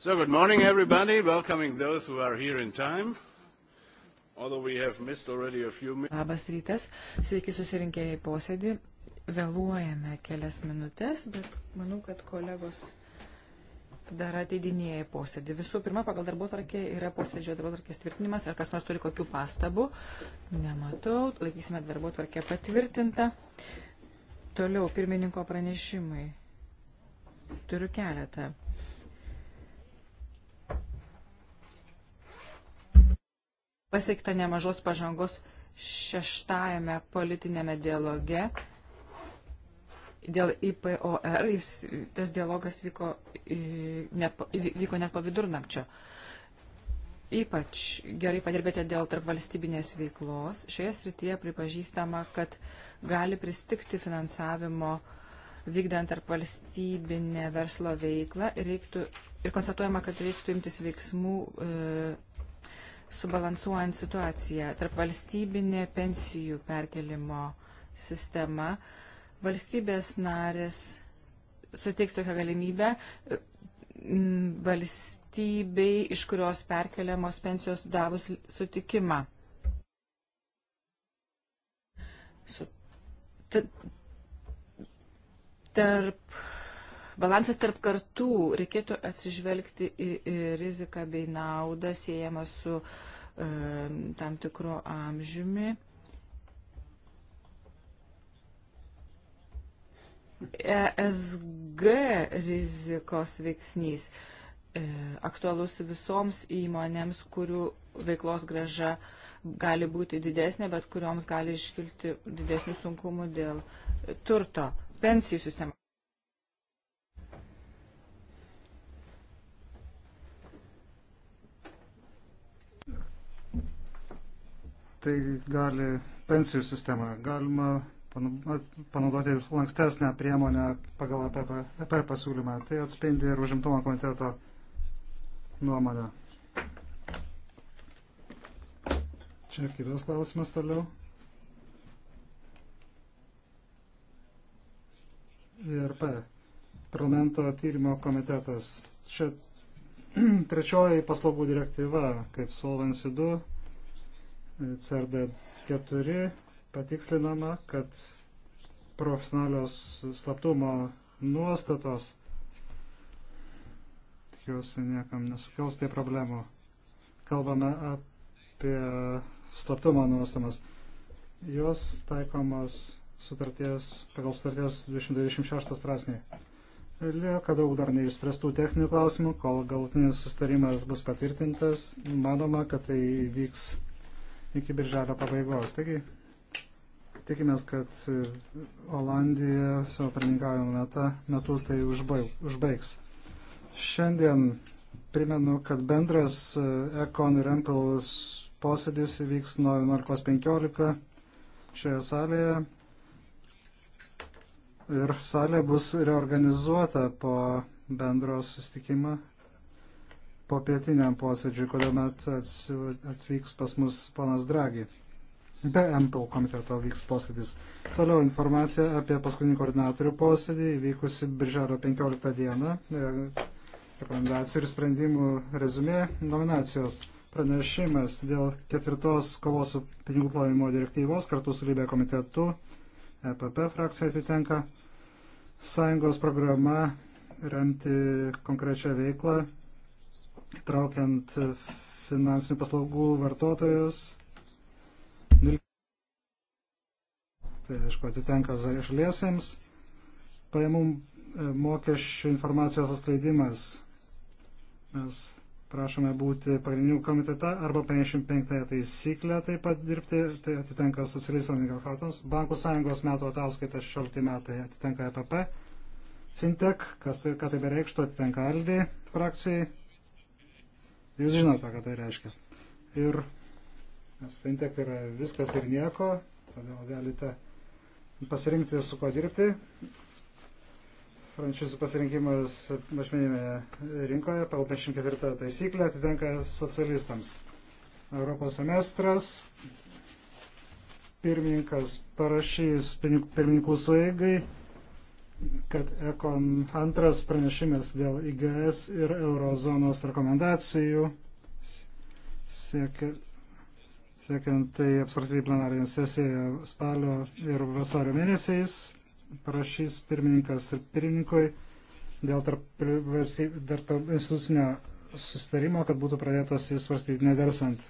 So good morning, everybody. Welcoming those who are here in time. Although we have missed already a few minutes. Labas rytas. Sveiki susirinkę į posėdį. Vėluojame kelias minutės, bet manau, kad kolegos dar ateidinėja į posėdį. Visų pirma, pagal darbo tvarkė yra posėdžio darbo tvarkės tvirtinimas. Ar kas nors turi kokių pastabų? Nematau. Laikysime darbo tvarkę patvirtintą. Toliau pirmininko pranešimai. Turiu keletą. pasiekta nemažos pažangos šeštajame politinėme dialoge dėl IPOR. Jis, tas dialogas vyko net, vyko net po vidurnakčio. Ypač gerai padirbėte dėl tarpvalstybinės veiklos. Šioje srityje pripažįstama, kad gali pristikti finansavimo vykdant tarpvalstybinę verslo veiklą ir, reiktų, ir konstatuojama, kad reiktų imtis veiksmų e, subalansuojant situaciją tarp valstybinė pensijų perkelimo sistema. Valstybės narės suteiks tokią galimybę valstybei, iš kurios perkeliamos pensijos davus sutikimą. Su, tarp Balansas tarp kartų reikėtų atsižvelgti į, į riziką bei naudą siejama su e, tam tikru amžiumi. ESG rizikos veiksnys e, aktualus visoms įmonėms, kurių veiklos graža gali būti didesnė, bet kurioms gali iškilti didesnių sunkumų dėl turto pensijų sistema. tai gali pensijų sistemą. Galima panaudoti lankstesnę priemonę pagal EP pasiūlymą. Tai atspindi ir užimtumo komiteto nuomonę. Čia kitas klausimas toliau. IRP, parlamento tyrimo komitetas. Čia trečioji paslaugų direktyva, kaip Solvency 2 CRD 4 patikslinama, kad profesionalios slaptumo nuostatos, tikiuosi, niekam nesukels tai problemų. Kalbame apie slaptumo nuostamas. Jos taikomos sutarties, pagal sutarties 226 straipsnį. Lieka daug dar neišspręstų techninių klausimų, kol galutinis sustarimas bus patvirtintas. Manoma, kad tai vyks iki birželio pabaigos. Taigi, tikimės, kad Olandija savo pirmininkavimo metu tai užbaigs. Šiandien primenu, kad bendras Ekon ir Empels posėdis vyks nuo 11.15 šioje salėje. Ir salė bus reorganizuota po bendro sustikimą popietiniam posėdžiui, kuomet atvyks pas mus ponas Dragi. Be MPL komiteto vyks posėdis. Toliau informacija apie paskutinį koordinatorių posėdį, vykusi birželio 15 dieną, e, rekomendacijų ir sprendimų rezumė, nominacijos pranešimas dėl ketvirtos kovos su pinigų plovimo direktyvos kartu su Lybė komitetu, EPP frakcija atitenka, sąjungos programa remti konkrečią veiklą įtraukiant finansinių paslaugų vartotojus. Tai, aišku, atitenka žaliesiems. Pajamų e, mokesčių informacijos atskleidimas. Mes prašome būti pagrindinių komitete arba 55 taisyklę taip pat dirbti. Tai atitenka socialistams demokratams. Bankų sąjungos metų ataskaita 16 metai atitenka EPP. Fintech, kas tai, ką tai bereikštų, atitenka Aldi frakcijai Jūs žinote, ką tai reiškia. Ir nes fintech yra viskas ir nieko, todėl galite pasirinkti, su kuo dirbti. Frančiusių pasirinkimas mažmeninėje rinkoje pagal 54 taisyklę atitenka socialistams. Europos semestras pirmininkas parašys pirmininkų suėgai kad ekon antras pranešimas dėl IGS ir eurozonos rekomendacijų siekia, siekiant tai apsvarstyti plenarinę sesiją spalio ir vasario mėnesiais, parašys pirmininkas ir pirmininkui dėl tarp, dar tarp institucinio sustarimo, kad būtų pradėtas įsvarstyti nedersant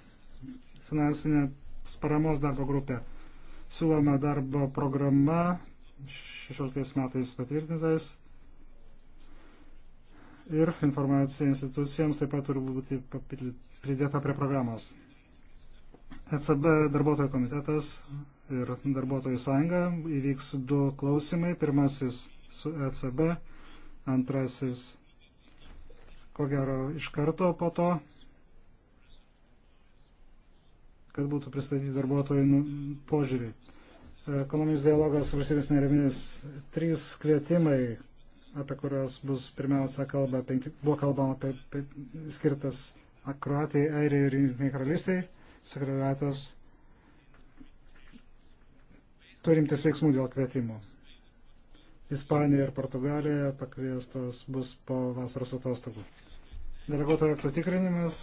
finansinės paramos darbo grupę. Siūloma darbo programa 16 metais patvirtintas. Ir informacija institucijams taip pat turi būti pridėta prie programos. ECB darbuotojų komitetas ir darbuotojų sąjunga įvyks du klausimai. Pirmasis su ECB, antrasis ko gero iš karto po to, kad būtų pristatyti darbuotojų nu-, požiūriai. Ekonominis dialogas valstybės nereminis trys kvietimai, apie kuriuos bus pirmiausia kalba, penki, buvo kalbama apie, apie skirtas Kroatijai, Airijai ir Junktiniai karalystiai. Sekretariatas turimtis veiksmų dėl kvietimų. Ispanija ir Portugalija pakviestos bus po vasaros atostogų. Deleguotojo aktų tikrinimas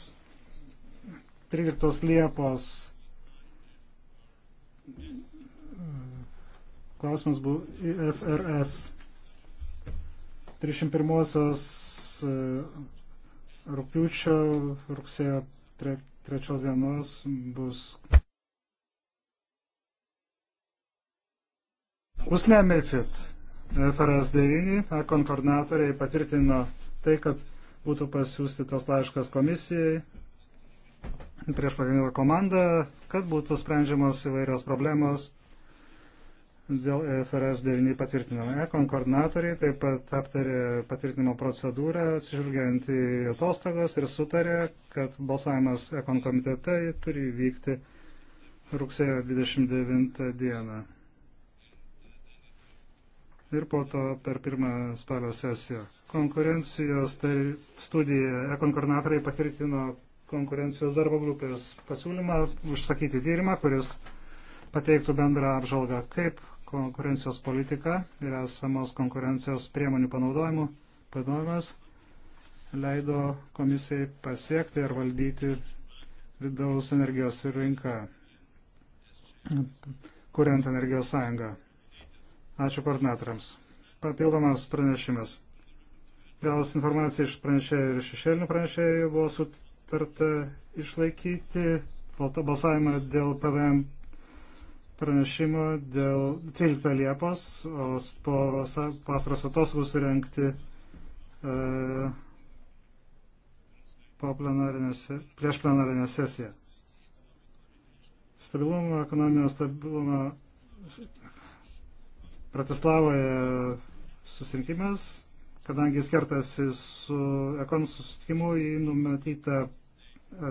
13 Liepos Klausimas buvo IFRS 31 rūpiučio rugsėjo 3 tre, dienos bus Bus ne MIFID. FRS 9 ekon koordinatoriai patvirtino tai, kad būtų pasiūsti tas laiškas komisijai prieš pagrindinę komandą, kad būtų sprendžiamos įvairios problemos dėl e FRS 9 patvirtinimo. Ekon koordinatoriai taip pat aptarė patvirtinimo procedūrą, atsižvelgiant į atostogas ir sutarė, kad balsavimas Ekon komitete turi vykti rugsėjo 29 dieną. Ir po to per pirmą spalio sesiją. Konkurencijos tai studija Ekon koordinatoriai patvirtino konkurencijos darbo grupės pasiūlymą užsakyti tyrimą, kuris pateiktų bendrą apžalgą, kaip konkurencijos politika ir esamos konkurencijos priemonių panaudojimu, panaudojimas leido komisijai pasiekti ir valdyti vidaus energijos rinką, kuriant energijos sąjungą. Ačiū koordinatoriams. Papildomas pranešimas. Gavus informaciją iš pranešėjų ir šešėlinių pranešėjų buvo sutarta išlaikyti balsavimą dėl PVM pranešimo dėl 13 Liepos, o po vasaros atostogų surenkti e, po plenarinė, prieš plenarinę sesiją. Stabilumo, ekonominio stabilumo Pratislavoje susirinkimas, kadangi jis kertasi su ekon susitikimu, jį numatyta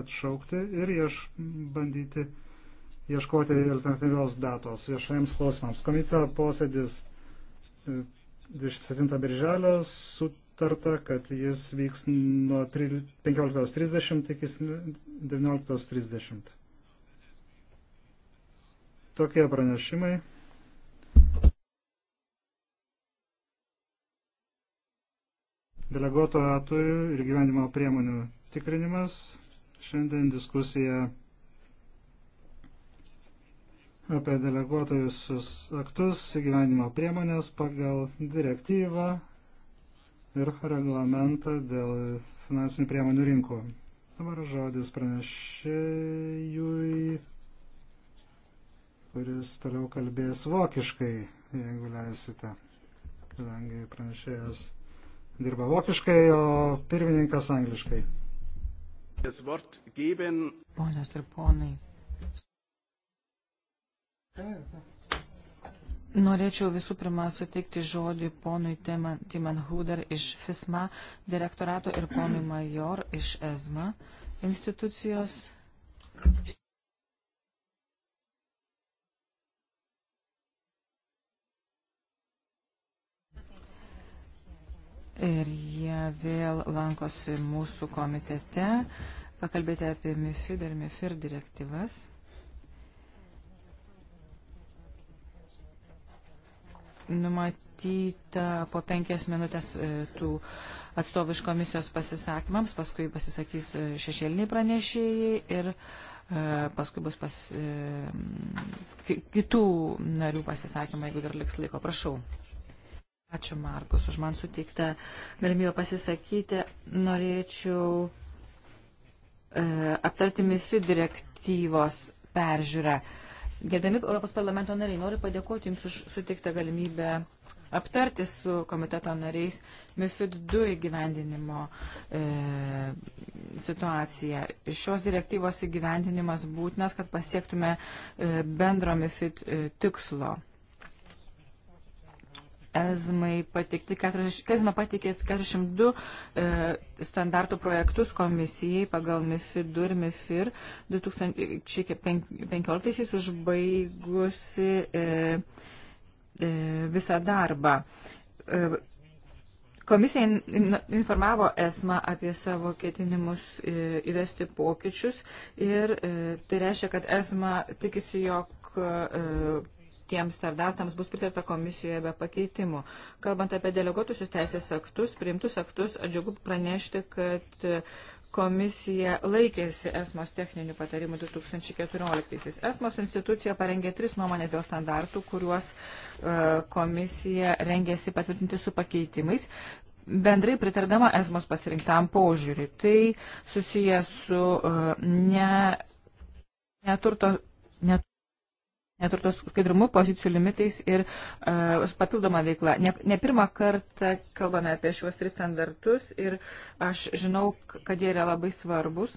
atšaukti ir ieš bandyti ieškoti alternatyvios datos viešajams klausimams. Komiteto posėdis 27 e, birželio sutarta, kad jis vyks nuo 15.30 iki 19.30. Tokie pranešimai. Deleguoto atveju ir gyvenimo priemonių tikrinimas. Šiandien diskusija apie deleguotojus aktus įgyvenimo priemonės pagal direktyvą ir reglamentą dėl finansinių priemonių rinkų. Dabar žodis pranešėjui, kuris toliau kalbės vokiškai, jeigu leisite, kadangi pranešėjas dirba vokiškai, o pirmininkas angliškai. Ponios ir ponai, Norėčiau visų pirma suteikti žodį ponui Timan Huder iš FISMA direktorato ir ponui Major iš ESMA institucijos. Ir jie vėl lankosi mūsų komitete pakalbėti apie MIFID ir MIFIR direktyvas. numatyta po penkias minutės e, tų atstovų iš komisijos pasisakymams, paskui pasisakys e, šešėliniai pranešėjai ir e, paskui bus pas, kitų narių pasisakymai, jeigu dar liks laiko. Prašau. Ačiū Markus už man suteiktą galimybę pasisakyti. Norėčiau e, aptarti MIFI direktyvos peržiūrą. E, Gerbiami Europos parlamento nariai, noriu padėkoti Jums už sutiktą galimybę aptarti su komiteto nariais MIFID 2 įgyvendinimo e, situaciją. Šios direktyvos įgyvendinimas būtinas, kad pasiektume e, bendro MIFID e, tikslo. Ezmai pateikti 40, Ezma pateikė 42 e, standartų projektus komisijai pagal MIFID 2 ir MIFIR 2015 užbaigusi e, e, visą darbą. E, Komisija informavo ESMA apie savo ketinimus e, įvesti pokyčius ir e, tai reiškia, kad ESMA tikisi, jog e, tiems standartams bus pritarta komisijoje be pakeitimų. Kalbant apie deleguotusius teisės aktus, priimtus aktus, džiugu pranešti, kad komisija laikėsi ESMOS techninių patarimų 2014-aisiais. ESMOS institucija parengė tris nuomonės dėl standartų, kuriuos e, komisija rengėsi patvirtinti su pakeitimais bendrai pritardama esmos pasirinktam požiūriui. Tai susijęs su e, ne, neturto, net, neturtos skaidrumu, pozicijų limitais ir uh, papildoma veikla. Ne, ne pirmą kartą kalbame apie šiuos tris standartus ir aš žinau, kad jie yra labai svarbus.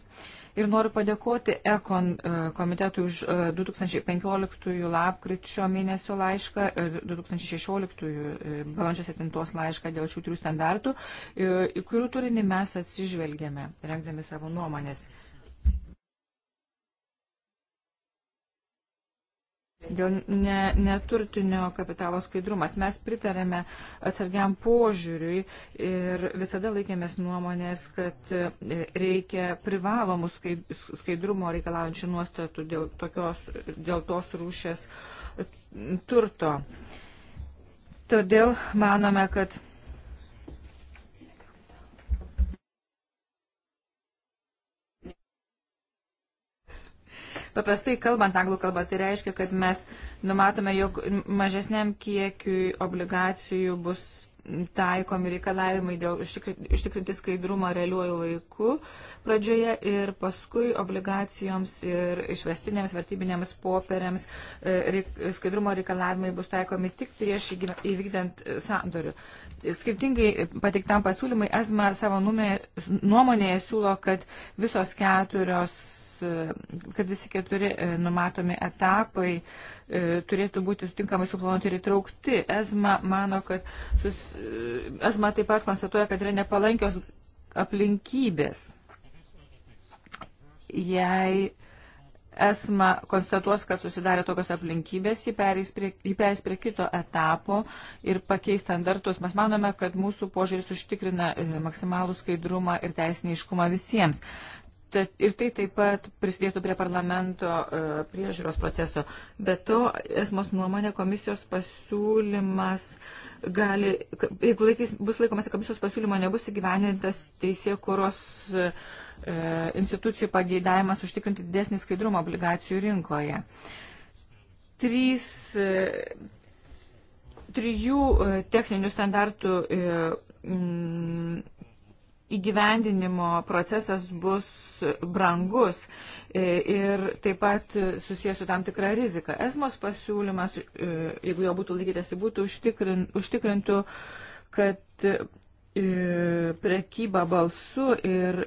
Ir noriu padėkoti Ekon uh, komitetui už e, uh, 2015 lapkričio mėnesio laišką ir 2016 uh, balandžio 7 laišką dėl šių trijų standartų, uh, į kurių turinį mes atsižvelgėme, rengdami savo nuomonės. Uh, Dėl ne, neturtinio kapitalo skaidrumas mes pritarėme atsargiam požiūriui ir visada laikėmės nuomonės, kad e, reikia privalomų skaidrumo reikalaujančių nuostatų dėl, tokios, dėl tos rūšės turto. Todėl manome, kad Paprastai kalbant anglų kalbą, tai reiškia, kad mes numatome, jog mažesniam kiekiui obligacijų bus taikomi reikalavimai dėl ištikrinti skaidrumą realiuoju laiku pradžioje ir paskui obligacijoms ir išvestinėms vertybinėms popieriams e, reik, skaidrumo reikalavimai bus taikomi tik prieš įvykdant sandorių. Skirtingai pateiktam pasiūlymai ESMA savo nuomonėje siūlo, kad visos keturios kad visi keturi e, numatomi etapai e, turėtų būti sutinkamai suplanuoti ir įtraukti. ESMA mano, kad sus, ESMA taip pat konstatuoja, kad yra nepalankios aplinkybės. Jei esma konstatuos, kad susidarė tokios aplinkybės, jį perės prie, jį perės prie kito etapo ir pakeis standartus. Mes manome, kad mūsų požiūris užtikrina e, maksimalų skaidrumą ir teisinį iškumą visiems. Tad ir tai taip pat prisidėtų prie parlamento uh, priežiūros proceso. Be to, esmos nuomonė komisijos pasiūlymas gali, jeigu laikys, bus laikomasi komisijos pasiūlymo, nebus įgyvenintas teisė, kuros uh, e, e, institucijų pageidavimas užtikrinti didesnį skaidrumą obligacijų rinkoje. Trys, uh, trijų techninių standartų mm, įgyvendinimo procesas bus brangus e, ir taip pat susijęs su tam tikra rizika. Esmos pasiūlymas, e, jeigu jo būtų laikytasi, būtų užtikrin, užtikrintų, kad e, prekyba balsu ir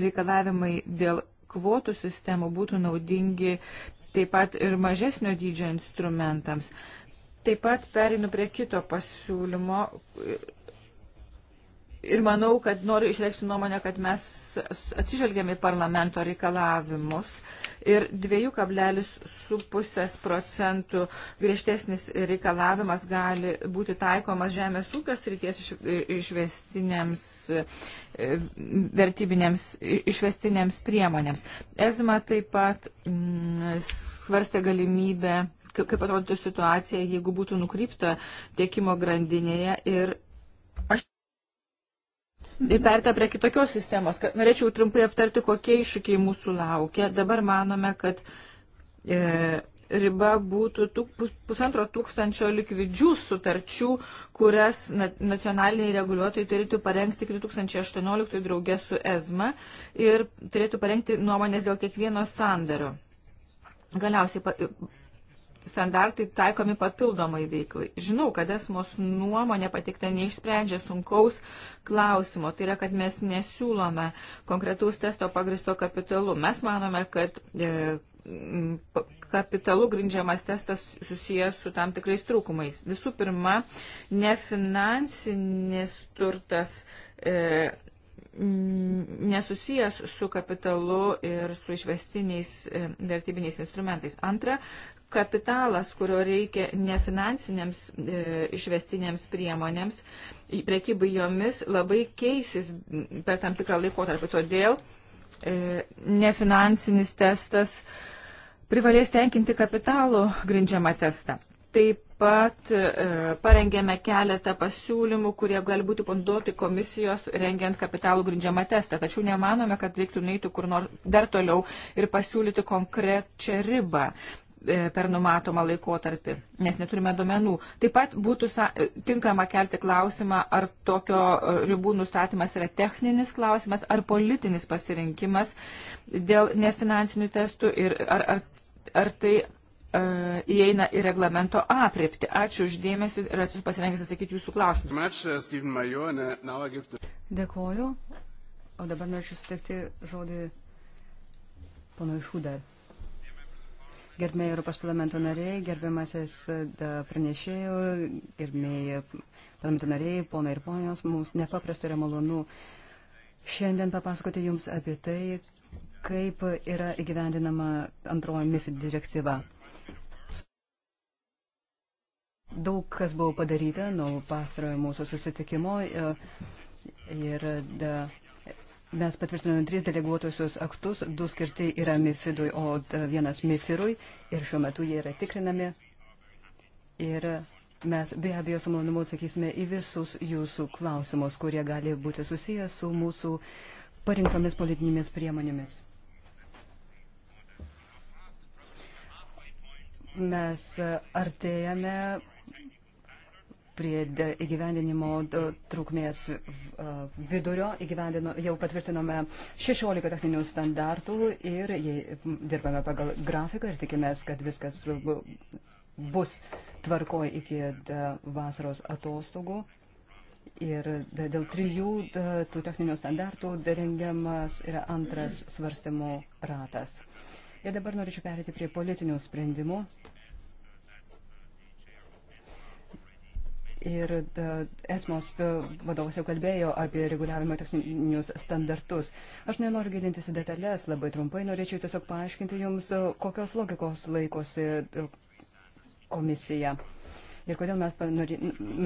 reikalavimai dėl kvotų sistemų būtų naudingi taip pat ir mažesnio dydžio instrumentams. Taip pat perinu prie kito pasiūlymo, ir manau, kad noriu išreikšti nuomonę, kad mes atsižvelgėme į parlamento reikalavimus ir 2,5 procentų griežtesnis reikalavimas gali būti taikomas žemės ūkio srities išvestinėms e, vertybinėms išvestinėms priemonėms. ESMA taip pat mm, svarstė galimybę kaip atrodytų situacija, jeigu būtų nukrypta tiekimo grandinėje ir perta prie kitokios sistemos. Norėčiau trumpai aptarti, kokie iššūkiai mūsų laukia. Dabar manome, kad e, riba būtų tūk, pusantro tūkstančio likvidžių sutarčių, kurias nacionaliniai reguliuotojai turėtų parengti 2018 draugė su ESMA ir turėtų parengti nuomonės dėl kiekvieno sandario. Galiausiai standartai taikomi papildomai veiklai. Žinau, kad esmos nuomonė patikta neišsprendžia sunkaus klausimo. Tai yra, kad mes nesiūlome konkretaus testo pagristo kapitalu. Mes manome, kad e, kapitalu grindžiamas testas susijęs su tam tikrais trūkumais. Visų pirma, nefinansinis turtas e, Mm, nesusijęs su kapitalu ir su išvestiniais e, vertybiniais instrumentais. Antra, kapitalas, kurio reikia nefinansinėms e, išvestinėms priemonėms, priekybai jomis labai keisis per tam tikrą laikotarpį. Todėl e, nefinansinis testas privalės tenkinti kapitalų grindžiamą testą. Taip pat e, parengėme keletą pasiūlymų, kurie gali būti panduoti komisijos rengiant kapitalų grindžiamą testą, tačiau nemanome, kad reiktų neiti kur nors dar toliau ir pasiūlyti konkrečią ribą e, per numatomą laikotarpį, nes neturime domenų. Taip pat būtų e, tinkama kelti klausimą, ar tokio ribų nustatymas yra techninis klausimas, ar politinis pasirinkimas dėl nefinansinių testų ir ar, ar, ar tai E, įeina į reglamento apriepti. Ačiū uždėmesi ir esu pasirengęs atsakyti jūsų klausimus. Uh, uh, Dėkoju. O dabar norėčiau sutikti žodį pono Išūdar. Gerbėjai Europos parlamento nariai, gerbiamasis pranešėjų, gerbėjai parlamento nariai, ponai ir ponios, mums nepaprastai yra malonu šiandien papasakoti jums apie tai, kaip yra įgyvendinama antroji MIFID direktyva daug kas buvo padaryta nuo pastarojo mūsų susitikimo e, ir da, mes patvirtinome tris deleguotusius aktus, du skirti yra MIFIDui, o vienas MIFIRui ir šiuo metu jie yra tikrinami. Ir mes be abejo su malonumu atsakysime į visus jūsų klausimus, kurie gali būti susijęs su mūsų parinktomis politinėmis priemonėmis. Mes e, artėjame prie įgyvendinimo trukmės vidurio. Jau patvirtinome 16 techninių standartų ir dirbame pagal grafiką ir tikimės, kad viskas bus tvarkoj iki vasaros atostogų. Ir dėl trijų tų techninių standartų rengiamas yra antras svarstymų ratas. Ir dabar norėčiau perėti prie politinių sprendimų. Ir esmos vadovas jau kalbėjo apie reguliavimo techninius standartus. Aš nenoriu gilintis į detalės, labai trumpai norėčiau tiesiog paaiškinti Jums, kokios logikos laikosi komisija. Ir kodėl mes, panorė,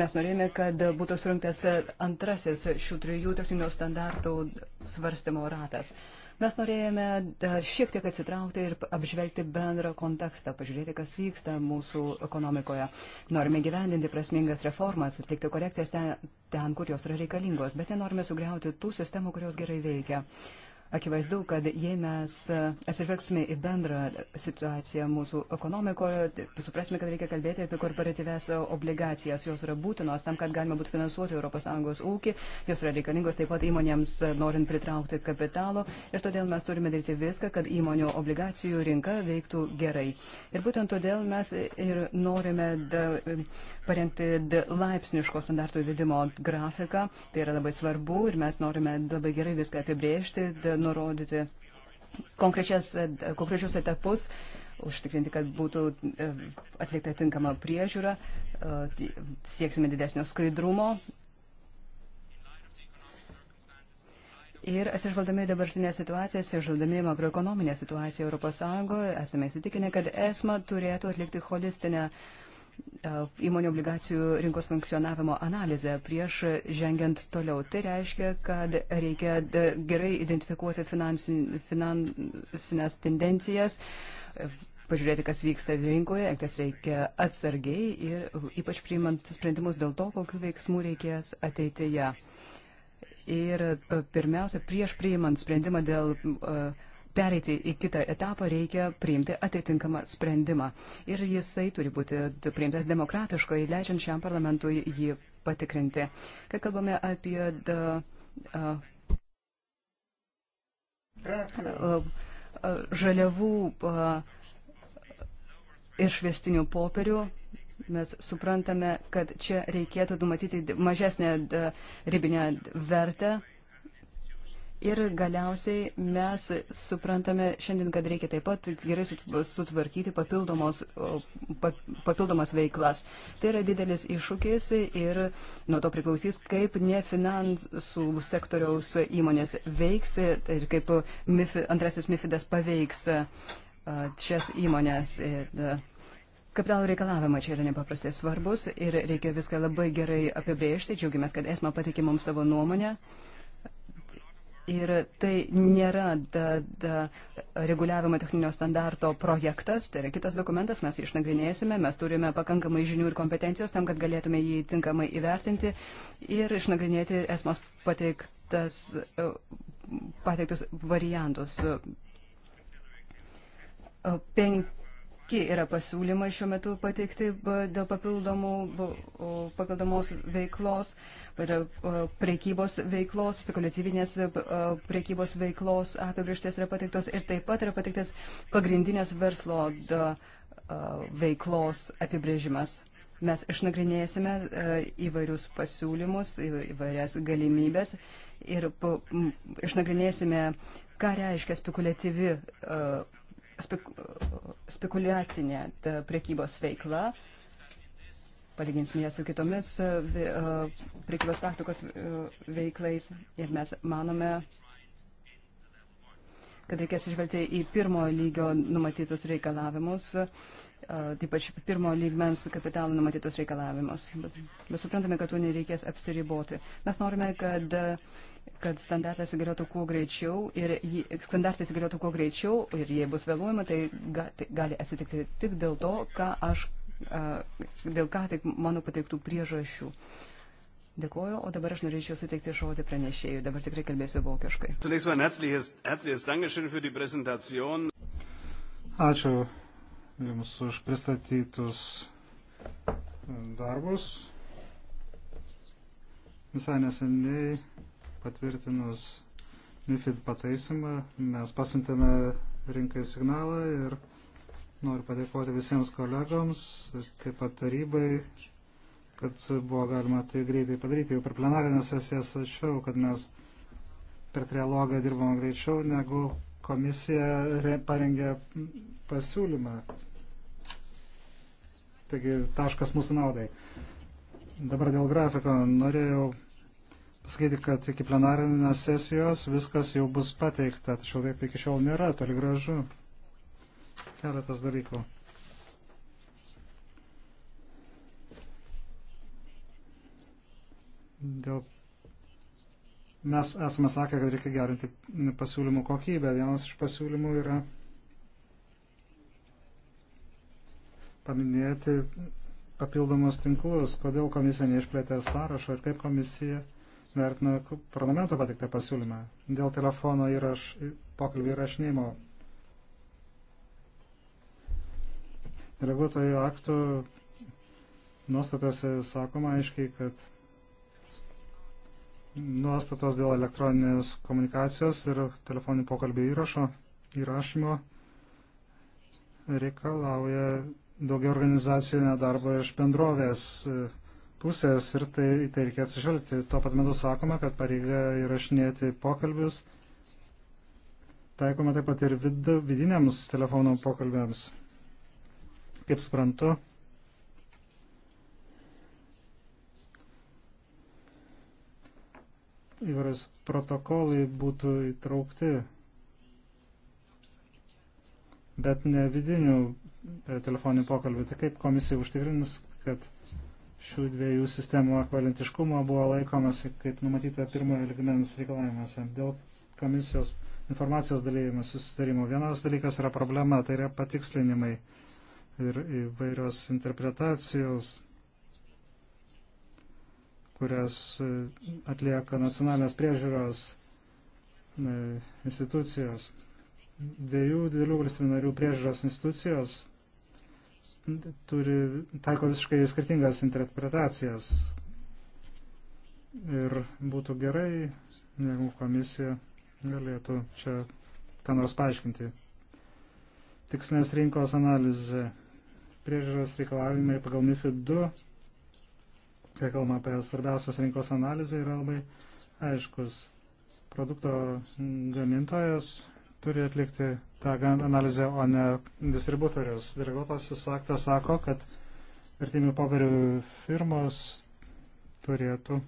mes norėjome, kad būtų surinktas antrasis šių trijų techninio standartų svarstymo ratas. Uh, Mes norėjome e, šiek tiek atsitraukti ir apžvelgti bendrą kontekstą, pažiūrėti, kas vyksta mūsų ekonomikoje. Norime gyvendinti prasmingas reformas, atlikti korekcijas ten, ten kur jos yra reikalingos, bet nenorime sugriauti tų sistemų, kurios gerai veikia. Akivaizdu, kad jei mes e, atsižvelgsime į bendrą situaciją mūsų ekonomikoje, tai suprasime, kad reikia kalbėti apie korporatyves obligacijas. Jos yra būtinos tam, kad galima būtų finansuoti ES ūkį, jos yra reikalingos taip pat įmonėms e, norint pritraukti kapitalo ir todėl mes turime daryti viską, kad įmonių obligacijų rinka veiktų gerai. Ir būtent todėl mes ir norime da, parengti da, laipsniško standartų įvedimo grafiką. Tai yra labai svarbu ir mes norime labai gerai viską apibrėžti. Da, nurodyti konkrečius etapus, užtikrinti, kad būtų e, atlikta tinkama priežiūra, e, sieksime didesnio skaidrumo. Ir atsižvaldami dabartinę situaciją, atsižvaldami makroekonominę situaciją ES, esame įsitikinę, kad ESMA turėtų atlikti holistinę uh, E, įmonių obligacijų rinkos funkcionavimo analizę prieš žengiant toliau. Tai reiškia, kad reikia e, gerai identifikuoti finansinės tendencijas, e, pažiūrėti, kas vyksta rinkoje, elgtis reikia atsargiai ir ypač priimant sprendimus dėl to, kokiu veiksmu reikės ateityje. Ir pirmiausia, prieš priimant sprendimą dėl uh, pereiti į kitą etapą reikia priimti atitinkamą sprendimą. Ir jisai turi būti priimtas demokratiškai, leidžiant šiam parlamentui jį patikrinti. Kai kalbame apie da, a, a, a, žaliavų a, ir švestinių popierių mes suprantame, kad čia reikėtų numatyti mažesnę ribinę vertę Ir galiausiai mes suprantame šiandien, kad reikia taip pat gerai sutvarkyti papildomos, papildomas veiklas. Tai yra didelis iššūkis ir nuo to priklausys, kaip nefinansų sektoriaus įmonės veiks tai ir kaip MIFI, antrasis MIFIDas paveiks šias įmonės. Ir, Kapitalo reikalavimai čia yra nepaprastai svarbus ir reikia viską labai gerai apibrėžti. Džiaugiamės, kad esmą patikė mums savo nuomonę. Uh, Ir tai nėra da, da, reguliavimo techninio standarto projektas, tai yra kitas dokumentas, mes jį išnagrinėsime, mes turime pakankamai žinių ir kompetencijos tam, kad galėtume jį tinkamai įvertinti ir išnagrinėti esmos pateiktas, pateiktus variantus. Penk, Kokie yra pasiūlymai šiuo metu pateikti dėl papildomos veiklos, prekybos veiklos, spekuliatyvinės prekybos veiklos apibriešties yra pateiktos ir taip pat yra pateiktas pagrindinės verslo veiklos apibrėžimas. Mes išnagrinėsime e, įvairius pasiūlymus, įvairias galimybės ir išnagrinėsime, ką reiškia spekuliatyvi spekulacinė prekybos veikla. Palyginsime ją su kitomis e, e, prekybos praktikos e, veiklais ir mes manome, kad reikės išvelgti į pirmojo lygio numatytus reikalavimus, ypač pirmojo lygmens kapitalo numatytus reikalavimus. Bet, bet suprantame, kad tuo nereikės apsiriboti. Mes norime, kad uh, kad standartas įgaliotų kuo greičiau ir jį, standartas įgaliotų kuo greičiau ir jei bus vėluojama, tai, ga, tai gali atsitikti tik dėl to, ką aš, a, dėl ką tik mano pateiktų priežasčių. Dėkuoju, o dabar aš norėčiau suteikti žodį pranešėjui. Dabar tikrai kalbėsiu vokiškai. Ačiū Jums už pristatytus darbus. Visai neseniai patvirtinus MIFID pataisimą mes pasintėme rinkai signalą ir noriu padėkoti visiems kolegoms, taip pat tarybai, kad buvo galima tai greitai padaryti jau per plenarinę sesiją sačiau, kad mes per trialogą dirbom greičiau, negu komisija parengė pasiūlymą. Taigi taškas mūsų naudai. Dabar dėl grafiko norėjau pasakyti, kad iki plenarinės sesijos viskas jau bus pateikta, tačiau taip iki šiol nėra, toli gražu. Keletas dalykų. Dėl mes esame sakę, kad reikia gerinti pasiūlymų kokybę. Vienas iš pasiūlymų yra paminėti papildomus tinklus, kodėl komisija neišplėtė sąrašo ir kaip komisija vertinu parlamento patiktą pasiūlymą dėl telefono įraš, pokalbį įrašinimo. Deleguotojų aktų nuostatose sakoma aiškiai, kad nuostatos dėl elektroninės komunikacijos ir telefoninių pokalbių įrašo, įrašymo reikalauja daugia organizacinio darbo iš bendrovės pusės ir tai, tai reikia atsižvelgti. Tuo pat metu sakoma, kad pareiga įrašinėti pokalbius taikoma taip pat ir vid, vidiniams telefono pokalbėms. Kaip suprantu, įvairios protokolai būtų įtraukti, bet ne vidinių e, telefoninių pokalbių. Tai kaip komisija užtikrins, kad šių dviejų sistemų ekvalentiškumo buvo laikomas, kaip numatyta pirmojo ligmens reikalavimuose. Dėl komisijos informacijos dalyjimas susitarimo. Vienas dalykas yra problema, tai yra patikslinimai ir įvairios interpretacijos, kurias e, atlieka nacionalinės priežiūros e, institucijos. Dviejų didelių valstybių narių priežiūros institucijos turi, taiko visiškai skirtingas interpretacijas. Ir būtų gerai, jeigu komisija galėtų čia ką nors paaiškinti. Tikslinės rinkos analizė, priežiūros reikalavimai pagal MIFID 2, kai kalbame apie svarbiausios rinkos analizę, yra labai aiškus. Produkto gamintojas turi atlikti tą analizę, o ne distributorius. Dirigotasis aktas sako, kad vertinių popierių firmos turėtų e,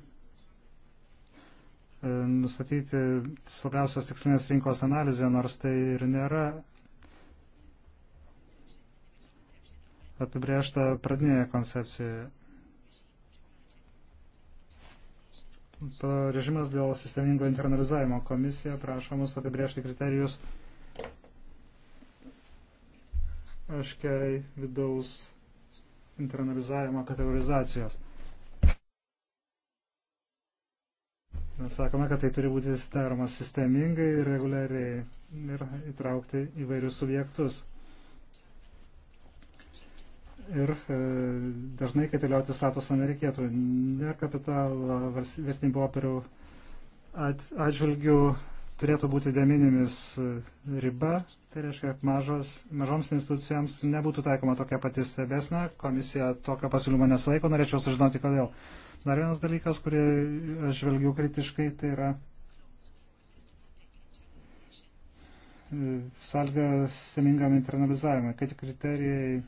nustatyti svarbiausias tikslinės rinkos analizę, nors tai ir nėra apibriešta pradinėje koncepcijoje. režimas dėl sistemingo internalizavimo. Komisija prašo mus apibriežti kriterijus aiškiai vidaus internalizavimo kategorizacijos. Mes sakome, kad tai turi būti daroma sistemingai ir reguliariai ir įtraukti įvairius subjektus ir e, dažnai kaitalioti statusą nereikėtų. Ne kapitalo vertinių popierių atžvilgių turėtų būti deminimis e, riba, tai reiškia, kad mažos, mažoms institucijoms nebūtų taikoma tokia pati stebėsna, komisija tokio pasiūlymo nesilaiko, norėčiau sužinoti kodėl. Dar vienas dalykas, kurį aš žvelgiu kritiškai, tai yra e, sąlyga sistemingam internalizavimui, kad kriterijai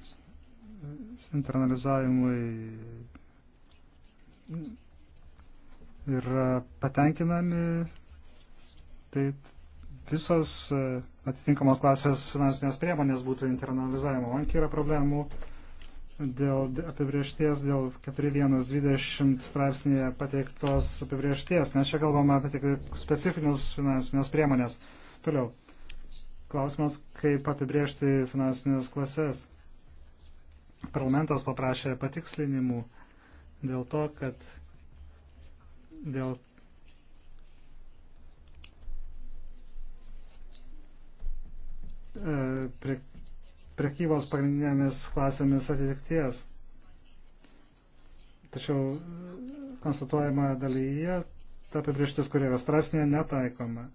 internalizavimui yra patenkinami, tai visos e, atitinkamos klasės finansinės priemonės būtų internalizavimo. Man yra problemų dėl apibriešties, dėl 4120 straipsnėje pateiktos apibriešties, nes čia kalbama apie tik specifinius finansinės priemonės. Toliau. Klausimas, kaip apibriežti finansinės klasės. Parlamentas paprašė patikslinimų dėl to, kad dėl prie, priekybos pagrindinėmis klasėmis atitikties. Tačiau konstatuojama dalyje ta apibrieštis, kur yra straipsnėje, netaikoma.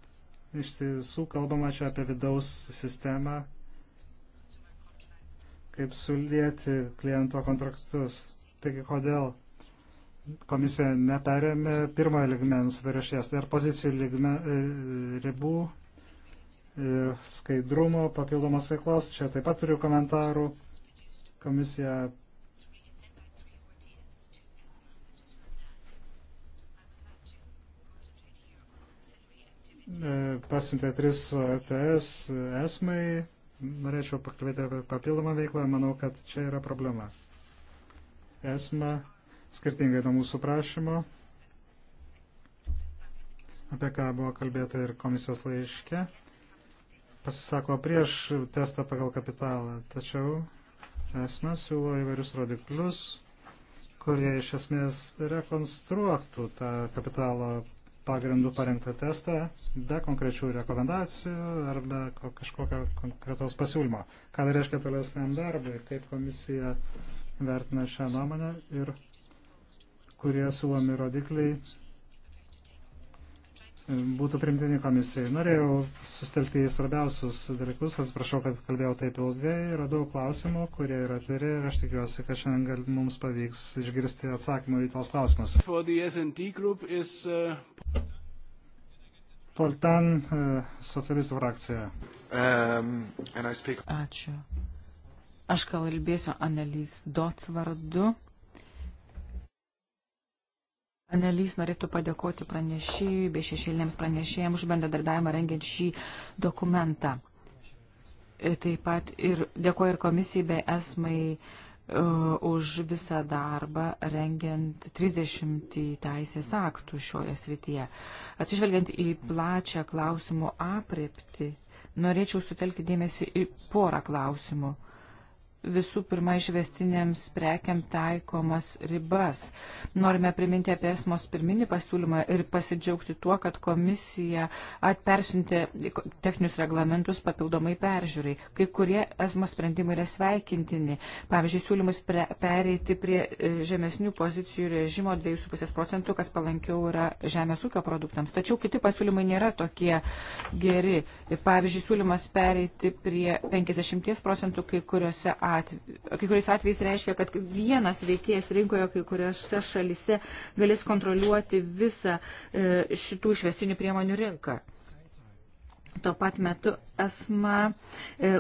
Iš tiesų kalbama čia apie vidaus sistemą, kaip sulėti kliento kontraktus. Taigi, kodėl komisija neperėmė pirmojo ligmens viršies ir tai pozicijų ligme, e, ribų, e, skaidrumo, papildomos veiklos. Čia taip pat turiu komentarų. Komisija e, pasiuntė tris ATS esmai norėčiau pakalbėti apie papildomą veiklą. Manau, kad čia yra problema. Esma, skirtingai nuo mūsų prašymo, apie ką buvo kalbėta ir komisijos laiške, pasisako prieš testą pagal kapitalą. Tačiau esmė siūlo įvairius rodiklius, kurie iš esmės rekonstruotų tą kapitalo pagrindų parengtą testą be konkrečių rekomendacijų ar be kažkokio konkretaus pasiūlymo. Ką tai reiškia tolesniam darbui, kaip komisija vertina šią nuomonę ir kurie siūlomi rodikliai e, būtų primtini komisijai. Norėjau sustelkti į svarbiausius dalykus, atsiprašau, kad kalbėjau taip ilgai, radau klausimų, kurie yra atviri ir aš tikiuosi, kad šiandien gal, mums pavyks išgirsti atsakymų į tos klausimus. Is, uh... Toltan, e, socialistų frakcija. Um, speak... Ačiū. Aš kalbėsiu Anelys Dots vardu. Anelys norėtų padėkoti pranešėjui bei šešėlėms pranešėjams už bendradarbiavimą rengiant šį dokumentą. E, taip pat ir dėkoju ir komisijai bei esmai E, už visą darbą rengiant 30 teisės aktų šioje srityje. Atsižvelgiant į plačią klausimų aprepti, norėčiau sutelkti dėmesį į porą klausimų. Uh, visų pirma išvestinėms prekiam taikomas ribas. Norime priminti apie esmos pirminį pasiūlymą ir pasidžiaugti tuo, kad komisija atpersintė techninius reglamentus papildomai peržiūrai. Kai kurie esmos sprendimai yra sveikintini. Pavyzdžiui, siūlymus pre, pereiti prie e, žemesnių pozicijų režimo 2,5 procentų, kas palankiau yra žemės ūkio produktams. Tačiau kiti pasiūlymai nėra tokie geri. Pavyzdžiui, siūlymas pereiti prie 50 procentų kai kuriuose atve, kai kuriais atvejais reiškia, kad vienas veikėjas rinkoje kai kuriuose šalise galės kontroliuoti visą e, šitų išvestinių priemonių rinką. Tuo pat metu esma e,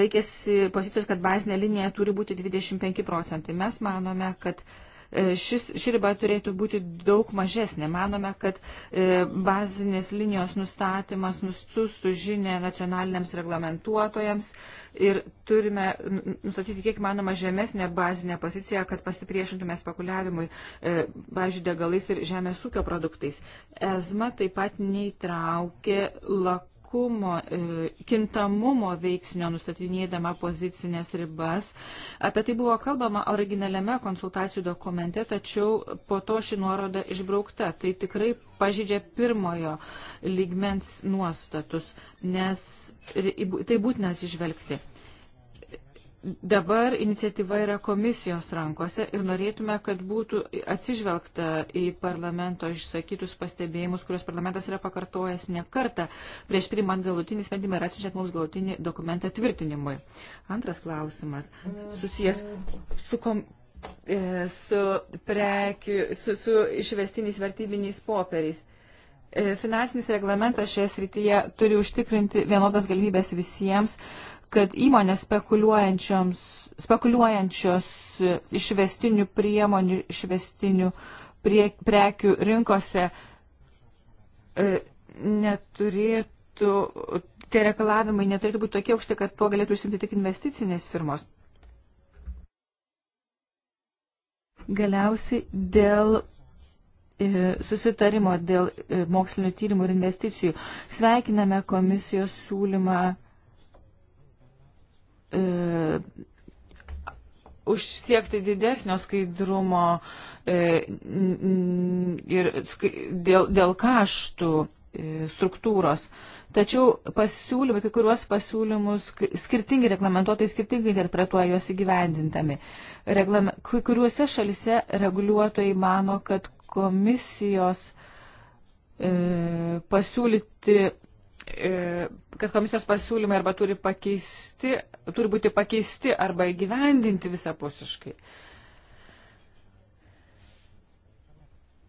laikėsi pozicijos, kad bazinė linija turi būti 25 procentai. Mes manome, kad E, šis, ši riba turėtų būti daug mažesnė. Manome, kad e, bazinės linijos nustatymas nustustų žinę nacionaliniams reglamentuotojams ir turime nustatyti kiek manoma žemesnę bazinę poziciją, kad pasipriešintume spekuliavimui, e, pažiūrėjau, degalais ir žemės ūkio produktais. ESMA taip pat neįtraukė lakų kintiškumo, e, kintamumo veiksnio nustatinėdama pozicinės ribas. Apie tai buvo kalbama originaliame konsultacijų dokumente, tačiau po to ši nuoroda išbraukta. Tai tikrai pažydžia pirmojo lygmens nuostatus, nes tai būtina atsižvelgti. Dabar iniciatyva yra komisijos rankose ir norėtume, kad būtų atsižvelgta į parlamento išsakytus pastebėjimus, kuriuos parlamentas yra pakartojęs ne kartą prieš primant galutinį sprendimą ir atsižiūrėt mums galutinį dokumentą tvirtinimui. Antras klausimas susijęs su, kom, e, su, prekiu, su, su išvestiniais vertybiniais popieriais. E, finansinis reglamentas šioje srityje turi užtikrinti vienodas galimybės visiems, kad įmonės spekuliuojančios išvestinių priemonių, išvestinių prie, prekių rinkose e, neturėtų, tie reikalavimai neturėtų būti tokie aukšti, kad tuo galėtų užsimti tik investicinės firmos. Galiausiai dėl E, susitarimo dėl e, mokslinio tyrimų ir investicijų. Sveikiname komisijos siūlymą e, užsiekti didesnio skaidrumo e, ir skai, dėl, dėl kaštų e, struktūros. Tačiau pasiūlymai, kai kuriuos pasiūlymus skirtingi reglamentuotojai skirtingai interpretuoja juos įgyvendintami. Reglame, kai kuriuose šalise reguliuotojai mano, kad komisijos e, pasiūlyti e, kad komisijos pasiūlymai arba turi, pakeisti, turi būti pakeisti arba įgyvendinti visapusiškai.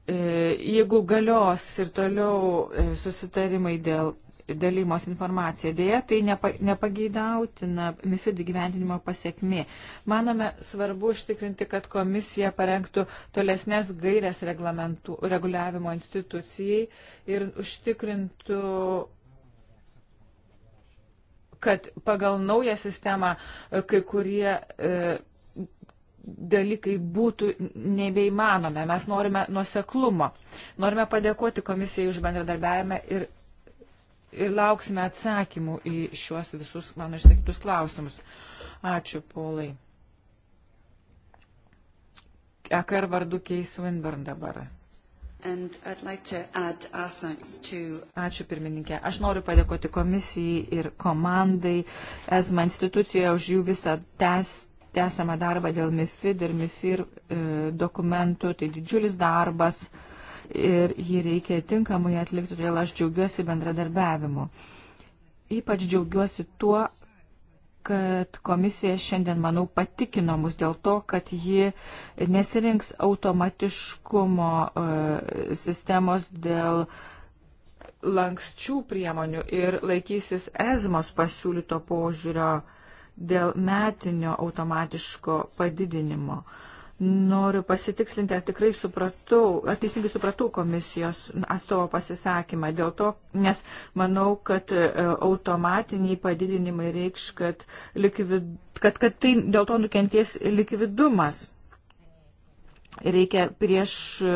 E, jeigu galios ir toliau e, susitarimai dėl dalymos informacija. Dėja, tai nepa, nepageidautina MIFID gyvendinimo pasiekmi. Manome svarbu užtikrinti, kad komisija parengtų tolesnės gairias reguliavimo institucijai ir užtikrintų kad pagal naują sistemą e, kai kurie e, dalykai būtų nebeįmanome. Mes norime nuoseklumo. Norime padėkoti komisijai už bendradarbiavimą ir ir lauksime atsakymų į šiuos visus mano išsakytus klausimus. Ačiū, Polai. Ekar vardu keis Winburn dabar. Like to... Ačiū pirmininkė. Aš noriu padėkoti komisijai ir komandai ESMA institucijoje už jų visą tęsiamą darbą dėl MIFID ir MIFIR e, dokumentų. Tai didžiulis darbas. E, ir jį reikia tinkamai atlikti, todėl aš džiaugiuosi bendradarbiavimu. Ypač džiaugiuosi tuo, kad komisija šiandien, manau, patikino mus dėl to, kad ji nesirinks automatiškumo e, sistemos dėl lankščių priemonių ir laikysis ezmos pasiūlyto požiūrio dėl metinio automatiško padidinimo. E, Noriu pasitikslinti, ar tikrai supratau, ar teisingai supratau komisijos atstovo pasisakymą. Dėl to, nes manau, kad e, automatiniai padidinimai reikš, kad, likvid, kad, kad tai dėl to nukenties likvidumas. Reikia prieš e,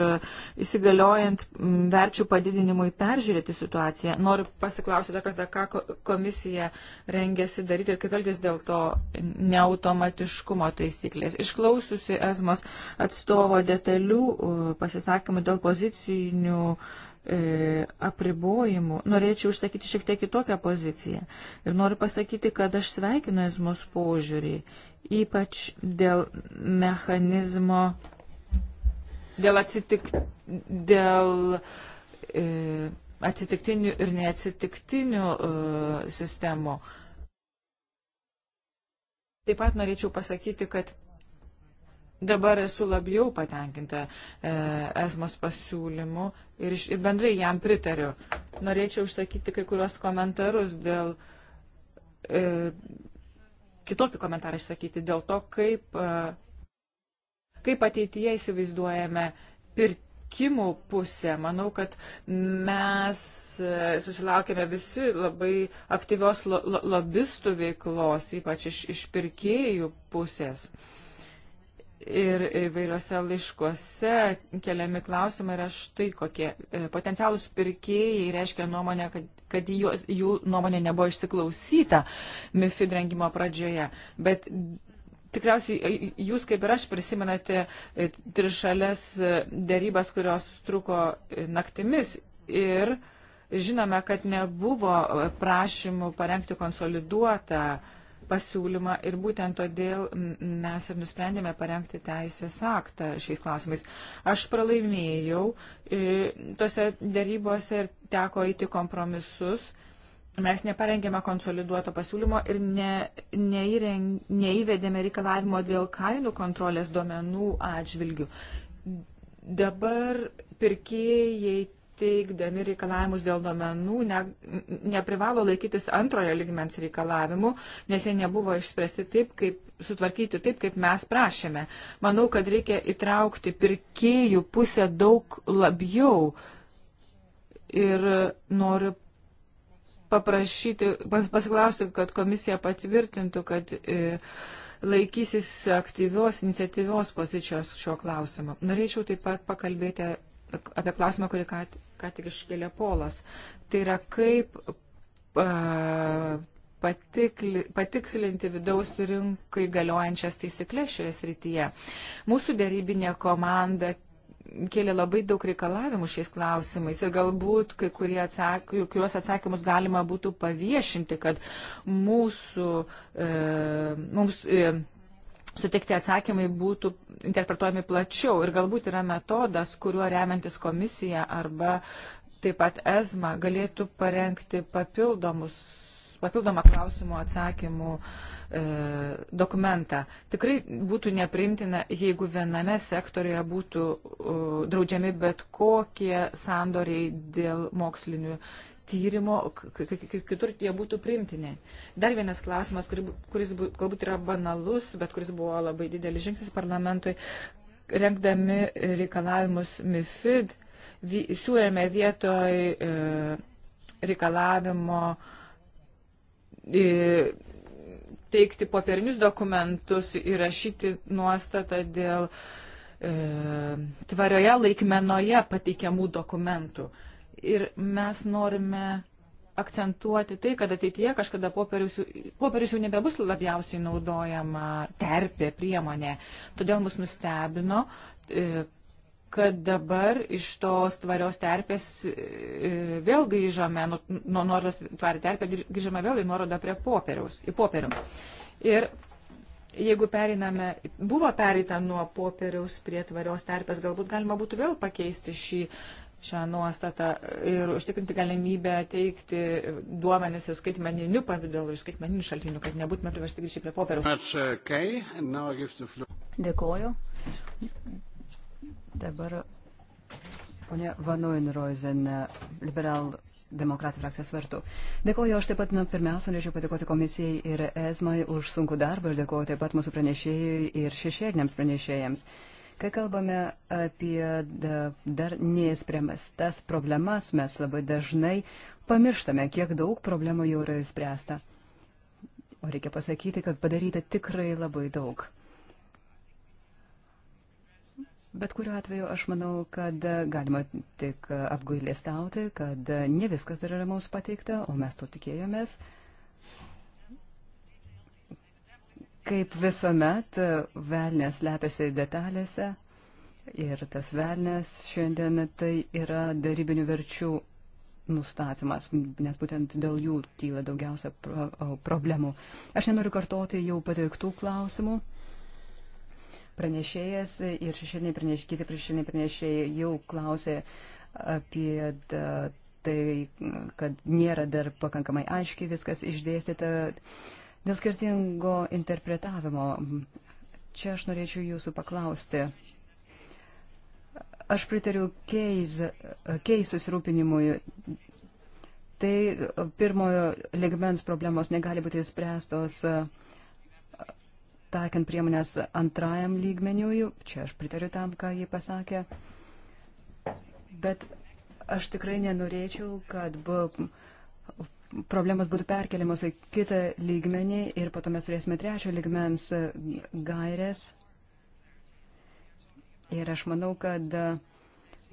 įsigaliojant verčių padidinimui peržiūrėti situaciją. Noriu pasiklausyti dar kartą, ką komisija rengėsi daryti ir kaip elgės dėl to neautomatiškumo taisyklės. Išklausiusi esmos atstovo detalių e, pasisakymų dėl pozicinių e, apribojimų, norėčiau užsakyti šiek tiek kitokią poziciją. Ir noriu pasakyti, kad aš sveikinu esmos požiūrį, ypač dėl mechanizmo dėl, atsitik, dėl e, atsitiktinių ir neatsitiktinių e, sistemų. Taip pat norėčiau pasakyti, kad dabar esu labiau patenkinta e, esmos pasiūlymu ir, ir bendrai jam pritariu. Norėčiau užsakyti kai kuriuos komentarus dėl. E, kitokį komentarą išsakyti dėl to, kaip e, kaip ateityje įsivaizduojame pirkimų pusę. Manau, kad mes e, susilaukėme visi labai aktyvios lo, lo, lobistų veiklos, ypač iš, iš pirkėjų pusės. Ir įvairiuose laiškuose keliami klausimai yra štai kokie. E, Potencialus pirkėjai reiškia nuomonę, kad kad juos, jų nuomonė nebuvo išsiklausyta MIFID rengimo pradžioje. Bet Tikriausiai jūs, kaip ir aš, prisimenate e, trišalės e, dėrybas, kurios truko e, naktimis ir žinome, kad nebuvo prašymų parengti konsoliduotą pasiūlymą ir būtent todėl mes ir nusprendėme parengti teisės aktą šiais klausimais. Aš pralaimėjau tose darybose ir teko eiti kompromisus mes neparengėme konsoliduoto pasiūlymo ir ne, neįreng, neįvedėme reikalavimo dėl kainų kontrolės duomenų atžvilgių. Dabar pirkėjai teikdami reikalavimus dėl duomenų ne, neprivalo laikytis antrojo ligmens reikalavimų, nes jie nebuvo išspręsti taip, kaip sutvarkyti taip, kaip mes prašėme. Manau, kad reikia įtraukti pirkėjų pusę daug labiau ir noriu paprašyti, pasiklausti, kad komisija patvirtintų, kad e, laikysis aktyvios, iniciatyvios pozicijos šio klausimo. Norėčiau taip pat pakalbėti apie klausimą, kurį ką, ką tik iškėlė Polas. Tai yra kaip patikli, patikslinti vidaus rinkai galiojančias taisyklės šioje srityje. Mūsų dėrybinė komanda kėlė labai daug reikalavimų šiais klausimais ir galbūt kai atsak, kuriuos atsakymus galima būtų paviešinti, kad mūsų, e, mums e, sutikti atsakymai būtų interpretuojami plačiau ir galbūt yra metodas, kuriuo remiantis komisija arba taip pat ESMA galėtų parengti papildomus papildomą klausimų atsakymų e, dokumentą. Tikrai būtų neprimtina, jeigu viename sektorioje būtų e, draudžiami bet kokie sandoriai dėl mokslinių tyrimo, kitur jie būtų primtini. Dar vienas klausimas, kuris, kuris galbūt yra banalus, bet kuris buvo labai didelis žingsnis parlamentui, renkdami reikalavimus MIFID, siūlėme vietoj e, reikalavimo e, teikti popierinius dokumentus, įrašyti nuostatą dėl e, tvarioje laikmenoje pateikiamų dokumentų. Ir mes norime akcentuoti tai, kad ateityje kažkada popierius, popierius jau nebebus labiausiai naudojama terpė, priemonė. Todėl mus nustebino e, kad dabar iš tos tvarios terpės e, vėl grįžome, nu, nuo nuorodos tvarią terpę grįžome vėl į nuorodą prie popieriaus, į popieriaus. Ir jeigu periname, buvo pereita nuo popieriaus prie tvarios terpės, galbūt galima būtų vėl pakeisti šį šią nuostatą ir užtikrinti galimybę teikti duomenis ir skaitmeniniu pavydalu, ir skaitmeniniu šaltiniu, kad nebūtume priversti grįžti prie popieriaus. Uh, Dėkoju. Dabar ponė Vanoinroizen, liberal demokratų frakcijos vartų. Dėkoju, aš taip pat, na, pirmiausia, norėčiau padėkoti komisijai ir ESMAI už sunkų darbą ir dėkoju taip pat mūsų pranešėjai ir šešėliniams pranešėjams. Kai kalbame apie dar neįspręstas problemas, mes labai dažnai pamirštame, kiek daug problemų jau yra įspręsta. O reikia pasakyti, kad padaryta tikrai labai daug. Bet kuriuo atveju aš manau, kad galima tik apgailėstauti, kad ne viskas dar yra mums pateikta, o mes to tikėjomės. Kaip visuomet, velnės lepiasi detalėse ir tas velnės šiandien tai yra darybinių verčių nustatymas, nes būtent dėl jų kyla daugiausia problemų. Aš nenoriu kartoti jau pateiktų klausimų pranešėjas ir šešėliniai pranešėjai, kiti šešėliniai pranešėjai jau klausė apie tai, kad nėra dar pakankamai aiškiai viskas išdėstyta dėl skirtingo interpretavimo. Čia aš norėčiau jūsų paklausti. Aš pritariu keis, keis susirūpinimui tai pirmojo ligmens problemos negali būti spręstos uh, taikant priemonės antrajam lygmeniui, čia aš pritariu tam, ką jie pasakė, bet aš tikrai nenorėčiau, kad buvo problemas būtų perkeliamos į kitą lygmenį ir po to mes turėsime trečio lygmens gairės. Ir aš manau, kad e,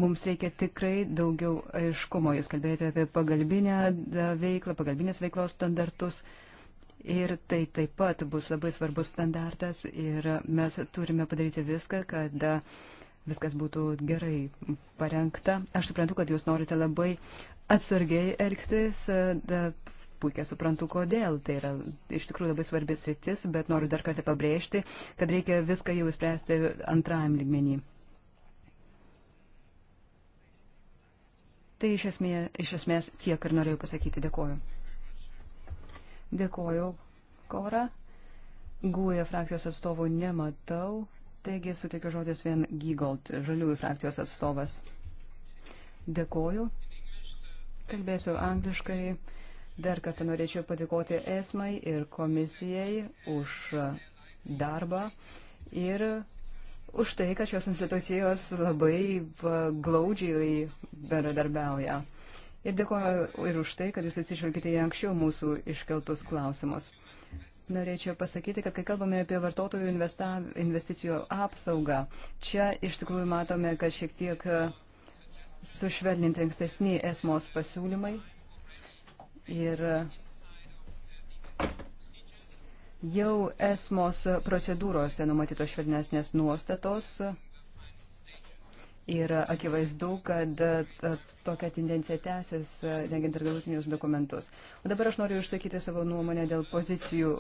mums reikia tikrai daugiau aiškumo. Jūs kalbėjote apie pagalbinę e, veiklą, pagalbinės veiklos standartus. Uh, Ir tai taip pat bus labai svarbus standartas ir mes turime padaryti viską, kad viskas būtų gerai parengta. Aš suprantu, kad jūs norite labai atsargiai elgtis. Da, puikiai suprantu, kodėl. Tai yra iš tikrųjų labai svarbis rytis, bet noriu dar kartą pabrėžti, kad reikia viską jau spręsti antrajam lygmenį. Tai iš esmės, iš esmės tiek ir norėjau pasakyti. Dėkuoju. Dėkoju, Kora. Guoja frakcijos atstovų nematau, taigi suteikiu žodis vien Gygold, žaliųjų frakcijos atstovas. Dėkoju. Kalbėsiu angliškai. Dar kartą norėčiau padėkoti esmai ir komisijai už darbą ir už tai, kad šios institucijos labai glaudžiai bendradarbiauja. Ir dėkoju ir už tai, kad jūs atsižvelgite į anksčiau mūsų iškeltus klausimus. Norėčiau pasakyti, kad kai kalbame apie vartotojų investicijų apsaugą, čia iš tikrųjų matome, kad šiek tiek sušvelninti ankstesni esmos pasiūlymai. Ir jau esmos procedūrose numatytos švelnesnės nuostatos Ir akivaizdu, kad e, tokia tendencija tęsis, e, rengiant ir galutinius dokumentus. O dabar aš noriu išsakyti savo nuomonę dėl pozicijų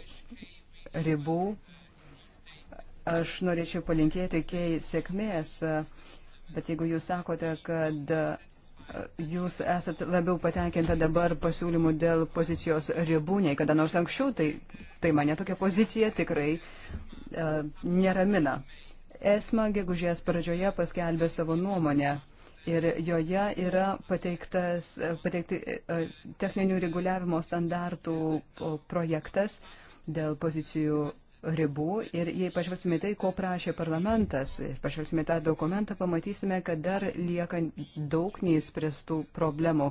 ribų. Aš norėčiau palinkėti kei sėkmės, e, bet jeigu jūs sakote, kad jūs esat labiau patenkinta dabar pasiūlymu dėl pozicijos ribų nei kada nors anksčiau, tai, tai mane tokia pozicija tikrai uh, neramina. Uh, Esma gegužės pradžioje paskelbė savo nuomonę ir joje yra pateiktas, pateikti e, techninių reguliavimo standartų projektas dėl pozicijų ribų ir jei pažvelgsime tai, ko prašė parlamentas ir pažvelgsime tą dokumentą, pamatysime, kad dar lieka daug neįspręstų problemų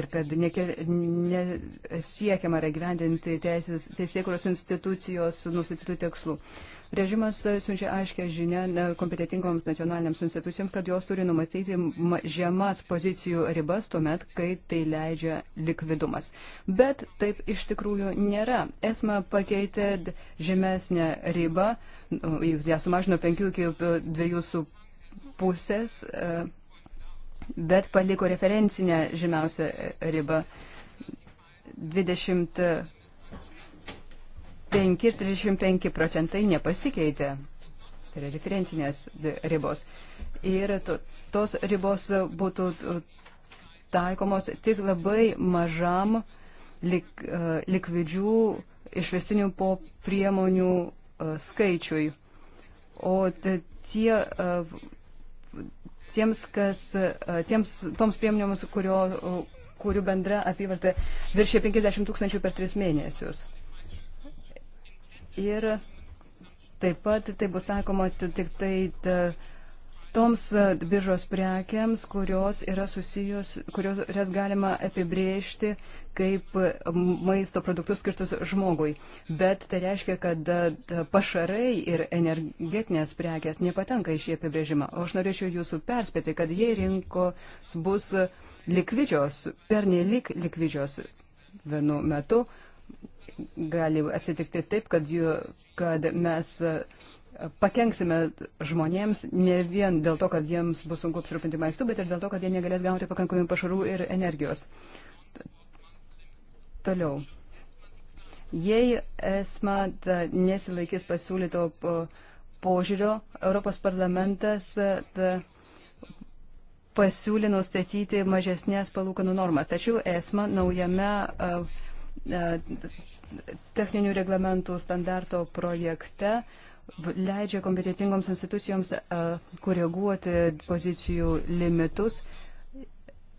ir kad nesiekiama ne, yra gyvendinti teisės, teisėkuros institucijos nustatytų tikslų. Režimas siunčia aiškę žinę kompetitingoms nacionaliniams institucijoms, kad jos turi numatyti žemas pozicijų ribas tuomet, kai tai leidžia likvidumas. Bet taip iš tikrųjų nėra. Esma pakeitė žemesnę ribą, nu, ją sumažino 5 iki 2,5 pusės, e, bet paliko referencinę žemiausią e, ribą 20 5 ir 35 procentai nepasikeitė. Tai yra referencinės ribos. Ir to, tos ribos būtų e, taikomos tik labai mažam lik, e, likvidžių išvestinių po priemonių e, skaičiui. O tie, tiems, kas, tiems, toms priemonėms, kurio, kurių bendra apyvarta viršė 50 tūkstančių per tris mėnesius. Ir taip pat tai bus taikoma tik tai ta, toms e, biržos prekiams, kurios yra susijus, kurios galima apibriežti kaip e, maisto produktus skirtus žmogui. Bet tai reiškia, kad e, pašarai ir energetinės prekės nepatenka į šį apibrėžimą. O aš norėčiau jūsų perspėti, kad jei rinkos bus likvidžios, pernelik likvidžios vienu metu, gali atsitikti taip, kad, jų, kad mes e, pakenksime žmonėms ne vien dėl to, kad jiems bus sunku apsirūpinti maistu, bet ir dėl to, kad jie negalės gauti pakankamai pašarų ir energijos. Toliau. Jei esma nesilaikys pasiūlyto požiūrio, Europos parlamentas e, pasiūlė nustatyti mažesnės palūkanų normas. Tačiau esma naujame uh, E, techninių reglamentų standarto projekte leidžia kompetitingoms institucijoms e, koreguoti pozicijų limitus,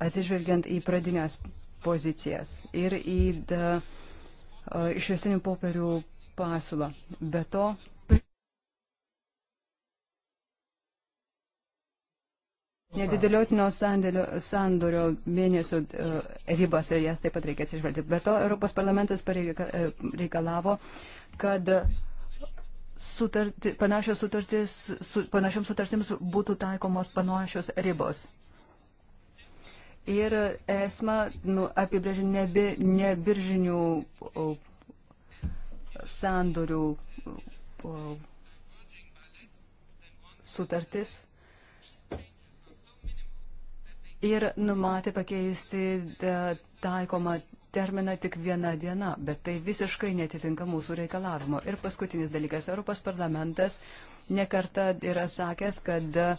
atsižvelgiant į pradinės pozicijas ir į e, išvestinių popierių pasiūlą. Be to, Nedideliotinio sandorio mėnesio e, ribas ir jas taip pat reikia atsižvelgti. Be to, Europos parlamentas e, reikalavo, kad sutarti, panašios sutartys, su, panašioms sutartims būtų taikomos panašios ribos. Ir esma nu, apibrėžė nebiržinių ne sandorių o, sutartis ir numatė pakeisti e, taikomą terminą tik viena diena, bet tai visiškai netitinka mūsų reikalavimo. Ir paskutinis dalykas, Europos parlamentas nekarta yra sakęs, kad e,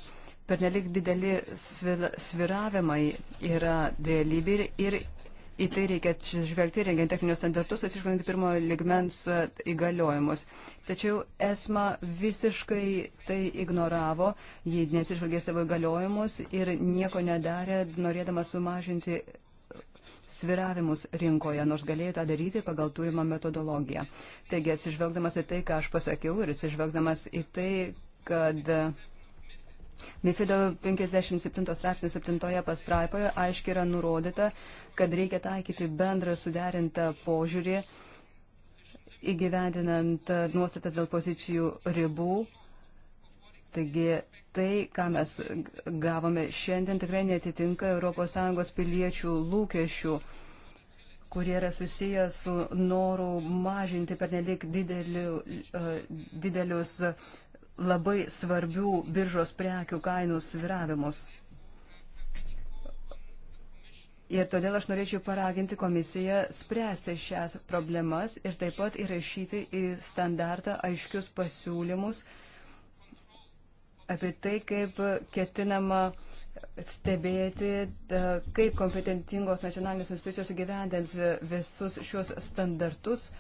pernelik dideli sviravimai yra realybė ir į tai reikia žvelgti rengiant techninius standartus, atsižvelgiant pirmojo ligmens e, įgaliojimus. Tačiau esma visiškai tai ignoravo, ji nesižvelgė savo įgaliojimus ir nieko nedarė, norėdama sumažinti e, sviravimus rinkoje, nors galėjo tą daryti pagal turimą metodologiją. Taigi, atsižvelgdamas į tai, ką aš pasakiau ir atsižvelgdamas į tai, kad uh, Mifido 57 straipsnių 7 pastraipoje aiškiai yra nurodyta, kad reikia taikyti bendrą suderintą požiūrį įgyvendinant nuostatas dėl pozicijų ribų. Taigi tai, ką mes gavome šiandien, tikrai netitinka ES piliečių lūkesčių, kurie yra susiję su noru mažinti per nelik dideliu, e, didelius labai svarbių biržos prekių kainų sviravimus. Ir todėl aš norėčiau paraginti komisiją spręsti šias problemas ir taip pat įrašyti į standartą aiškius pasiūlymus apie tai, kaip ketinama stebėti, kaip kompetentingos nacionalinės institucijos gyvendins visus šios standartus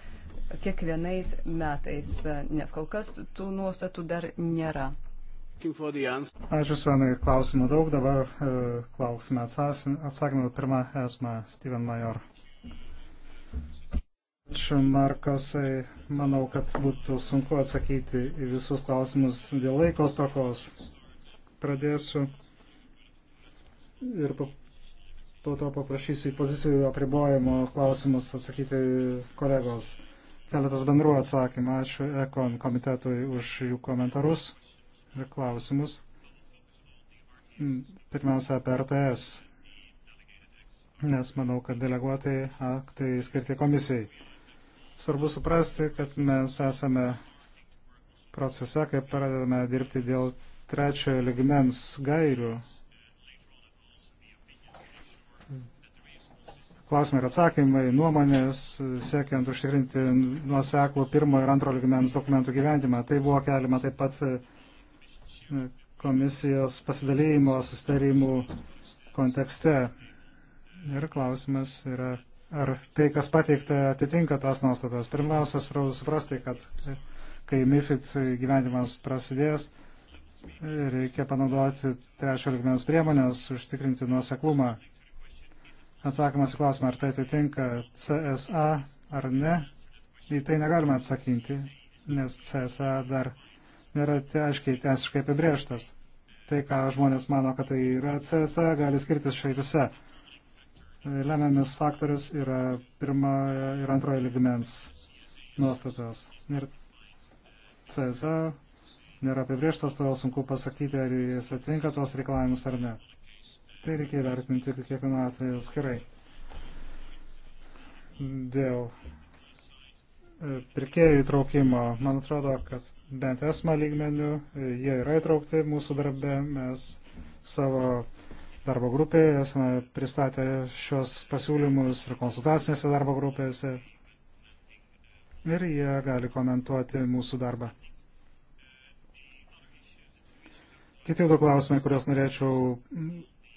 kiekvienais metais, nes kol kas tų nuostatų dar nėra. Ačiū Svenai, klausimų daug, dabar e, klausime atsakymą pirmą esmą, Steven Major. Ačiū Markosai, manau, kad būtų sunku atsakyti į visus klausimus dėl laikos tokos. Pradėsiu ir po, po to paprašysiu į pozicijų apribojimo klausimus atsakyti kolegos keletas bendrų atsakymų. Ačiū Ekon komitetui už jų komentarus ir klausimus. Pirmiausia, apie RTS, nes manau, kad deleguotai aktai skirti komisijai. Svarbu suprasti, kad mes esame procese, kai pradedame dirbti dėl trečiojo ligmens gairių klausimai ir atsakymai, nuomonės, siekiant užtikrinti nuoseklų pirmo ir antro ligmens dokumentų gyvendimą. Tai buvo keliama taip pat e, komisijos pasidalymo sustarimų kontekste. Ir klausimas yra, ar tai, kas pateikta, atitinka tas nuostatas. Pirmiausia, svarbu suprasti, kad e, kai MIFID gyvenimas prasidės, e, reikia panaudoti trečio ligmens priemonės, užtikrinti nuoseklumą Atsakymas į klausimą, ar tai atitinka CSA ar ne, į tai negalima atsakinti, nes CSA dar nėra te, aiškiai teisiškai apibrieštas. Tai, ką žmonės mano, kad tai yra CSA, gali skirtis šiai visa. Lemiamis faktorius yra pirma ir antroji ligmens nuostatos. Ir CSA nėra apibrieštas, todėl sunku pasakyti, ar jis atinka tuos reikalavimus ar ne. Tai reikia vertinti kiekvieną atveju atskirai. Dėl e, pirkėjų įtraukimo, man atrodo, kad bent esmą lygmenių e, jie yra įtraukti mūsų darbe. Mes savo darbo grupėje esame pristatę šios pasiūlymus ir konsultacinėse darbo grupėse. Ir jie gali komentuoti mūsų darbą. Kiti du klausimai, kuriuos norėčiau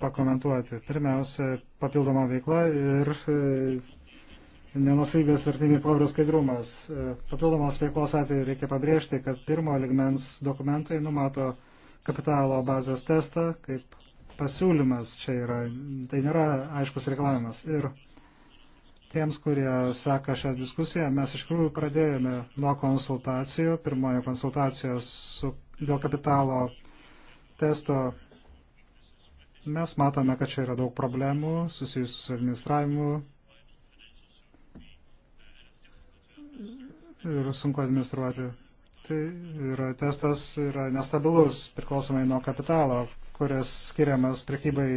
pakomentuoti. Pirmiausia, papildoma veikla ir e, nenusavybės vertimių povrių skaidrumas. E, papildomos veiklos atveju reikia pabrėžti, kad pirmo ligmens dokumentai numato kapitalo bazės testą kaip pasiūlymas čia yra. Tai nėra aiškus reikalavimas. Ir tiems, kurie seka šią diskusiją, mes iš tikrųjų pradėjome nuo konsultacijų, pirmojo konsultacijos su, dėl kapitalo testo Mes matome, kad čia yra daug problemų susijusių su administravimu ir sunku administruoti. Tai yra testas yra nestabilus, priklausomai nuo kapitalo, kuris skiriamas prekybai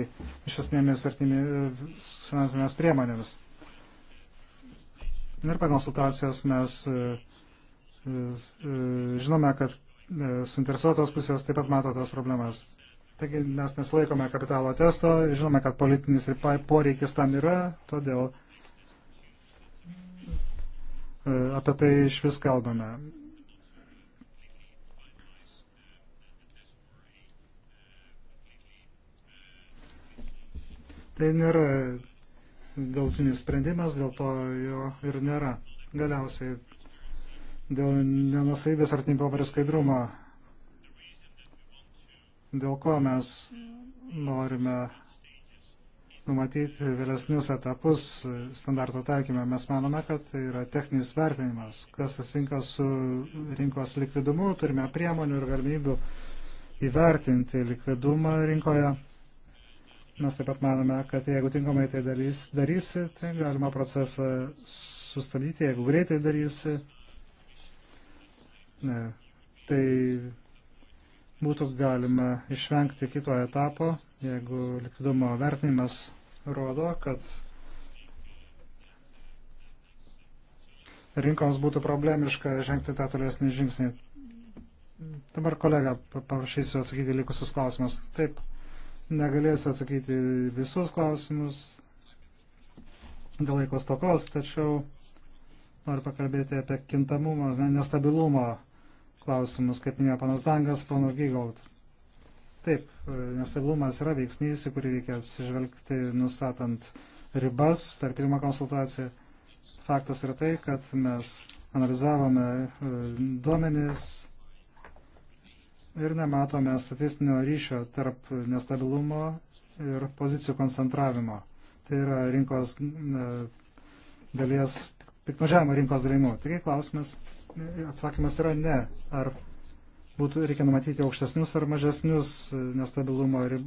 iš esmėmis vertimis finansinėmis priemonėmis. Ir per konsultacijas mes e, e, e, žinome, kad suinteresuotos pusės taip pat mato tas problemas. Taigi mes nesilaikome kapitalo testo, žinome, kad politinis poreikis tam yra, todėl e, apie tai iš vis kalbame. Tai nėra galtinis sprendimas, dėl to jo ir nėra. Galiausiai dėl nenusaibės ar timpamario skaidrumo dėl ko mes norime numatyti vėlesnius etapus standarto taikymę. Mes manome, kad tai yra techninis vertinimas, kas atsitinka su rinkos likvidumu, turime priemonių ir galimybių įvertinti likvidumą rinkoje. Mes taip pat manome, kad jeigu tinkamai tai darys, darysi, tai galima procesą sustabdyti, jeigu greitai darysi. Ne, tai būtų galima išvengti kito etapo, jeigu likvidumo vertinimas rodo, kad rinkoms būtų problemiška žengti tą tolesnį žingsnį. Dabar kolega paprašysiu atsakyti likusius klausimus. Taip, negalėsiu atsakyti visus klausimus dėl laiko stokos, tačiau noriu pakalbėti apie kintamumą, nestabilumą klausimus, kaip minėjo panas Dangas, panas Gygaut. Taip, e, nestabilumas yra veiksnys, į kurį reikia atsižvelgti, nustatant ribas per pirmą konsultaciją. Faktas yra tai, kad mes analizavome e, duomenis ir nematome statistinio ryšio tarp nestabilumo ir pozicijų koncentravimo. Tai yra rinkos e, dalies, piknožiavimo rinkos dalimu. Taigi klausimas Atsakymas yra ne. Ar būtų reikia numatyti aukštesnius ar mažesnius e, nestabilumo e,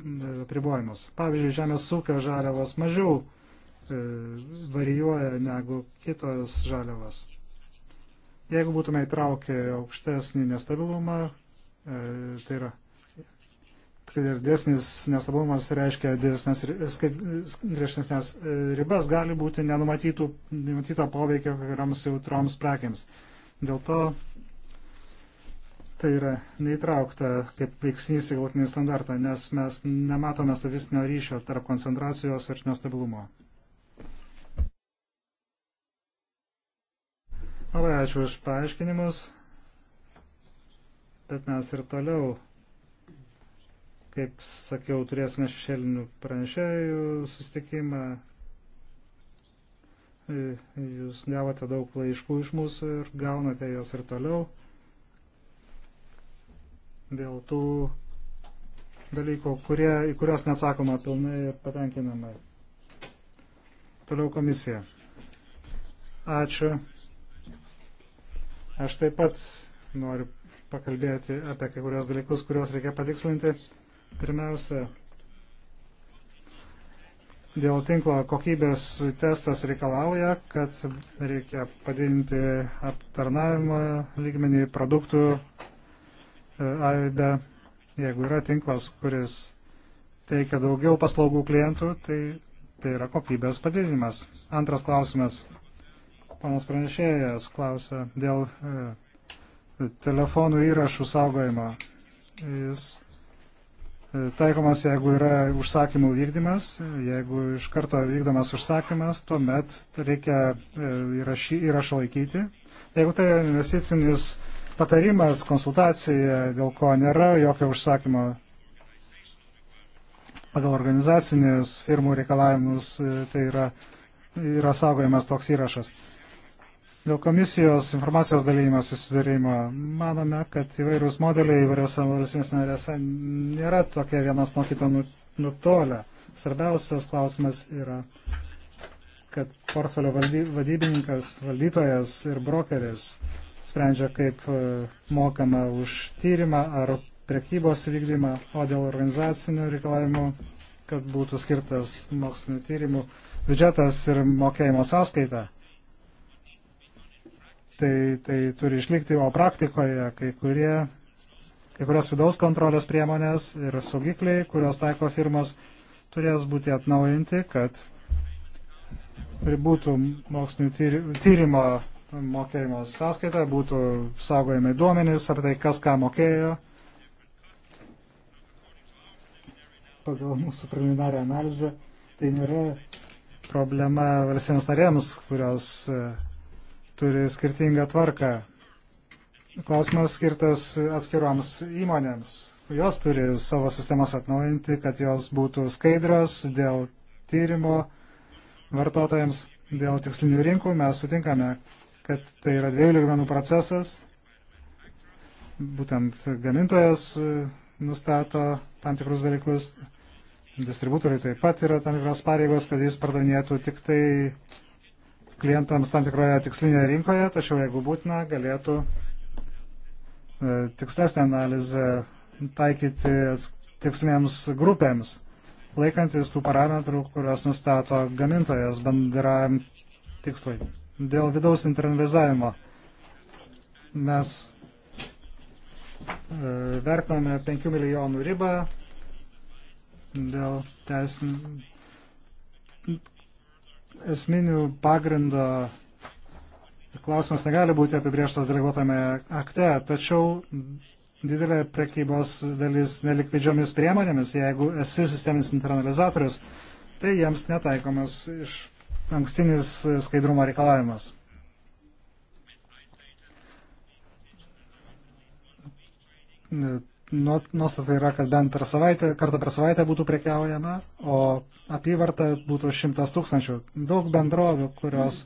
apribojimus. Pavyzdžiui, žemės ūkio žaliavos mažiau e, varijuoja negu kitos žaliavos. Jeigu būtume įtraukę aukštesnį nestabilumą, tai yra, tai ir dėsnis nestabilumas reiškia dėsnes, griežtesnės ribas, gali būti nenumatyto poveikio kai kuriams jautroms prekiams. Dėl to tai yra neįtraukta kaip veiksnys į galutinį standartą, nes mes nematome statistinio ryšio tarp koncentracijos ir nestabilumo. Labai ačiū už paaiškinimus, bet mes ir toliau, kaip sakiau, turėsime šešėlinių pranešėjų sustikimą, Jūs gavote daug laiškų iš mūsų ir gaunate jos ir toliau. Dėl tų dalykų, kurie, į kuriuos neatsakoma pilnai ir patenkinamai. Toliau komisija. Ačiū. Aš taip pat noriu pakalbėti apie kai kurios dalykus, kuriuos reikia patikslinti. Pirmiausia, dėl tinklo kokybės testas reikalauja, kad reikia padidinti aptarnavimo lygmenį produktų AIBE. Jeigu yra tinklas, kuris teikia daugiau paslaugų klientų, tai tai yra kokybės padidinimas. Antras klausimas. Panas pranešėjas klausia dėl e, telefonų įrašų saugojimo. Jis E, taikomas, jeigu yra užsakymų vykdymas, jeigu iš karto vykdomas užsakymas, tuomet reikia e, įrašy, įrašą laikyti. Jeigu tai investicinis patarimas, konsultacija, dėl ko nėra jokio užsakymo pagal organizacinius firmų reikalavimus, e, tai yra, yra saugojamas toks įrašas. Dėl komisijos informacijos dalymo susidarimo manome, kad įvairūs modeliai įvairiose valstybės narėse nėra tokie vienas nuo kito nu- nutolę. Svarbiausias klausimas yra, kad portfelio valdy, vadybininkas, valdytojas ir brokeris sprendžia, kaip e, mokama už tyrimą ar prekybos vykdymą, o dėl organizacinių reikalavimų, kad būtų skirtas mokslinio tyrimų biudžetas ir mokėjimo sąskaita tai, tai turi išlikti, o praktikoje kai, kurie, kai kurios vidaus kontrolės priemonės ir saugikliai, kurios taiko firmas, turės būti atnaujinti, kad būtų mokslinio tyrimo mokėjimo sąskaita, būtų saugojami duomenys apie tai, kas ką mokėjo. Pagal mūsų preliminarią analizę tai nėra problema valstybėms narėms, kurios uh, turi skirtingą tvarką. Klausimas skirtas atskiroms įmonėms. Jos turi savo sistemas atnaujinti, kad jos būtų skaidrios dėl tyrimo vartotojams, dėl tikslinių rinkų. Mes sutinkame, kad tai yra dviejų lygmenų procesas. Būtent gamintojas e, nustato tam tikrus dalykus. Distributoriai taip pat yra tam tikros pareigos, kad jis pardavinėtų tik tai klientams tam tikroje tikslinėje rinkoje, tačiau jeigu būtina, galėtų e, tikslesnę analizę taikyti tikslinėms grupėms, laikantis tų parametrų, kurios nustato gamintojas bandirajam tikslai. Dėl vidaus internalizavimo mes e, vertiname 5 milijonų ribą dėl teisinio esminių pagrindo klausimas negali būti apibrieštas deleguotame akte, tačiau didelė prekybos dalis nelikvidžiomis priemonėmis, jeigu esi sisteminis internalizatorius, tai jiems netaikomas iš ankstinis skaidrumo reikalavimas. Nuostata yra, kad bent per savaitę, kartą per savaitę būtų prekiaujama, o apyvarta būtų 100 tūkstančių. Daug bendrovių, kurios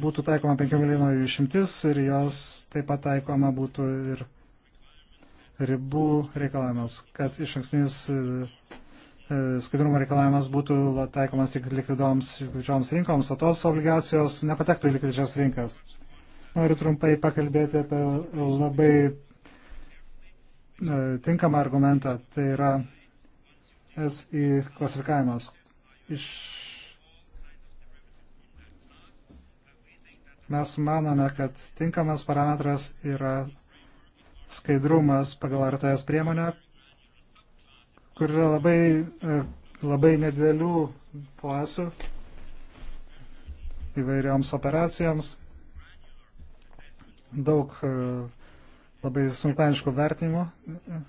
būtų taikoma 5 milijonų išimtis ir jos taip pat taikoma būtų ir ribų reikalavimas, kad iš ankstinis e, e, skaidrumo reikalavimas būtų taikomas tik likvidoms likvidžioms rinkoms, o tos obligacijos nepatektų į likvidžias rinkas. Noriu trumpai pakalbėti apie labai e, tinkamą argumentą. Tai yra SI klasifikavimas. Iš... Mes manome, kad tinkamas parametras yra skaidrumas pagal RTS priemonę, kur yra labai, e, labai nedėlių klasių įvairioms operacijoms, daug e, labai smulkmeniškų vertinimų e,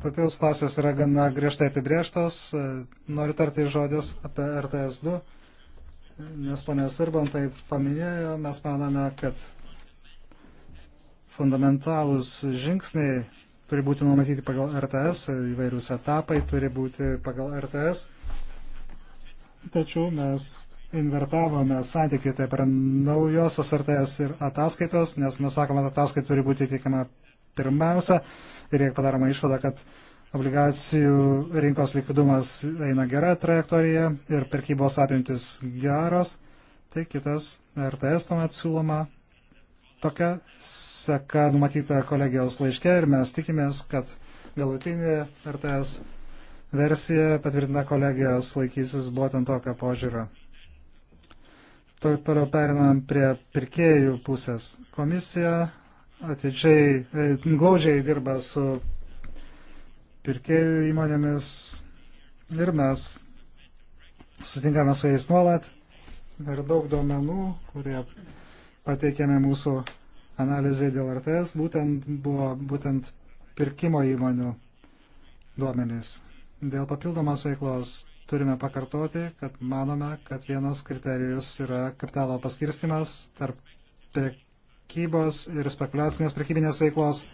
Tokios klasės yra gana griežtai apibrieštos. Noriu tarti žodis apie RTS2, nes ponė Sirban tai paminėjo, mes manome, kad fundamentalūs žingsniai turi būti numatyti pagal RTS, įvairius etapai turi būti pagal RTS. Tačiau mes invertavome santykį tarp naujosios RTS ir ataskaitos, nes mes sakome, kad ataskaita turi būti teikiama pirmiausia ir jeigu padaroma išvada, kad obligacijų rinkos likvidumas eina gera trajektorija ir perkybos apimtis geros, tai kitas RTS tuomet siūloma tokia seka numatyta kolegijos laiške ir mes tikimės, kad galutinė RTS versija patvirtinta kolegijos laikysis būtent tokio požiūrio. Toliau perinam prie pirkėjų pusės. Komisija atidžiai, e, glaudžiai dirba su pirkėjų įmonėmis ir mes susitinkame su jais nuolat ir daug duomenų, kurie pateikėme mūsų analizai dėl RTS, būtent buvo būtent pirkimo įmonių duomenys. Dėl papildomas veiklos turime pakartoti, kad manome, kad vienas kriterijus yra kapitalo paskirstimas tarp prekybos ir spekuliacinės prekybinės veiklos, e,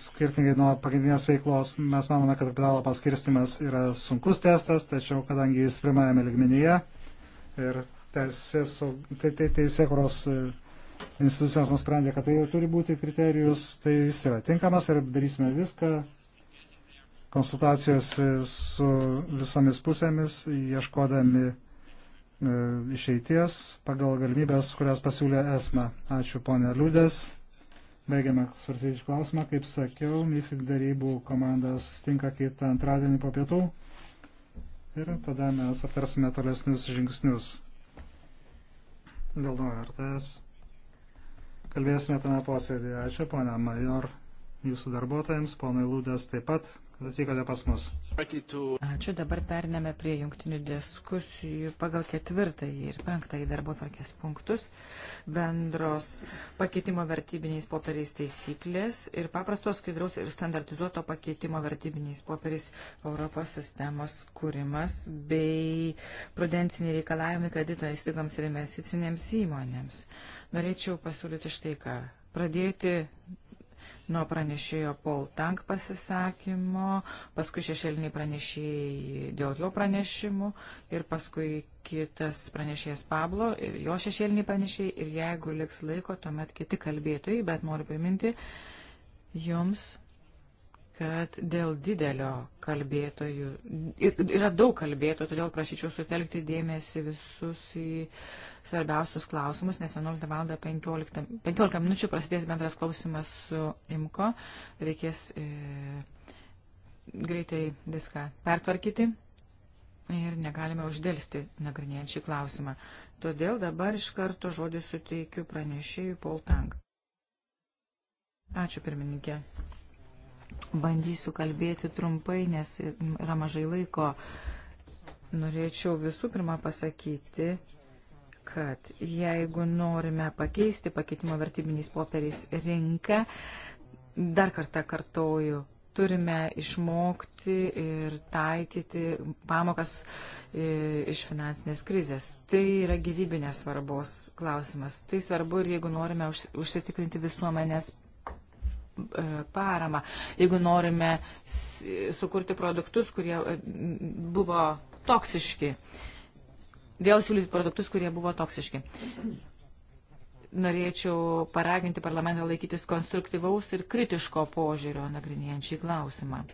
skirtingai nuo pagrindinės veiklos. Mes manome, kad kapitalo paskirstimas yra sunkus testas, tačiau kadangi jis pirmajame ligmenyje ir teisėkuros e, institucijos nusprendė, kad tai turi būti kriterijus, tai jis yra tinkamas ir darysime viską konsultacijos e, su visomis pusėmis, ieškodami E, išeities pagal galimybės, kurias pasiūlė ESMA. Ačiū ponė Liūdės. Baigiame svarstyti klausimą. Kaip sakiau, MIFID darybų komanda sustinka kitą antradienį po pietų ir tada mes aptarsime tolesnius žingsnius. Dėl to RTS. Kalbėsime tame posėdėje. Ačiū, ponia Major, jūsų darbuotojams, ponai Lūdės taip pat kad atvykote pas mus. Ačiū, dabar periname prie jungtinių diskusijų pagal ketvirtąjį ir penktąjį darbo tvarkės punktus, bendros pakeitimo vertybiniais popieriais taisyklės ir paprastos skaidraus ir standartizuoto pakeitimo vertybiniais popieriais Europos sistemos kūrimas bei prudenciniai reikalavimai kredito įstaigoms ir investicinėms įmonėms. Norėčiau pasiūlyti štai ką. Pradėti nuo pranešėjo Paul Tank pasisakymo, paskui šešėliniai pranešėjai dėl jo pranešimų ir paskui kitas pranešėjas Pablo ir jo šešėliniai pranešėjai ir jeigu liks laiko, tuomet kiti kalbėtojai, bet noriu priminti jums kad dėl didelio kalbėtojų, yra daug kalbėtojų, todėl prašyčiau sutelkti dėmesį visus į svarbiausius klausimus, nes 11 val. 15, 15 minučių prasidės bendras klausimas su Imko, reikės e, greitai viską pertvarkyti ir negalime uždėlsti nagrinėjant šį klausimą. Todėl dabar iš karto žodį suteikiu pranešėjui Paul Tang. Ačiū pirmininkė. Bandysiu kalbėti trumpai, nes yra mažai laiko. Norėčiau visų pirma pasakyti, kad jeigu norime pakeisti pakeitimo vertybiniais popieriais rinką, dar kartą kartoju, turime išmokti ir taikyti pamokas e, iš finansinės krizės. Tai yra gyvybinės svarbos klausimas. Tai svarbu ir jeigu norime užsitikrinti visuomenės E, paramą. Jeigu norime sukurti produktus, kurie e, buvo toksiški, vėl siūlyti produktus, kurie buvo toksiški. Norėčiau paraginti parlamentą laikytis konstruktyvaus ir kritiško požiūrio nagrinėjant šį klausimą.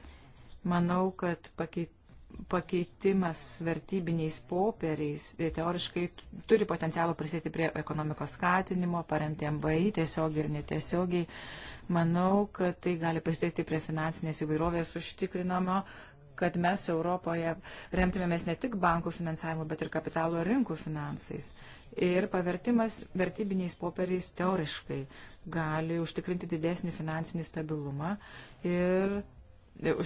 Manau, kad pakeit pakeitimas vertybiniais popieriais e, teoriškai turi potencialo prisidėti prie ekonomikos skatinimo, paremti MVI tiesiogiai ir netiesiogiai, Manau, kad tai gali pasiekti prie finansinės įvairovės užtikrinamo, kad mes Europoje remtumėmės ne tik bankų finansavimu, bet ir kapitalo rinkų finansais. Ir pavertimas vertybiniais popieriais teoriškai gali užtikrinti didesnį finansinį stabilumą ir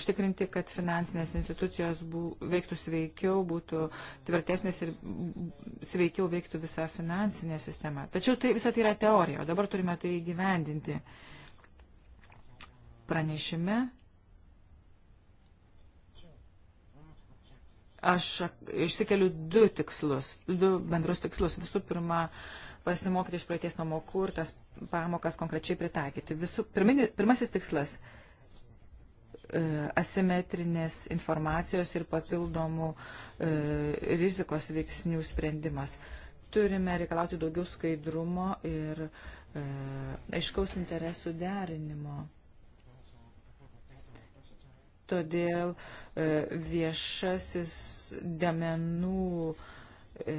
užtikrinti, kad finansinės institucijos bū, veiktų sveikiau, būtų tvirtesnės ir sveikiau veiktų visa finansinė sistema. Tačiau tai, visa tai yra teorija, o dabar turime tai įgyvendinti. Uh, pranešime aš išsikeliu du tikslus, du bendrus tikslus. Visų pirma, pasimokyti iš praeities pamokų ir tas pamokas konkrečiai pritaikyti. Visų, pirmini, pirmasis tikslas e, - asimetrinės informacijos ir papildomų e, rizikos veiksnių sprendimas. Turime reikalauti daugiau skaidrumo ir e, aiškaus interesų derinimo. Todėl e, viešasis domenų, e,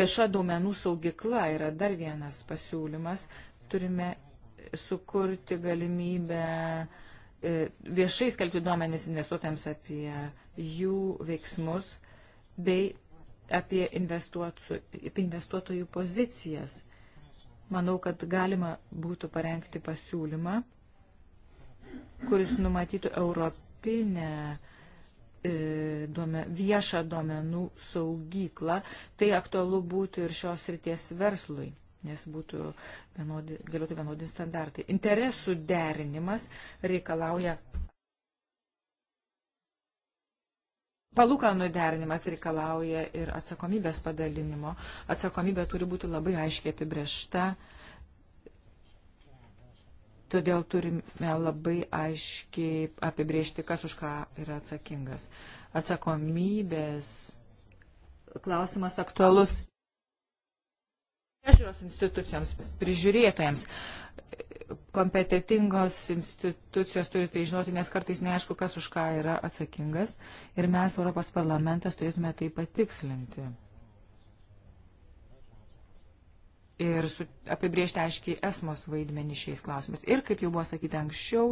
vieša domenų saugikla yra dar vienas pasiūlymas. Turime sukurti galimybę e, viešai skelbti duomenis investuotojams apie jų veiksmus bei apie investuotojų pozicijas. Manau, kad galima būtų parengti pasiūlymą, kuris numatytų Europą europinę e, duome, viešą duomenų saugyklą, tai aktualu būtų ir šios ryties verslui, nes būtų vienodi, galėtų vienodi standartai. Interesų derinimas reikalauja. Palūkanų derinimas reikalauja ir atsakomybės padalinimo. Atsakomybė turi būti labai aiškiai apibriešta. Uh, Todėl turime labai aiškiai apibriežti, kas už ką yra atsakingas. Atsakomybės klausimas aktualus priežiūros institucijoms, prižiūrėtojams. Kompetitingos institucijos turi tai žinoti, nes kartais neaišku, kas už ką yra atsakingas ir mes, Europos parlamentas, turėtume tai patikslinti. ir su, apibriežti aiškiai esmos vaidmenį šiais klausimais. Ir, kaip jau buvo sakyta anksčiau,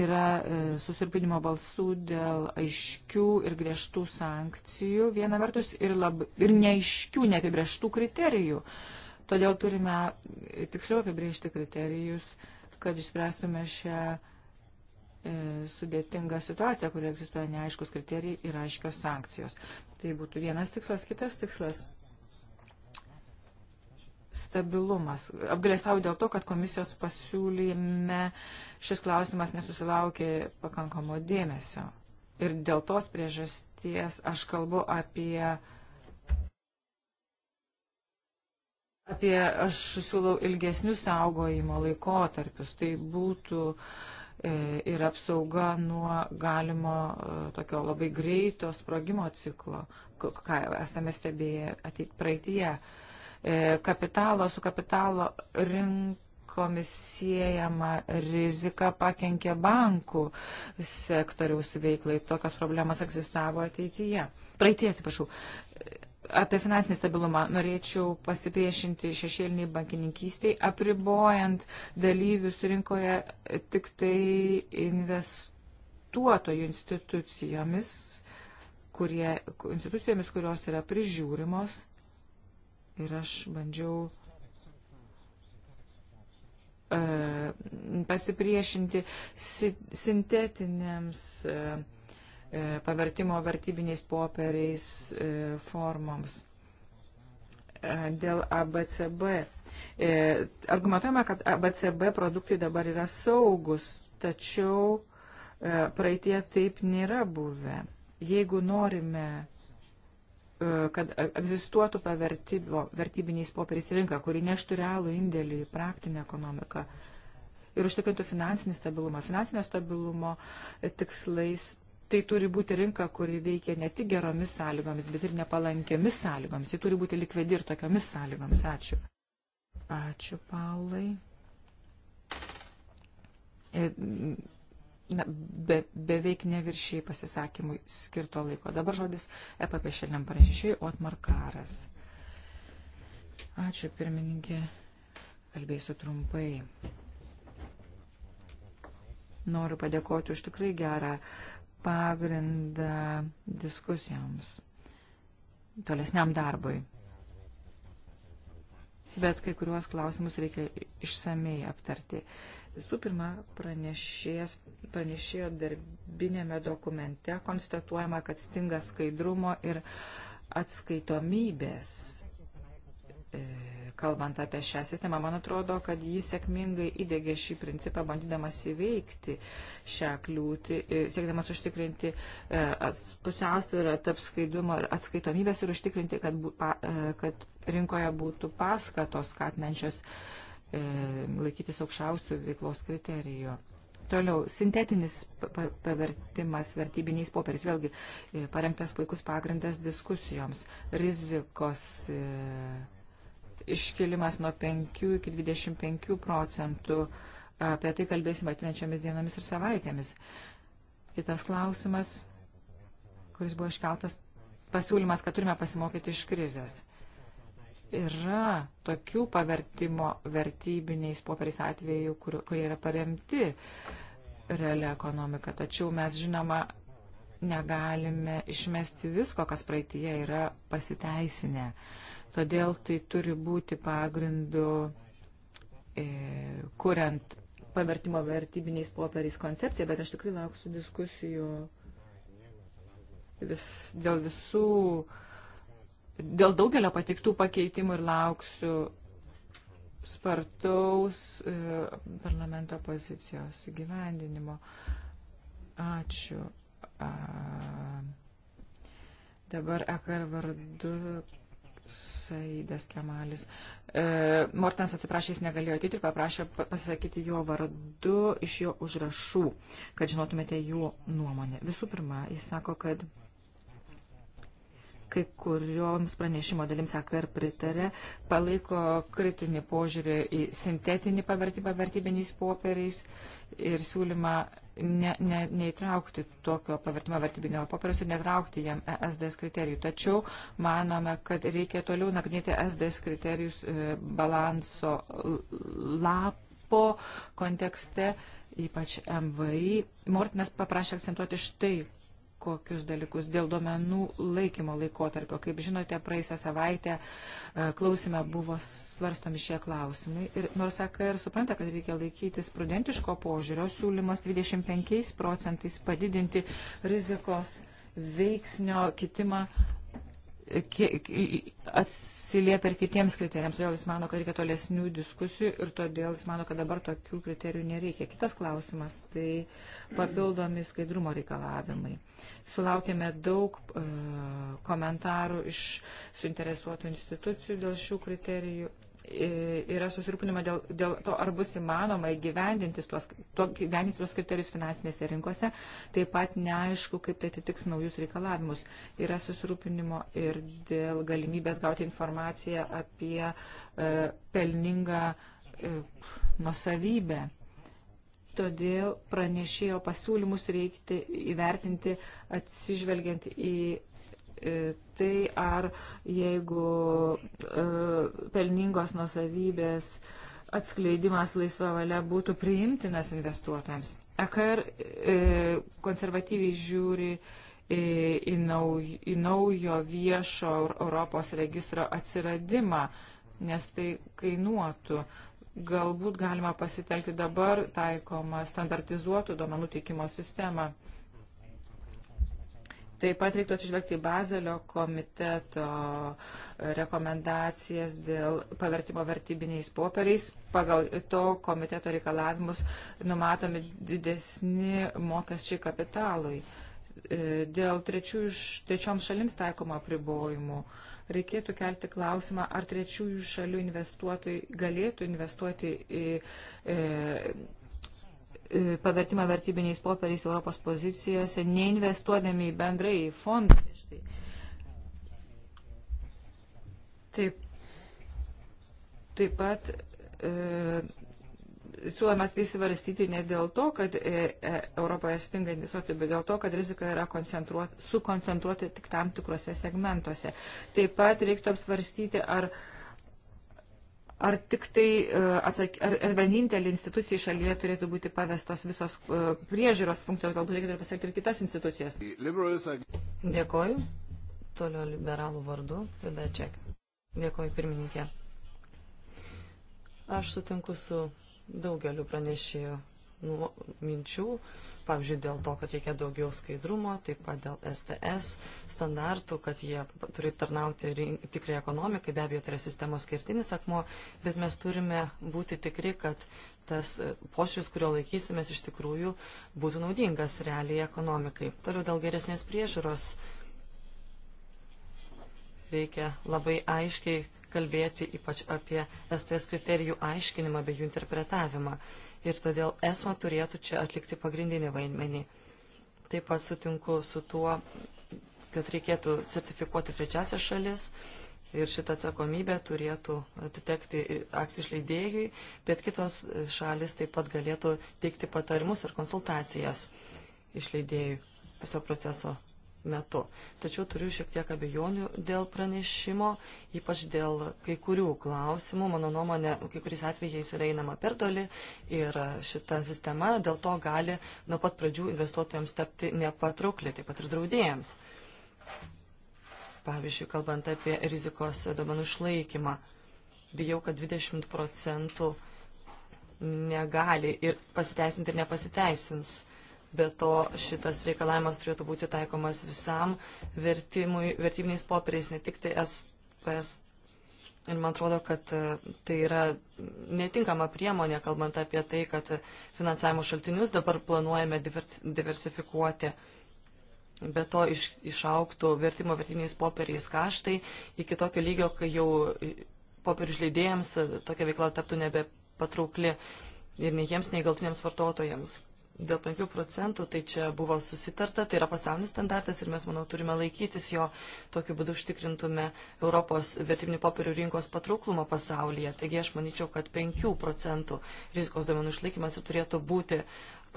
yra e, susirpinimo balsų dėl aiškių ir griežtų sankcijų, viena vertus, ir, lab, ir neaiškių, neapibrieštų kriterijų. Todėl turime e, tiksliau apibriežti kriterijus, kad išspręstume šią e, sudėtingą situaciją, kur egzistuoja neaiškus kriterijai ir aiškios sankcijos. Tai būtų vienas tikslas, kitas tikslas stabilumas. Apgalėstau dėl to, kad komisijos pasiūlyme šis klausimas nesusilaukė pakankamo dėmesio. Ir dėl tos priežasties aš kalbu apie. Apie aš siūlau ilgesnius saugojimo laikotarpius. Tai būtų e, ir apsauga nuo galimo e, tokio labai greito sprogimo ciklo, ką esame stebėję ateit praeitie. E, E, kapitalo su kapitalo rinkomis siejama rizika pakenkė bankų sektoriaus veiklai. Tokios problemas egzistavo ateityje. Praeitie, atsiprašau. Apie finansinį stabilumą norėčiau pasipriešinti šešėliniai bankininkystiai, apribojant dalyvius rinkoje tik tai investuotojų institucijomis, kurie, institucijomis kurios yra prižiūrimos ir aš bandžiau e, pasipriešinti si sintetiniams e, e pavertimo vertybiniais popieriais e, formoms e, dėl ABCB. E, argumentuojama, kad ABCB produktai dabar yra saugus, tačiau praeitie taip nėra buvę. Jeigu norime E, kad e, egzistuotų pavertybo, vertybiniais popieriais rinka, kuri neštų realų indėlį į praktinę ekonomiką ir užtikrintų finansinį stabilumą. Finansinio stabilumo tikslais tai turi būti rinka, kuri veikia ne tik geromis sąlygomis, bet ir nepalankiomis sąlygomis. Ji turi būti likvidi ir tokiomis sąlygomis. Ačiū. Ačiū, Paulai. E, be, beveik neviršiai pasisakymui skirto laiko. Dabar žodis EPP šiandien pranešėjai Otmar Karas. Ačiū pirmininkė, kalbėsiu trumpai. Noriu padėkoti už tikrai gerą pagrindą diskusijoms, tolesniam darbui. Bet kai kuriuos klausimus reikia išsamei aptarti. Uh, Visų pirma, pranešėjo darbinėme dokumente konstatuojama, kad stinga skaidrumo ir atskaitomybės. E, kalbant apie šią sistemą, man atrodo, kad jis sėkmingai įdėgė šį principą, bandydamas įveikti šią kliūtį, e, siekdamas užtikrinti e, pusiausvyrą tarp skaidrumo ir atskaitomybės ir užtikrinti, kad, kad rinkoje būtų paskatos skatinančios uh, E, laikytis aukščiausių veiklos kriterijų. Toliau, sintetinis pavertimas vertybiniais popieriais, vėlgi e, parengtas puikus pagrindas diskusijoms, rizikos e, iškilimas nuo 5 iki 25 procentų, apie tai kalbėsime atvenčiamis dienomis ir savaitėmis. Kitas klausimas, kuris buvo iškeltas, pasiūlymas, kad turime pasimokyti iš krizės. Yra tokių pavertimo vertybiniais popieriais atvejų, kur, kurie yra paremti realią ekonomiką. Tačiau mes, žinoma, negalime išmesti visko, kas praeitie yra pasiteisinę. Todėl tai turi būti pagrindu, e, kuriant pavertimo vertybiniais popieriais koncepciją, bet aš tikrai lauksiu diskusijų vis, dėl visų dėl daugelio patiktų pakeitimų ir lauksiu spartaus e, parlamento pozicijos įgyvendinimo. Ačiū. Dabar ekar vardu Saidas Kemalis. E, Mortens atsiprašė, jis negalėjo ateiti ir paprašė pasisakyti jo vardu iš jo užrašų, kad žinotumėte jų nuomonę. Visų pirma, jis sako, kad kai kurioms pranešimo dalims AKR pritarė, palaiko kritinį požiūrį į sintetinį pavertimą vertybiniais popieriais ir siūlymą ne, ne, neįtraukti tokio pavertimo vertybinio popieriaus ir netraukti jam SDS e kriterijų. Tačiau manome, kad reikia toliau nagrinėti SDS e kriterijus e, balanso lapo kontekste, ypač MVI. Mortinas paprašė akcentuoti štai kokius dalykus dėl duomenų laikymo laikotarpio. Kaip žinote, praėjusią savaitę e, klausime buvo svarstomi šie klausimai. Ir nors AKR supranta, kad reikia laikytis prudentiško požiūrio, siūlymas 25 procentais padidinti rizikos veiksnio kitimą atsiliepia ir kitiems kriterijams. Todėl jis mano, kad reikia tolesnių diskusijų ir todėl jis mano, kad dabar tokių kriterijų nereikia. Kitas klausimas - tai papildomi skaidrumo reikalavimai. Sulaukėme daug e, komentarų iš suinteresuotų institucijų dėl šių kriterijų yra susirūpinama dėl, dėl to, ar bus įmanoma įgyvendinti tuos, to, gyvendinti tuos kriterijus finansinėse rinkose, taip pat neaišku, kaip tai atitiks naujus reikalavimus. Yra susirūpinimo ir dėl galimybės gauti informaciją apie e, pelningą e, nusavybę. Todėl pranešėjo pasiūlymus reikia įvertinti atsižvelgiant į E, tai ar jeigu e, pelningos nusavybės atskleidimas laisva valia būtų priimtinas investuotojams. EKR e, konservatyviai žiūri į naujo, į naujo viešo Europos registro atsiradimą, nes tai kainuotų. Galbūt galima pasitelkti dabar taikomą standartizuotų duomenų teikimo sistemą. Taip pat reiktų atsižvelgti į Bazelio komiteto rekomendacijas dėl pavertimo vertybiniais popieriais. Pagal to komiteto reikalavimus numatomi didesni mokesčiai kapitalui. E, dėl trečioms šalims taikomo apribojimų reikėtų kelti klausimą, ar trečiųjų šalių investuotojai galėtų investuoti į e, E, pavertimą vertybiniais popieriais Europos pozicijose, neinvestuodami į bendrai į fondą. Tai. Taip, taip pat e, siūlome tai svarstyti ne dėl to, kad e, e, Europoje stinga investuotojų, bet dėl to, kad rizika yra sukoncentruota tik tam tikrose segmentuose. Taip pat reiktų apsvarstyti, ar e, Ar tik tai, e, atsak, ar, ar vienintelė institucija šalyje turėtų būti pavestos visos e, priežiūros funkcijos, galbūt reikėtų pasakyti ir kitas institucijas? Dėkoju. Toliau liberalų vardu, tada čia. Dėkoju, pirmininkė. Aš sutinku su daugeliu pranešėjo minčių. Nu, pavyzdžiui, dėl to, kad reikia daugiau skaidrumo, taip pat dėl STS standartų, kad jie turi tarnauti tikrai ekonomikai, be abejo, tai yra sistemos skirtinis akmo, bet mes turime būti tikri, kad tas e, pošius, kurio laikysimės, iš tikrųjų būtų naudingas realiai ekonomikai. Toliau dėl geresnės priežiūros reikia labai aiškiai kalbėti ypač apie STS kriterijų aiškinimą bei jų interpretavimą ir todėl ESMA turėtų čia atlikti pagrindinį vaidmenį. Taip pat sutinku su tuo, kad reikėtų sertifikuoti trečiasias šalis ir šitą atsakomybę turėtų atitekti akcijų išleidėjui, bet kitos šalis taip pat galėtų teikti patarimus ir konsultacijas išleidėjui viso proceso metu. Tačiau turiu šiek tiek abejonių dėl pranešimo, ypač dėl kai kurių klausimų. Mano nuomonė, kai kuriais atvejais yra einama per toli ir šita sistema dėl to gali nuo pat pradžių investuotojams tapti nepatraukli, taip pat ir draudėjams. Pavyzdžiui, kalbant apie rizikos domenų išlaikymą, bijau, kad 20 procentų negali ir pasiteisinti ir nepasiteisins Be to, šitas reikalavimas turėtų būti taikomas visam vertimui, vertybiniais popieriais, ne tik tai SPS. Ir man atrodo, kad e, tai yra netinkama priemonė, kalbant apie tai, kad finansavimo šaltinius dabar planuojame diversifikuoti. Be to iš, išauktų vertimo vertiniais popieriais kaštai iki tokio lygio, kai jau popierių žleidėjams tokia veikla taptų nebepatraukli ir nei jiems, nei galtiniams vartotojams dėl 5 procentų, tai čia buvo susitarta, tai yra pasaulinis standartas ir mes, manau, turime laikytis jo, tokiu būdu užtikrintume Europos vertybinių popierių rinkos patrauklumą pasaulyje. Taigi aš manyčiau, kad 5 procentų rizikos duomenų išlaikymas ir turėtų būti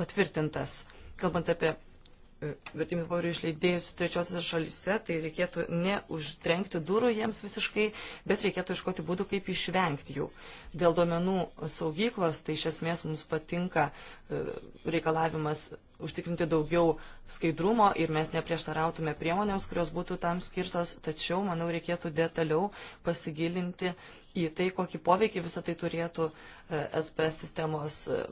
patvirtintas. Kalbant apie vertimių popierių išleidėjus trečiosiose šalise, tai reikėtų neužtrenkti durų jiems visiškai, bet reikėtų iškoti būdų, kaip išvengti jų. Dėl duomenų saugyklos, tai iš esmės mums patinka e, reikalavimas užtikrinti daugiau skaidrumo ir mes neprieštarautume priemonėms, kurios būtų tam skirtos, tačiau, manau, reikėtų detaliau pasigilinti į tai, kokį poveikį visą tai turėtų SPS e, sistemos e,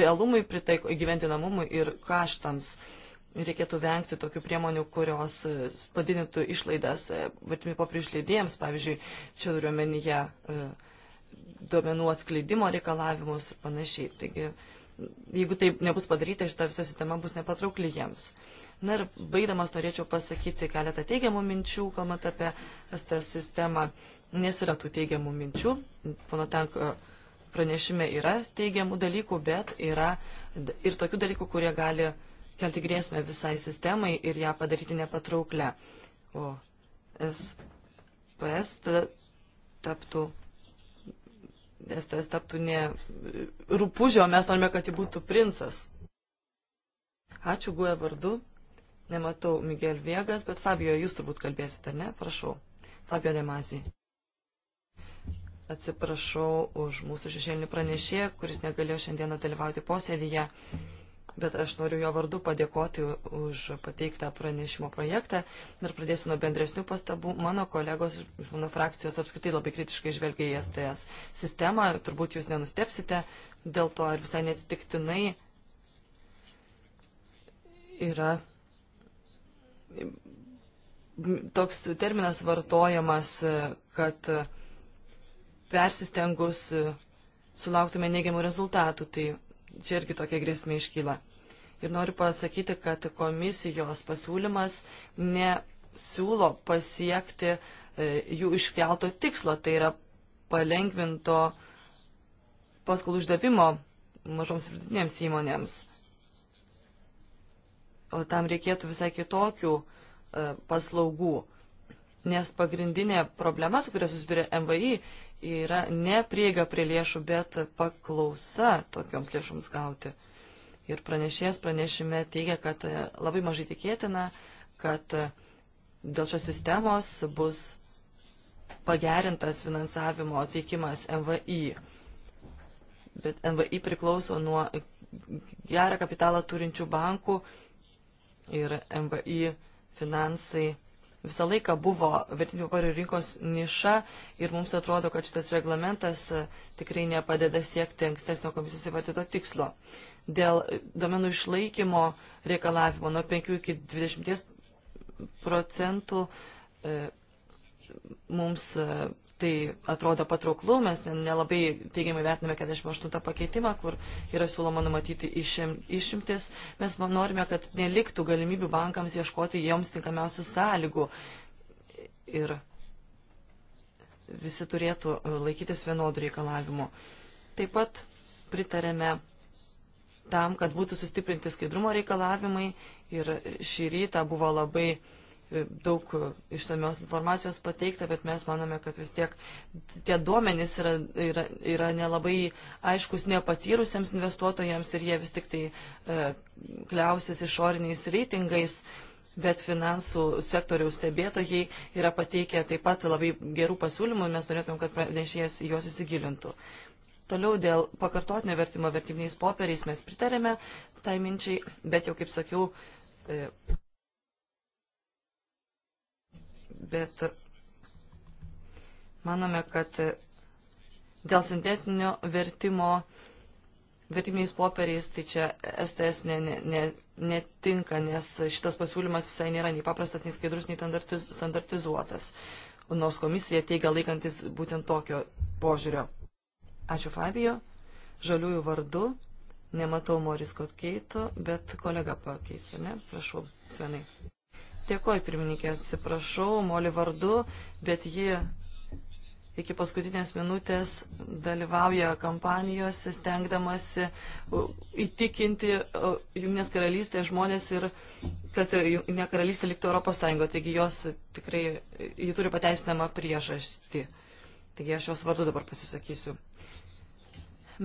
realumui, pritaiko įgyventinamumui ir kaštams. Uh, reikėtų vengti tokių priemonių, kurios e, padidintų išlaidas e, vertimi popierių išleidėjams, pavyzdžiui, čia turiu omenyje e, duomenų atskleidimo reikalavimus ir panašiai. Taigi, jeigu taip nebus padaryta, šita visa sistema bus nepatraukli jiems. Na ir baigdamas norėčiau pasakyti keletą teigiamų minčių, kalbant apie STS sistemą, nes yra tų teigiamų minčių. Pono Tank pranešime yra teigiamų dalykų, bet yra ir tokių dalykų, kurie gali uh, kelti grėsmę visai sistemai ir ją padaryti nepatrauklę. O SPS tada taptų, SPS taptų ne rūpužio, mes norime, kad ji būtų princas. Ačiū Guė vardu. Nematau Miguel Viegas, bet Fabio, jūs turbūt kalbėsite, ne? Prašau. Fabio Demasi. Atsiprašau už mūsų šešėlinį pranešėją, kuris negalėjo šiandieną dalyvauti posėdėje bet aš noriu jo vardu padėkoti už pateiktą pranešimo projektą ir pradėsiu nuo bendresnių pastabų. Mano kolegos iš mano frakcijos apskritai labai kritiškai žvelgia į STS sistemą, turbūt jūs nenustepsite, dėl to ir visai neatsitiktinai yra toks terminas vartojamas, kad persistengus sulauktume neigiamų rezultatų. Tai čia irgi tokia grėsmė iškyla. Ir noriu pasakyti, kad komisijos pasiūlymas nesiūlo pasiekti e, jų iškelto tikslo, tai yra palengvinto paskolų uždavimo mažoms vidutinėms įmonėms. O tam reikėtų visai kitokių e, paslaugų, nes pagrindinė problema, su kuria susiduria MVI, yra ne prieiga prie lėšų, bet paklausa tokioms lėšoms gauti. Ir pranešėjas pranešime teigia, kad e, labai mažai tikėtina, kad e, dėl šios sistemos bus pagerintas finansavimo teikimas MVI. Bet MVI priklauso nuo gerą kapitalą turinčių bankų ir MVI finansai visą laiką buvo vertinių popierių rinkos niša ir mums atrodo, kad šitas reglamentas e, tikrai nepadeda siekti ankstesnio komisijos įvardyto tikslo. Dėl domenų išlaikymo reikalavimo nuo 5 iki 20 procentų e, mums e, tai atrodo patrauklu, mes nelabai teigiamai vertiname 48 pakeitimą, kur yra siūloma numatyti išim, išimtis. Mes norime, kad neliktų galimybių bankams ieškoti joms tinkamiausių sąlygų. Ir visi turėtų e, laikytis vienodų reikalavimų. Taip pat pritarėme tam, kad būtų sustiprinti skaidrumo reikalavimai ir šį rytą buvo labai uh, daug e, išsamios informacijos pateikta, bet mes manome, kad vis tiek tie duomenys yra, yra, yra nelabai aiškus nepatyrusiems investuotojams ir jie vis tik tai e, kliausis išoriniais reitingais, bet finansų sektoriaus stebėtojai yra pateikę taip pat labai gerų pasiūlymų ir mes norėtumėm, kad pranešėjas juos įsigilintų. Toliau dėl pakartotinio vertimo vertybiniais popieriais mes pritarėme tai minčiai, bet jau kaip sakiau, e, bet manome, kad dėl sintetinio vertimo, vertimiais popieriais, tai čia STS ne, ne, ne, netinka, nes šitas pasiūlymas visai nėra nei paprastas, nei skaidrus, nei standartiz, standartizuotas. Nors komisija teigia laikantis būtent tokio požiūrio. Ačiū Fabijo. Žaliųjų vardu. Nematau Moris Kotkeito, bet kolega pakeis, ne? Prašau, Svenai. Dėkoju, pirmininkė, atsiprašau, Moli vardu, bet ji iki paskutinės minutės dalyvauja kampanijose, stengdamasi įtikinti Junktinės karalystės žmonės ir kad Junktinė karalystė liktų Europos Sąjungo. Taigi jos tikrai, ji turi pateisinamą priežastį. Taigi aš jos vardu dabar pasisakysiu.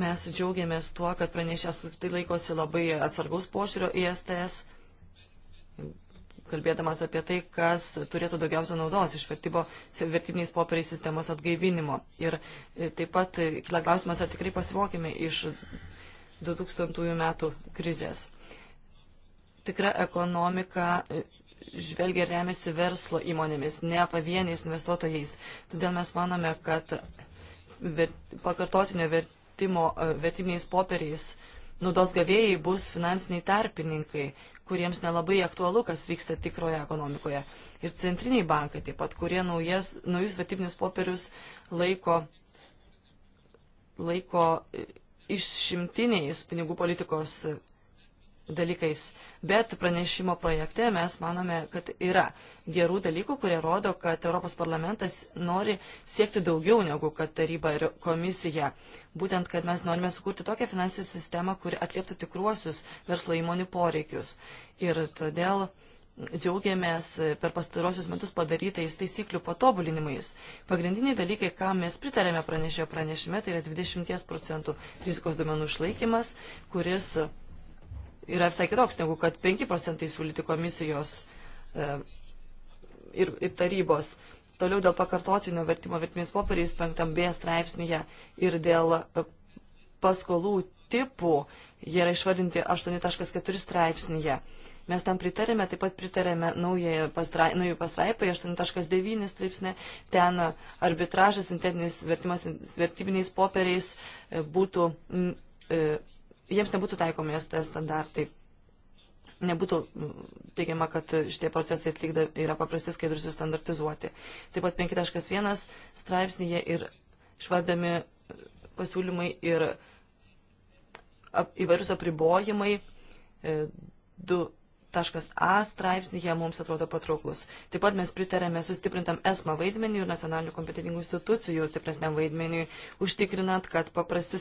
Mes džiaugiamės tuo, kad pranešė apskritai laikosi labai atsargaus požiūrio į STS kalbėdamas apie tai, kas turėtų daugiausia naudos iš vertybiniais popieriais sistemos atgaivinimo. Ir e, taip pat e, kila klausimas, ar tikrai pasimokime iš 2000 metų krizės. Tikra ekonomika e, žvelgia remiasi verslo įmonėmis, ne pavieniais investuotojais. Todėl mes manome, kad pakartotinio vertimo vertybiniais popieriais naudos gavėjai bus finansiniai tarpininkai, kuriems nelabai aktualu, kas vyksta tikroje ekonomikoje. Ir centriniai bankai taip pat, kurie naujas, naujus vertybinius popierius laiko, laiko išimtiniais pinigų politikos dalykais, bet pranešimo projekte mes manome, kad yra gerų dalykų, kurie rodo, kad Europos parlamentas nori siekti daugiau negu kad taryba ir komisija. Būtent, kad mes norime sukurti tokią finansinę sistemą, kuri atlieptų tikruosius verslo įmonių poreikius. Ir todėl džiaugiamės per pastarosius metus padarytais taisyklių patobulinimais. Pagrindiniai dalykai, ką mes pritarėme pranešėjo pranešime, tai yra 20 procentų rizikos duomenų išlaikymas, kuris yra visai kitoks negu kad 5 procentai siūlyti komisijos e, ir, ir tarybos. Toliau dėl pakartotinio vertimo vertimės popieriais 5b straipsnėje ir dėl e, paskolų tipų jie yra išvardinti 8.4 straipsnėje. Mes tam pritarėme, taip pat pritarėme naujai pastra, pastraipai 8.9 straipsnė, ten arbitražas, sintetinis vertimas vertybiniais popieriais e, būtų. M, m, e, jiems nebūtų taikomi ST standartai. Nebūtų nu, teigiama, kad šitie procesai atlikda yra paprasti skaidrus ir standartizuoti. Taip pat 5.1 straipsnėje ir išvardami pasiūlymai ir ap, įvairius apribojimai, e, du A straipsnėje mums atrodo patrauklus. Taip pat mes pritarėme sustiprintam ESMA vaidmeniui ir nacionalinių kompetentingų institucijų stipresniam vaidmeniui, užtikrinant, kad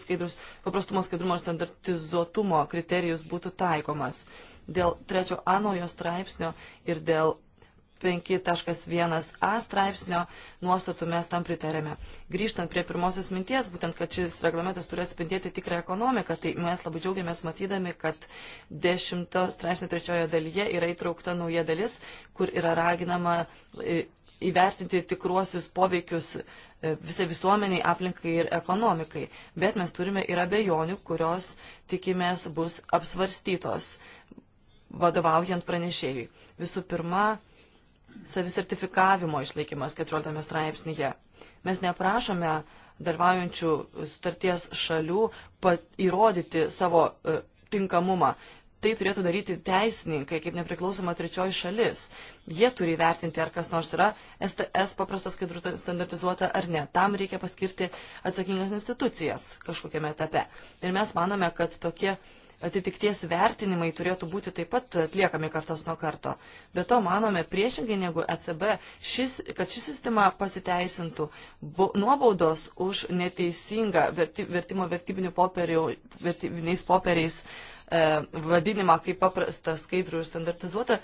skaidrus, paprastumo skaidrumo ir standartizuotumo kriterijus būtų taikomas. Dėl trečio A naujo straipsnio ir dėl 5.1a straipsnio nuostatų mes tam pritarėme. Grįžtant prie pirmosios minties, būtent, kad šis reglamentas turi atspindėti tikrą ekonomiką, tai mes labai džiaugiamės matydami, kad 10 straipsnio trečiojo dalyje yra įtraukta nauja dalis, kur yra raginama e, įvertinti tikruosius poveikius e, visai visuomeniai, aplinkai ir ekonomikai. Bet mes turime ir abejonių, kurios tikimės bus apsvarstytos vadovaujant pranešėjui. Visų pirma, savisertifikavimo išlaikymas 14 straipsnėje. Mes neprašome dalyvaujančių sutarties šalių įrodyti savo e, tinkamumą. Tai turėtų daryti teisininkai, kaip nepriklausoma trečioji šalis. Jie turi vertinti, ar kas nors yra STS paprastas, skaidrų standartizuota ar ne. Tam reikia paskirti atsakingas institucijas kažkokiame etape. Ir mes manome, kad tokie uh, atitikties vertinimai turėtų būti taip pat atliekami kartas nuo karto. Be to, manome, priešingai negu ECB, šis, kad ši sistema pasiteisintų, bu, nuobaudos už neteisingą verti, vertimo vertybinių popierių, vertybiniais popieriais e, vadinimą kaip paprastą, skaidrų ir standartizuotą,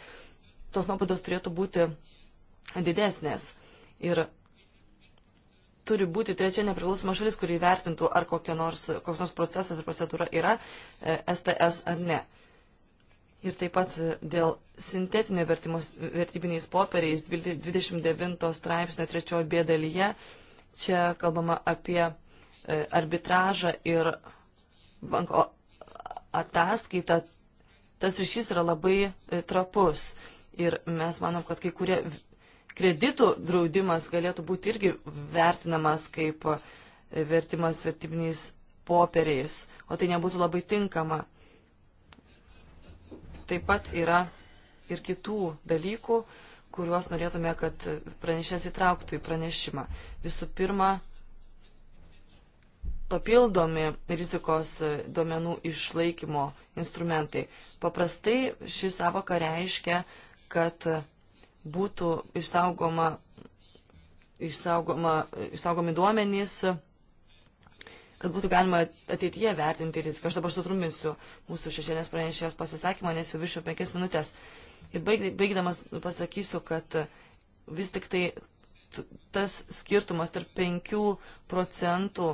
tos nuobaudos turėtų būti didesnės. Ir turi būti trečia nepriklausoma šalis, kuri vertintų, ar nors, koks nors procesas ir procedūra yra STS e, ar ne. Ir taip pat e, dėl sintetinio vertimos, vertybiniais popieriais 29 straipsnio 3 b dalyje čia kalbama apie e, arbitražą ir banko ataskaitą. Tas ryšys yra labai trapus ir mes manom, kad kai kurie kreditų draudimas galėtų būti irgi vertinamas kaip vertimas vertybiniais popieriais, o tai nebūtų labai tinkama. Taip pat yra ir kitų dalykų, kuriuos norėtume, kad pranešės įtrauktų į pranešimą. Visų pirma, papildomi rizikos duomenų išlaikymo instrumentai. Paprastai ši savoka reiškia, kad būtų išsaugoma, išsaugoma, išsaugomi duomenys, kad būtų galima ateityje vertinti riziką. Aš dabar sutruminsiu mūsų šešėlės pranešėjos pasisakymą, nes jau viršiu penkias minutės. Ir baigdamas pasakysiu, kad vis tik tai tas skirtumas tarp 5 procentų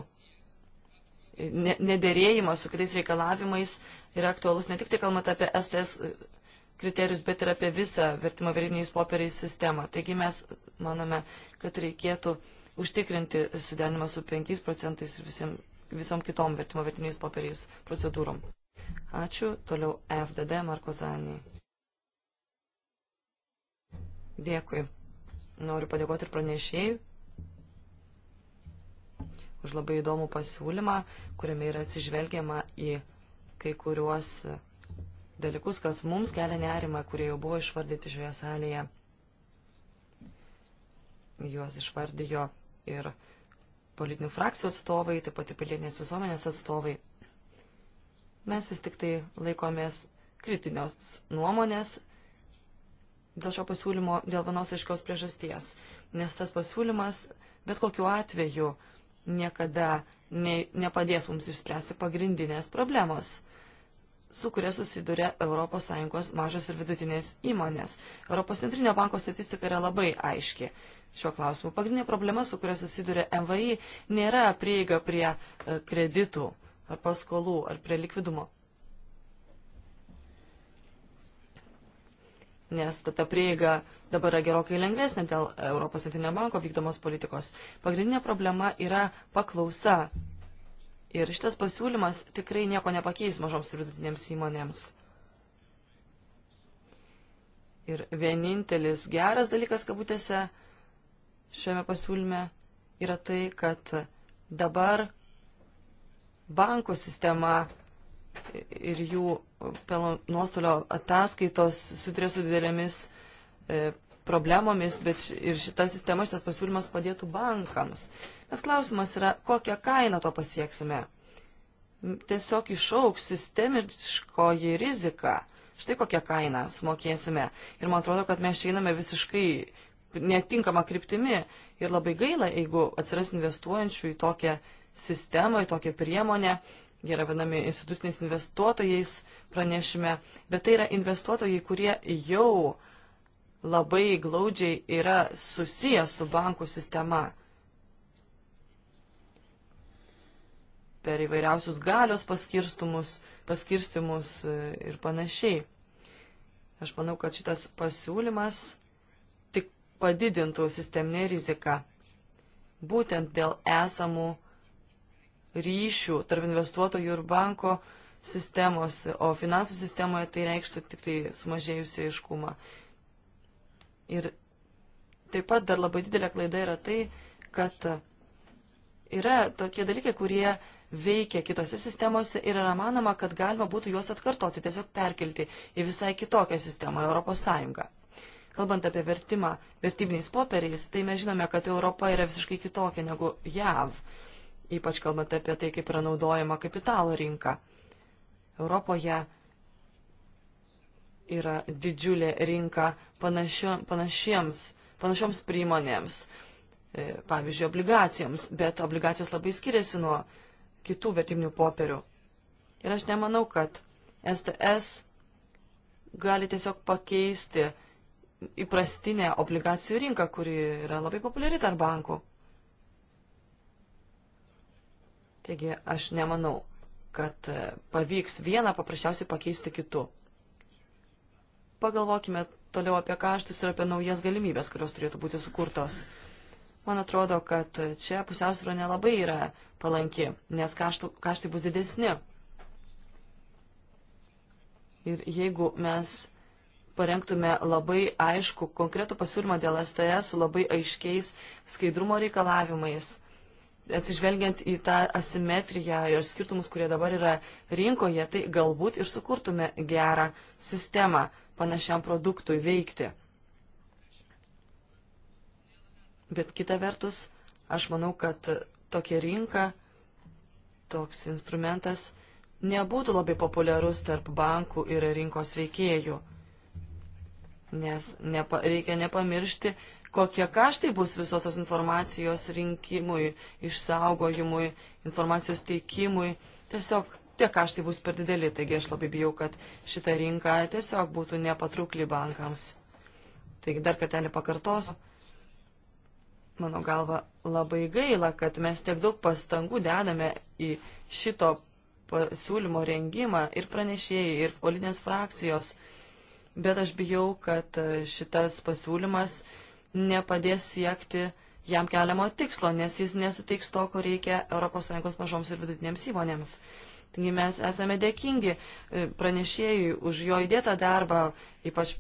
nederėjimas su kitais reikalavimais yra aktualus ne tik tai kalbant apie STS kriterijus, bet ir apie visą vertimo vertiniais popieriais sistemą. Taigi mes manome, kad reikėtų užtikrinti suderinimą su 5 procentais ir visiem, visom kitom vertimo vertiniais popieriais procedūrom. Ačiū. Toliau FDD Marko Zanį. Dėkui. Noriu padėkoti ir pranešėjui už labai įdomų pasiūlymą, kuriame yra atsižvelgiama į kai kuriuos dalykus, kas mums kelia nerimą, kurie jau buvo išvardyti šioje salėje. Juos išvardijo ir politinių frakcijų atstovai, taip pat ir pilietinės visuomenės atstovai. Mes vis tik tai laikomės kritinios nuomonės dėl šio pasiūlymo dėl vienos aiškios priežasties, nes tas pasiūlymas bet kokiu atveju niekada ne, nepadės mums išspręsti pagrindinės problemos su kuria susiduria ES mažos ir vidutinės įmonės. Europos centrinio banko statistika yra labai aiški šiuo klausimu. Pagrindinė problema, su kuria susiduria MVI, nėra prieiga prie e, kreditų ar paskolų ar prie likvidumo. Nes ta prieiga dabar yra gerokai lengvesnė dėl Europos centrinio banko vykdomos politikos. Pagrindinė problema yra paklausa Ir šitas pasiūlymas tikrai nieko nepakeis mažoms ir vidutinėms įmonėms. Ir vienintelis geras dalykas, kabutėse, šiame pasiūlyme yra tai, kad dabar bankų sistema ir jų pelno nuostolio ataskaitos sutrė su didelėmis e, problemomis, bet ir šita sistema, šitas pasiūlymas padėtų bankams. Bet klausimas yra, kokią kainą to pasieksime. Tiesiog išauks sistemiškoji rizika. Štai kokią kainą sumokėsime. Ir man atrodo, kad mes einame visiškai netinkama kryptimi. Ir labai gaila, jeigu atsiras investuojančių į tokią sistemą, į tokią priemonę, jie yra vadinami instituciniais investuotojais pranešime, bet tai yra investuotojai, kurie jau uh, labai glaudžiai yra susijęs su bankų sistema. Per įvairiausius galios paskirstumus, paskirstimus e, ir panašiai. Aš manau, kad šitas pasiūlymas tik padidintų sisteminę riziką. Būtent dėl esamų ryšių tarp investuotojų ir banko sistemos, o finansų sistemoje tai reikštų tik tai sumažėjusi aiškumą. Ir taip pat dar labai didelė klaida yra tai, kad yra tokie dalykai, kurie veikia kitose sistemose ir yra manoma, kad galima būtų juos atkartoti, tiesiog perkelti į visai kitokią sistemą - Europos Sąjungą. Kalbant apie vertimą vertybiniais popieriais, tai mes žinome, kad Europa yra visiškai kitokia negu JAV, ypač kalbant apie tai, kaip yra naudojama kapitalo rinka. Europoje yra didžiulė rinka panašio, panašiems, panašioms priemonėms, e, pavyzdžiui, obligacijoms, bet obligacijos labai skiriasi nuo kitų vertiminių popierių. Ir aš nemanau, kad STS gali tiesiog pakeisti įprastinę obligacijų rinką, kuri yra labai populiari tarp bankų. Taigi aš nemanau, kad e, pavyks vieną paprasčiausiai pakeisti kitu. Pagalvokime toliau apie kaštus ir apie naujas galimybės, kurios turėtų būti sukurtos. Man atrodo, kad čia pusiausvyrą nelabai yra palanki, nes kaštų, kaštai bus didesni. Ir jeigu mes parengtume labai aišku konkretų pasiūlymą dėl STS su labai aiškiais skaidrumo reikalavimais, atsižvelgiant į tą asimetriją ir skirtumus, kurie dabar yra rinkoje, tai galbūt ir sukurtume gerą sistemą, panašiam produktui veikti. Bet kita vertus, aš manau, kad tokia rinka, toks instrumentas nebūtų labai populiarus tarp bankų ir rinkos veikėjų, nes nepa, reikia nepamiršti, kokie kaštai bus visos tos informacijos rinkimui, išsaugojimui, informacijos teikimui. Tiesiog tie kaštai bus per dideli, taigi aš labai bijau, kad šita rinka tiesiog būtų nepatraukli bankams. Taigi dar kartelį pakartosiu. Mano galva labai gaila, kad mes tiek daug pastangų dedame į šito pasiūlymo rengimą ir pranešėjai, ir politinės frakcijos, bet aš bijau, kad šitas pasiūlymas nepadės siekti jam keliamo tikslo, nes jis nesuteiks to, ko reikia ES mažoms ir vidutinėms įmonėms. Taigi mes esame dėkingi e, pranešėjui už jo įdėtą darbą, ypač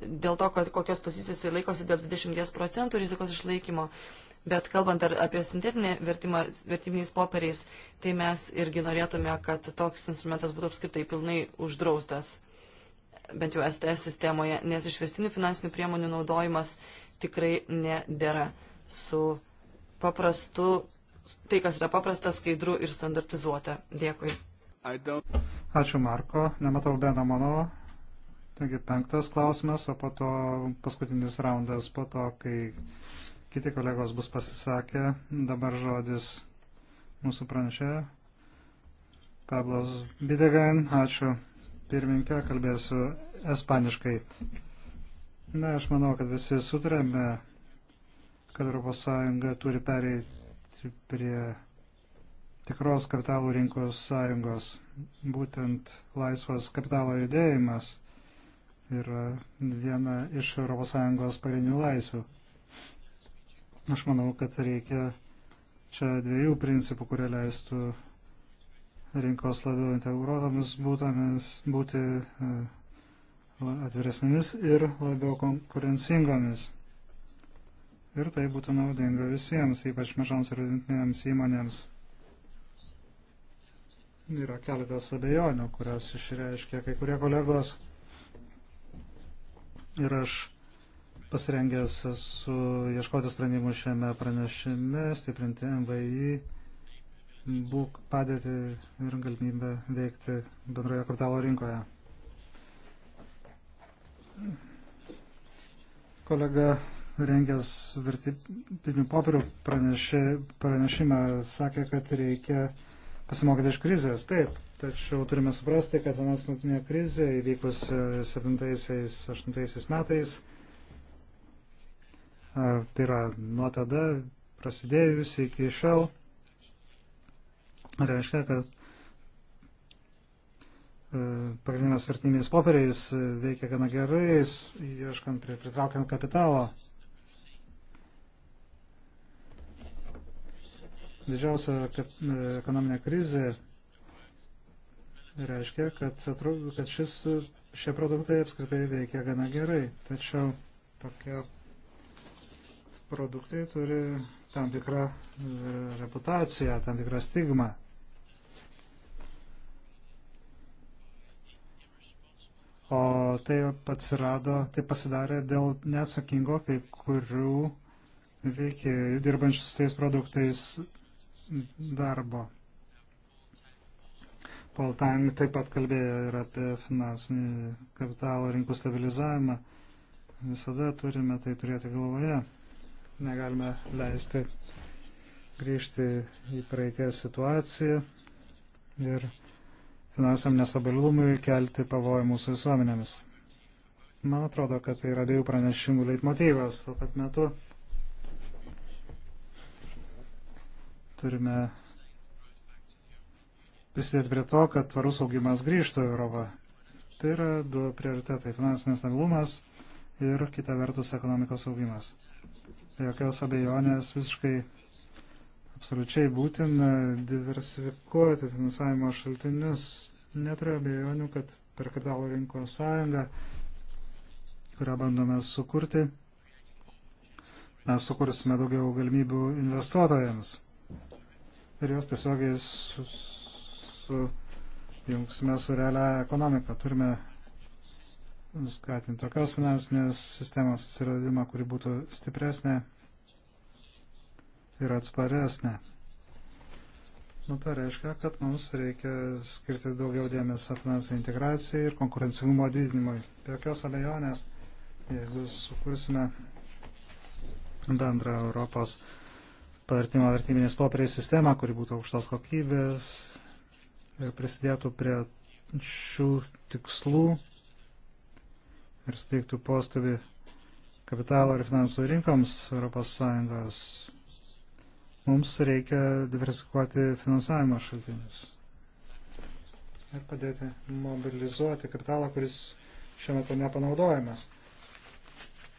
dėl to, kad kokios pozicijos jis laikosi dėl 20 procentų rizikos išlaikymo. Bet kalbant ar apie sintetinį vertimą vertiminiais popieriais, tai mes irgi norėtume, kad toks instrumentas būtų apskritai pilnai uždraustas, bent jau STS sistemoje, nes išvestinių finansinių priemonių naudojimas tikrai nedėra su paprastu tai, kas yra paprasta, skaidru ir standartizuota. Dėkui. Ačiū Marko, nematau Beno mano. Taigi penktas klausimas, o po to paskutinis raundas, po to, kai kiti kolegos bus pasisakę. Dabar žodis mūsų pranešė. Pablos Bidegain, ačiū pirmininkė, kalbėsiu espaniškai. Na, aš manau, kad visi sutarėme, kad ES turi pereiti prie tikros kapitalų rinkos sąjungos. Būtent laisvas kapitalo judėjimas yra viena iš ES pagrindinių laisvių. Aš manau, kad reikia čia dviejų principų, kurie leistų rinkos labiau integruotomis būtomis, būti e, atviresnėmis ir labiau konkurencingomis. Ir tai būtų naudinga visiems, ypač mažoms ir vidutinėms įmonėms. Yra keletas abejonių, kurios išreiškia kai kurie kolegos. Ir aš pasirengęs esu ieškoti sprendimų šiame pranešime, stiprinti MVI būk padėti ir galimybę veikti bendroje kapitalo rinkoje. Kolega rengęs vertybinių popierių pranešė, pranešimą, sakė, kad reikia pasimokyti iš krizės. Taip, tačiau turime suprasti, kad finansinė krizė įvykus 7-8 metais, tai yra nuo tada prasidėjusi iki šiol, reiškia, kad e, pagrindinės vertybinės popieriais veikia gana gerai, ieškant, pritraukiant kapitalo. didžiausia ekonominė krizė reiškia, kad, atrodo, kad šis, šie produktai apskritai veikia gana gerai. Tačiau tokie produktai turi tam tikrą e, reputaciją, tam tikrą stigmą. O tai atsirado, tai pasidarė dėl neatsakingo kai kurių veikėjų dirbančių su tais produktais darbo. Paul Tang taip pat kalbėjo ir apie finansinį kapitalo rinkų stabilizavimą. Visada turime tai turėti galvoje. Negalime leisti grįžti į praeities situaciją ir finansam nestabilumui kelti pavojų mūsų visuomenėmis. Man atrodo, kad tai yra dviejų pranešimų leitmotyvas. Tuo pat metu Turime prisidėti prie to, kad tvarus augimas grįžtų į Europą. Tai yra du prioritetai - finansinis stabilumas ir kita vertus ekonomikos augimas. Be jokios abejonės visiškai absoliučiai būtina diversifikuoti finansavimo šaltinius. Neturiu abejonių, kad per kapitalo rinkos sąjungą, kurią bandome sukurti, mes sukursime daugiau galimybių investuotojams ir jos tiesiogiai sujungsime su, su, su realia ekonomika. Turime skatinti tokios finansinės sistemos atsiradimą, kuri būtų stipresnė ir atsparesnė. Na, tai reiškia, kad mums reikia skirti daugiau dėmesio finansų integracijai ir konkurencingumo didinimui. Be jokios abejonės, jeigu sukursime bendrą Europos partimo vertybinės popieriai sistemą, kuri būtų aukštos kokybės ir prisidėtų prie šių tikslų ir suteiktų postovį kapitalo ir finansų rinkoms ES, mums reikia diversifikuoti finansavimo šaltinius ir padėti mobilizuoti kapitalą, kuris šiuo metu nepanaudojamas.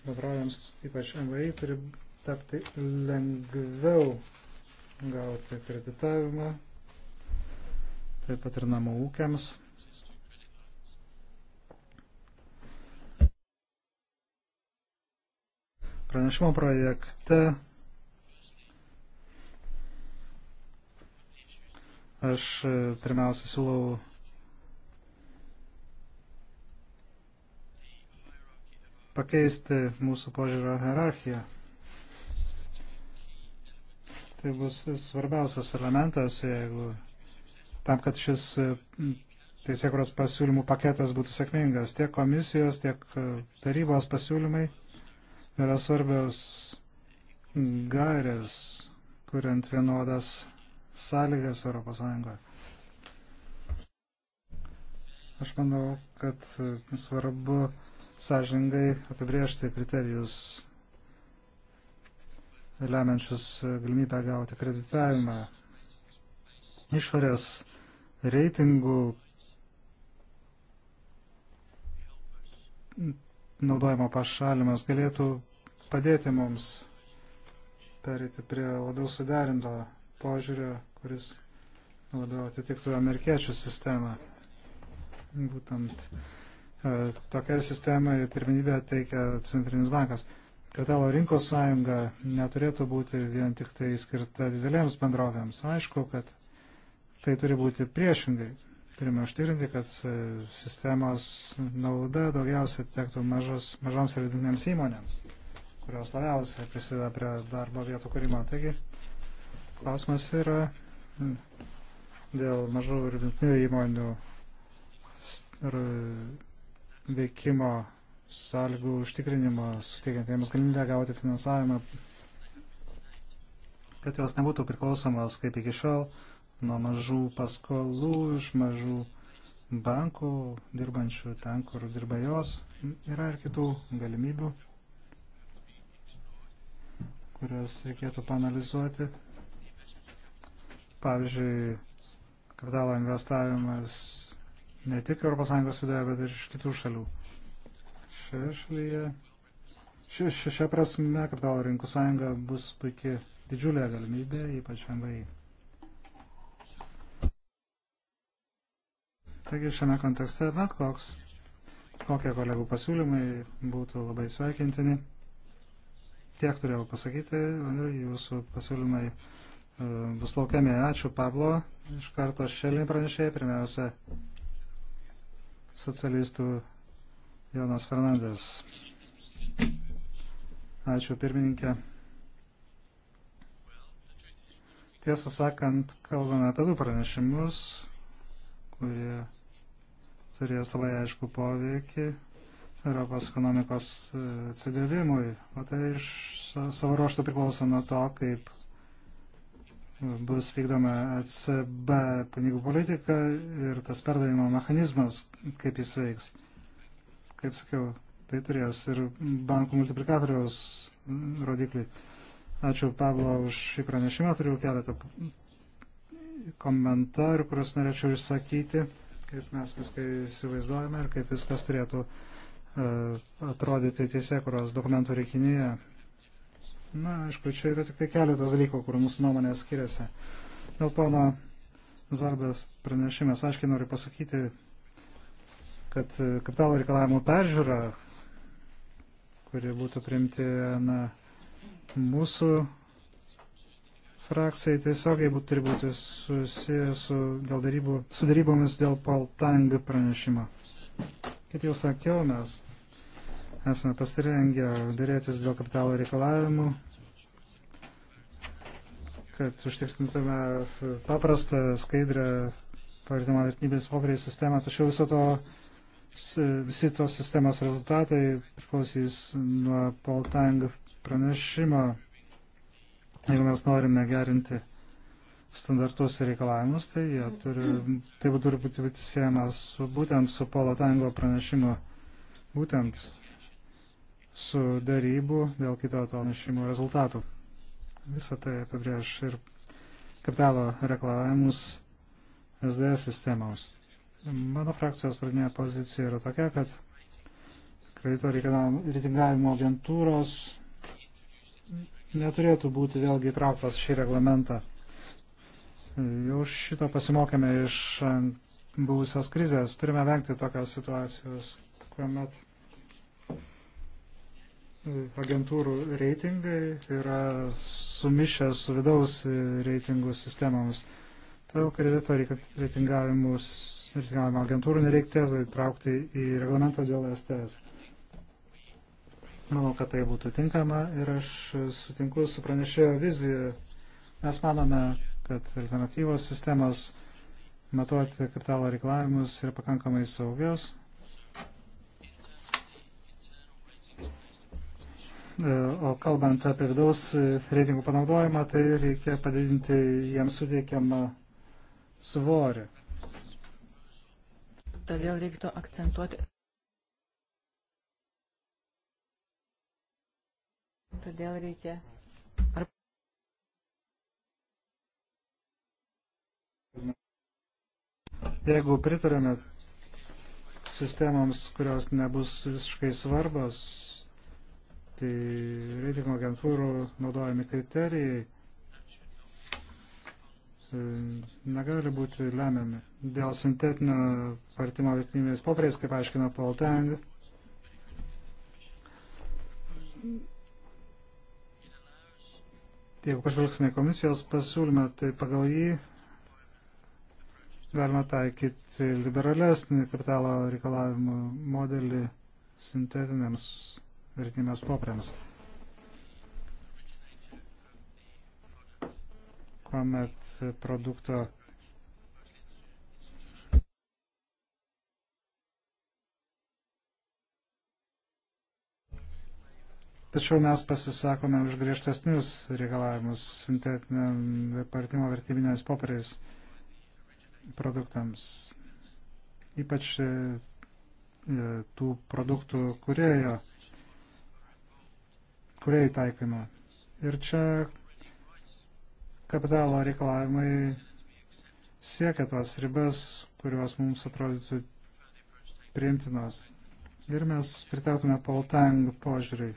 Bendrovėms, ypač MVI, turi tapti lengviau gauti kreditavimą, taip pat ir namų ūkiams. Pranešimo projekte aš e, pirmiausia siūlau pakeisti mūsų požiūrio hierarchiją tai bus svarbiausias elementas, jeigu tam, kad šis teisėkuros pasiūlymų paketas būtų sėkmingas. Tiek komisijos, tiek e, tarybos pasiūlymai yra svarbios gairės, kuriant vienodas sąlygas ES. Aš manau, kad e, svarbu sąžingai apibriežti kriterijus lemiančius galimybę gauti kreditavimą. Išorės reitingų naudojimo pašalimas galėtų padėti mums perėti prie labiau suderinto požiūrio, kuris labiau atitiktų amerikiečių sistemą. Būtent e, tokia sistema pirmenybė teikia Centrinis bankas. Kapitalo rinkos sąjunga neturėtų būti vien tik tai skirta didelėms bendrovėms. Aišku, kad tai turi būti priešingai. Turime užtikrinti, kad sistemos nauda daugiausia tektų mažos, mažoms ir vidutinėms įmonėms, kurios labiausiai prisideda prie darbo vietų kūrimo. Taigi, klausimas yra dėl mažų ir vidutinių įmonių veikimo sąlygų užtikrinimo, suteikiant jiems galimybę gauti finansavimą, kad jos nebūtų priklausomos kaip iki šiol nuo mažų paskolų iš mažų bankų, dirbančių ten, kur dirba jos. Yra ir kitų galimybių, kurias reikėtų panalizuoti. Pavyzdžiui, kapitalo investavimas ne tik ES viduje, bet ir iš kitų šalių šioje šalyje. Ši, ši, šia prasme kapitalo rinkų sąjunga bus puikiai didžiulė galimybė, ypač MVI. Taigi šiame kontekste bet koks, kokie kolegų pasiūlymai būtų labai sveikintini. Tiek turėjau pasakyti ir jūsų pasiūlymai e, bus laukiami. Ačiū Pablo, iš karto šelniai pranešėjai, pirmiausia socialistų Jonas Fernandes. Ačiū pirmininkė. Tiesą sakant, kalbame apie du pranešimus, kurie turės labai aišku poveikį Europos ekonomikos e, atsigavimui, o tai iš savo ruoštų priklauso nuo to, kaip bus vykdoma ECB pinigų politika ir tas perdavimo mechanizmas, kaip jis veiks kaip sakiau, tai turės ir bankų multiplikatoriaus rodiklį. Ačiū Pavlo už šį pranešimą, turiu keletą komentarų, kuriuos norėčiau išsakyti, kaip mes viską įsivaizduojame ir kaip viskas turėtų e, atrodyti teisėkuros dokumentų reikinyje. Na, aišku, čia yra tik tai keletas dalykų, kur mūsų nuomonės skiriasi. Dėl pono Zarbės pranešimės, aiškiai noriu pasakyti, kad e, kapitalo reikalavimų peržiūra, kuri būtų priimti na, mūsų frakcijai, tiesiogiai būtų turi būti susijęs su, darybų, su darybomis dėl Poltang pranešimo. Kaip jau sakiau, mes esame pasirengę dėrėtis dėl kapitalo reikalavimų, kad užtikrintume paprastą, skaidrę pavertimą vertybės popieriai sistemą, tačiau viso to visi tos sistemos rezultatai priklausys nuo Poltang pranešimo, jeigu mes norime gerinti standartus ir reikalavimus, tai jie turi, tai turi būti, būti siejamas su, būtent su Poltango pranešimu, būtent su darybų dėl kito to pranešimo rezultatų. Visą tai apibrėž ir kapitalo reklamus SDS sistemams. Mano frakcijos pradinė pozicija yra tokia, kad kredito reitingavimo agentūros neturėtų būti vėlgi įtrauktas šį reglamentą. Jau šito pasimokėme iš buvusios krizės. Turime vengti tokios situacijos, kuomet agentūrų reitingai yra sumišę su vidaus reitingų sistemomis. Todėl kredito reitingavimus sertifikavimo agentūrų nereikėtų įtraukti į reglamentą dėl STS. Manau, kad tai būtų tinkama ir aš sutinku su pranešėjo vizija. Mes manome, kad alternatyvos sistemos matuoti kapitalo reikalavimus yra pakankamai saugios. E, o kalbant apie vidaus reitingų panaudojimą, tai reikia padidinti jiems suteikiamą svorį todėl reiktų akcentuoti. Todėl reikia. Ar... Jeigu pritarėme sistemams, kurios nebus visiškai svarbos, tai reitingo agentūrų naudojami kriterijai Mm, negali būti lemiami. Dėl sintetinio partimo vertybiniais popieriais, kaip aiškina Paul Tang, jeigu pažvelgsime komisijos pasiūlymą, tai pagal jį galima taikyti liberalesnį kapitalo reikalavimų modelį sintetiniams vertybiniams popieriams. kuomet produkto Tačiau mes pasisakome už griežtesnius reikalavimus sintetiniam partimo vertybinės popieriais produktams. Ypač e, tų produktų kuriejo, kuriejų taikymą. Ir čia kapitalo reikalavimai siekia tas ribas, kurios mums atrodytų priimtinos. Ir mes pritartume Paul Tang požiūriui.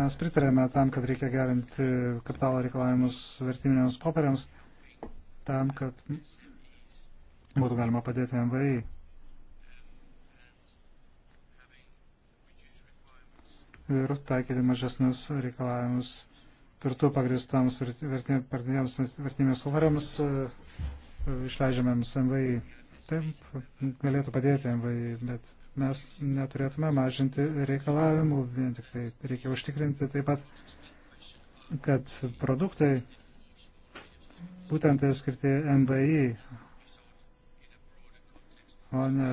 Mes pritarėme tam, kad reikia gerinti kapitalo reikalavimus vertiminiams popieriams, tam, kad būtų galima padėti MVI. Ir taikyti mažesnius reikalavimus turtų pagristams vertinėms vertinėms svariams e, išleidžiamiems MVI. Taip, galėtų padėti MVI, bet mes neturėtume mažinti reikalavimų, vien tik tai reikia užtikrinti taip pat, kad produktai būtent tai skirti MVI, o ne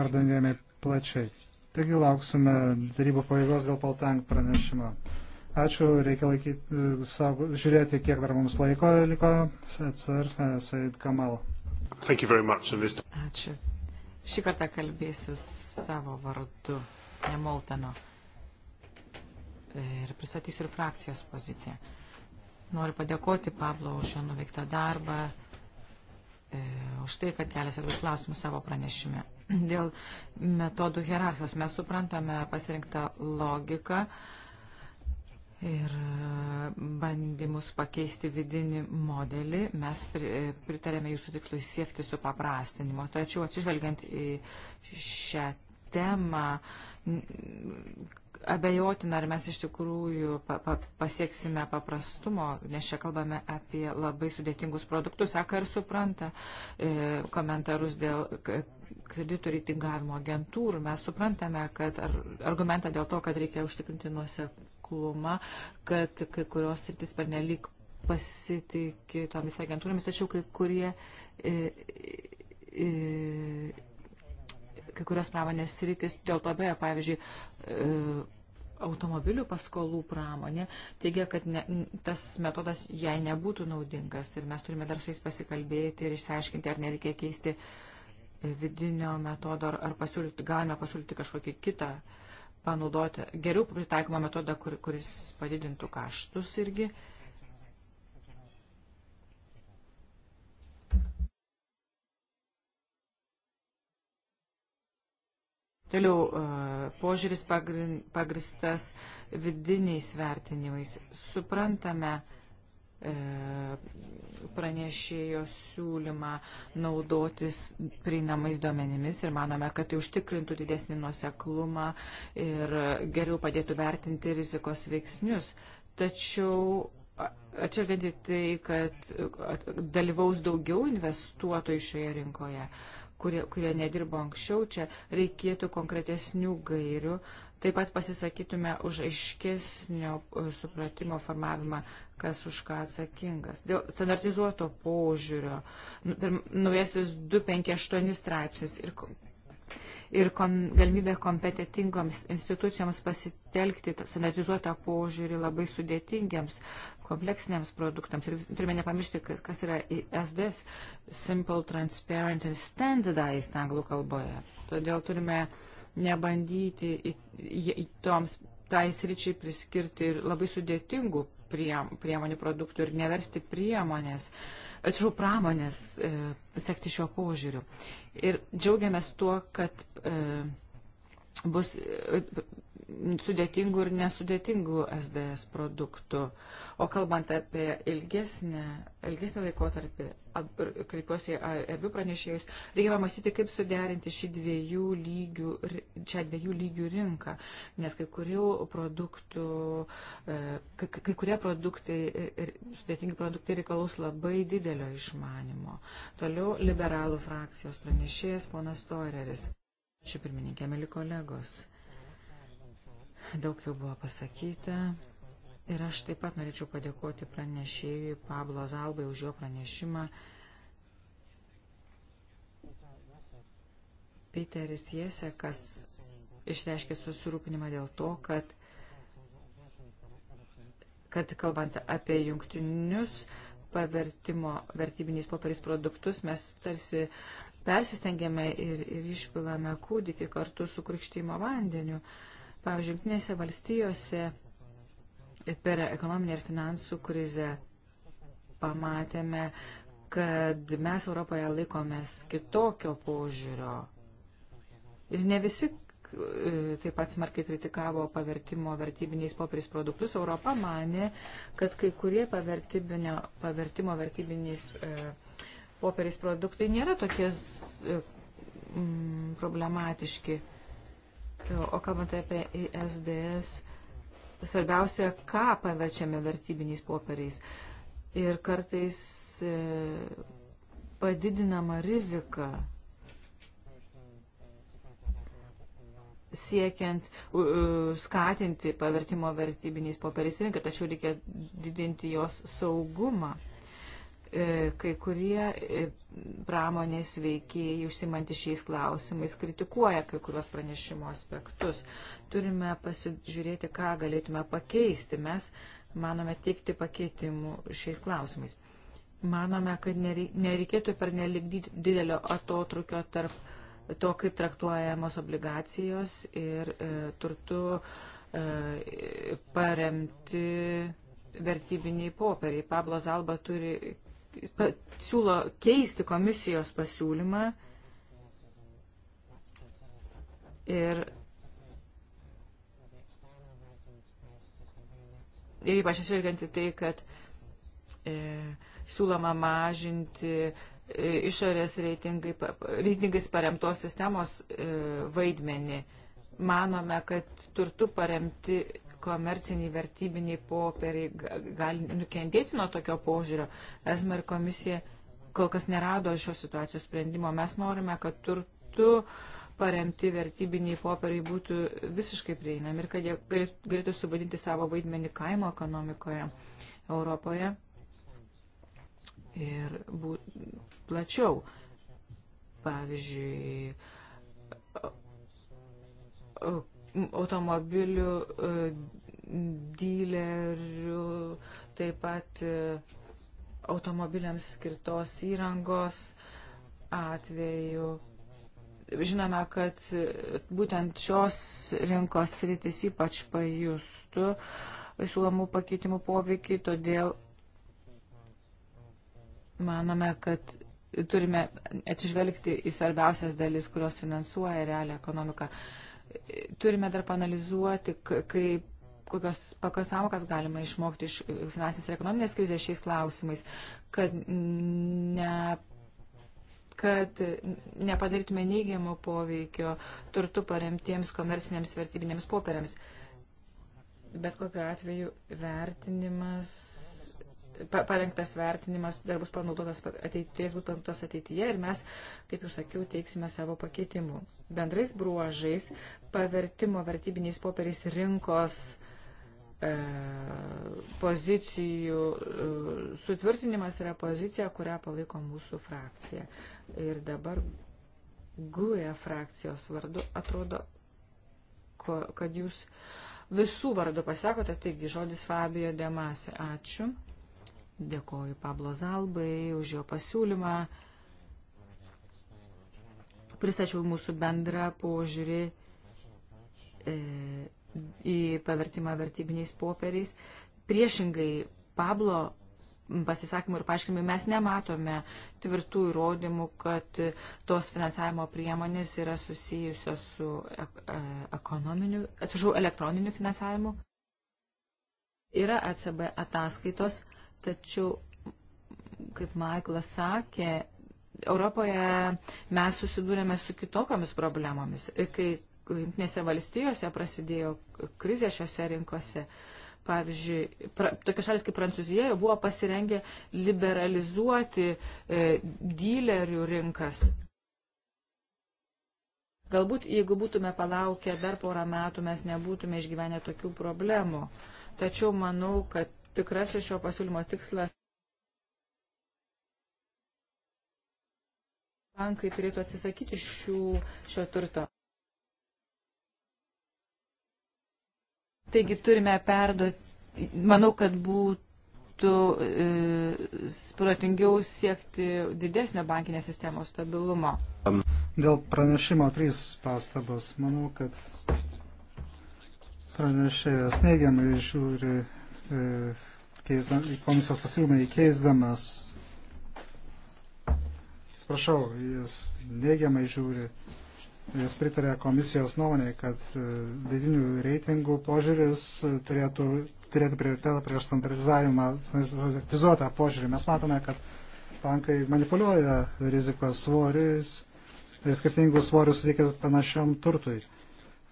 pardavinėjami plačiai. Taigi lauksime darybų pabaigos dėl Paltank pranešimo. Ačiū, reikia laikyti, e, savo, žiūrėti, kiek dar mums laiko liko. Setsar e, Said Kamal. Much, Ačiū. Šį kartą kalbėsiu savo vardu, ne Moltano. Ir pristatysiu ir frakcijos poziciją. Noriu padėkoti Pablo už jo nuveiktą darbą, e, už tai, kad kelias svarbius klausimus savo pranešime. Dėl metodų hierarchijos mes suprantame pasirinktą logiką. E, ir e, bandymus pakeisti vidinį modelį. Mes e, pritarėme jūsų tikslui siekti su paprastinimo. Tačiau atsižvelgiant į šią temą, abejotina, ar mes iš tikrųjų pa, pa, pasieksime paprastumo, nes čia kalbame apie labai sudėtingus produktus, seka ir supranta e, komentarus dėl kreditų reitingavimo agentūrų. Mes suprantame, kad ar, argumentą dėl to, kad reikia užtikrinti nuose nuoseklumą, kad kai kurios sritis panelik pasitikė tomis agentūromis, tačiau kai kurie. E, e, kai kurios pramonės sritis dėl to beje, pavyzdžiui, e, automobilių paskolų pramonė teigia, kad ne, tas metodas jai nebūtų naudingas ir mes turime dar su jais pasikalbėti ir išsiaiškinti, ar nereikia keisti vidinio metodo, ar, ar pasiūlyti, galime pasiūlyti kažkokį kitą panaudoti geriau pritaikomą metodą, kur, kuris padidintų kaštus irgi. Toliau e, požiūris pagristas vidiniais vertinimais. Suprantame, E, pranešėjo siūlymą naudotis prieinamais duomenimis ir manome, kad tai užtikrintų didesnį nuoseklumą ir geriau padėtų vertinti rizikos veiksnius. Tačiau atšvelgiant į tai, kad dalyvaus daugiau investuotojų šioje rinkoje, kurie, kurie nedirbo anksčiau, čia reikėtų konkretesnių gairių, uh, Taip pat pasisakytume už aiškesnio e, supratimo formavimą, kas už ką atsakingas. Dėl standartizuoto požiūrio, nu, naujasis 258 straipsnis ir, ir kom, galimybė kompetitingoms institucijoms pasitelkti standartizuotą požiūrį labai sudėtingiams kompleksiniams produktams. Ir turime nepamiršti, kas yra ISDS, Simple, Transparent and Standardized anglų kalboje. Todėl turime uh, nebandyti toms tai sričiai priskirti ir labai sudėtingų priemonių produktų ir neversti priemonės, atsiprašau, pramonės e, sekti šiuo požiūriu. Ir džiaugiamės tuo, kad e, bus sudėtingų ir nesudėtingų SDS produktų. O kalbant apie ilgesnę, ilgesnį laikotarpį, ab, kreipiuosi į abių pranešėjus, reikia pamastyti, kaip suderinti šį dviejų lygių, čia dviejų lygių rinką, nes kai, produktų, e, kai, kai kurie produktai, sudėtingi produktai reikalaus labai didelio išmanimo. Toliau liberalų frakcijos pranešėjas ponas Toireris. Ačiū pirmininkė, mėly kolegos daug jau buvo pasakyta. Ir aš taip pat norėčiau padėkoti pranešėjui Pablo Zalbai už jo pranešimą. Peteris Jesekas išreiškė susirūpinimą dėl to, kad, kad kalbant apie jungtinius pavertimo vertybiniais popieriais produktus, mes tarsi persistengėme ir, ir išpilame kūdikį kartu su krikštymo vandeniu. Uh, Pavyzdžiui, Junktinėse valstijose per ekonominę ir finansų krizę pamatėme, kad mes Europoje laikomės kitokio požiūrio. Ir ne visi e, taip pat smarkiai kritikavo pavertimo vertybiniais popieriais produktus. Europa mane, kad kai kurie pavertimo vertybiniais e, popieriais produktai nėra tokie e, problematiški. O kalbant apie ISDS, svarbiausia, ką paverčiame vertybiniais popieriais. Ir kartais e, padidinama rizika siekiant uh, skatinti pavertimo vertybiniais popieriais rinką, tačiau reikia didinti jos saugumą. E, kai kurie e, pramonės veikėjai užsimanti šiais klausimais kritikuoja kai kurios pranešimo aspektus. Turime pasižiūrėti, ką galėtume pakeisti. Mes manome teikti pakeitimų šiais klausimais. Manome, kad nereikėtų per nelik didelio atotrukio tarp to, kaip traktuojamos obligacijos ir e, turtu e, paremti vertybiniai popieriai. Pablo Zalba turi E, siūlo keisti komisijos pasiūlymą ir, ir ypač atsižvelgiant į tai, kad e, siūloma mažinti e, išorės reitingai, reitingais paremtos sistemos e, vaidmenį. Manome, kad turtų paremti komerciniai vertybiniai popieriai gali nukentėti nuo tokio požiūrio. ESMA ir komisija kol kas nerado šios situacijos sprendimo. Mes norime, kad turtu paremti vertybiniai popieriai būtų visiškai prieinami ir kad jie galėtų subadinti savo vaidmenį kaimo ekonomikoje Europoje ir būt plačiau. Pavyzdžiui, automobilių e, dylerių, taip pat e, automobiliams skirtos įrangos atveju. Žinome, kad e, būtent šios rinkos sritis ypač pajustų siūlomų pakeitimų poveikį, todėl manome, kad turime atsižvelgti į svarbiausias dalis, kurios finansuoja realią ekonomiką. Uh, turime dar panalizuoti, kaip kokios pamokas galima išmokti iš finansinės ir ekonominės krizės šiais klausimais, kad, ne, kad nepadarytume neigiamo poveikio turtu paremtiems komerciniams vertybinėms popieriams. Bet kokiu atveju vertinimas parengtas vertinimas dar bus panaudotas ateities, bus panaudotas ateityje ir mes, kaip jau sakiau, teiksime savo pakeitimų. Bendrais bruožais pavertimo vertybiniais popieriais rinkos e, pozicijų e, sutvirtinimas yra pozicija, kurią palaiko mūsų frakcija. Ir dabar GUE frakcijos vardu atrodo, ko, kad jūs visų vardu pasakote, taigi žodis Fabijo Demasi. Ačiū. Dėkoju Pablo Zalbai už jo pasiūlymą. Pristačiau mūsų bendrą požiūrį e, į pavertimą vertybiniais popieriais. Priešingai Pablo pasisakymų ir paaiškinimų mes nematome tvirtų įrodymų, kad tos finansavimo priemonės yra susijusios su e, e, ekonominiu, atsižau, elektroniniu finansavimu. Yra ACB ataskaitos Tačiau, kaip Maiklas sakė, Europoje mes susidūrėme su kitokiamis problemomis. Kai Junktinėse valstijose prasidėjo krizė šiose rinkose, pavyzdžiui, pra, tokia šalis kaip Prancūzija jau buvo pasirengę liberalizuoti e, dylerių rinkas. Galbūt, jeigu būtume palaukę dar porą metų, mes nebūtume išgyvenę tokių problemų. Tačiau manau, kad tikrasis šio pasiūlymo tikslas. Bankai turėtų atsisakyti šių, šio turto. Taigi turime perduoti, manau, kad būtų e, spratingiau siekti didesnio bankinės sistemos stabilumo. Dėl pranešimo trys pastabos. Manau, kad pranešėjas neigiamai žiūri E, keisdam, komisijos pasiūlymai keisdamas, atsiprašau, jis neigiamai žiūri, jis pritarė komisijos nuomonė, kad e, vidinių reitingų požiūris turėtų turėti prioritetą prieš standartizavimą, standartizuotą požiūrį. Mes matome, kad bankai manipuliuoja rizikos svoriais ir skirtingų svorių suteikia panašiam turtui.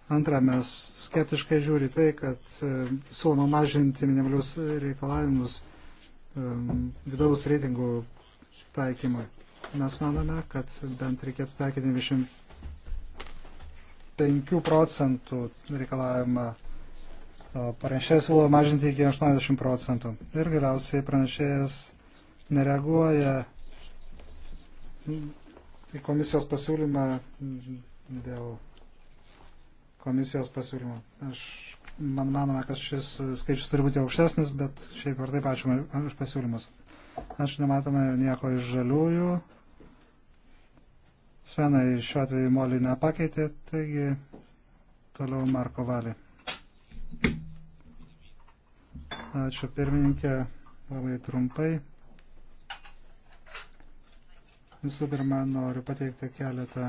Antra, mes skeptiškai žiūri tai, kad e, siūloma mažinti minimalius reikalavimus e, vidaus reitingų taikymui. Mes manome, kad bent reikėtų taikyti 95 procentų reikalavimą pranešėjas siūlo mažinti iki 80 procentų. Ir galiausiai pranešėjas nereaguoja į komisijos pasiūlymą dėl komisijos pasiūlymų. Aš, man manome, kad šis skaičius turi būti aukštesnis, bet šiaip ar taip ačiū už pasiūlymus. Ačiū, nematome nieko iš žaliųjų. Svenai šiuo atveju molį nepakeitė, taigi toliau Marko Valį. Ačiū pirmininkė, labai trumpai. Visų pirma, noriu pateikti keletą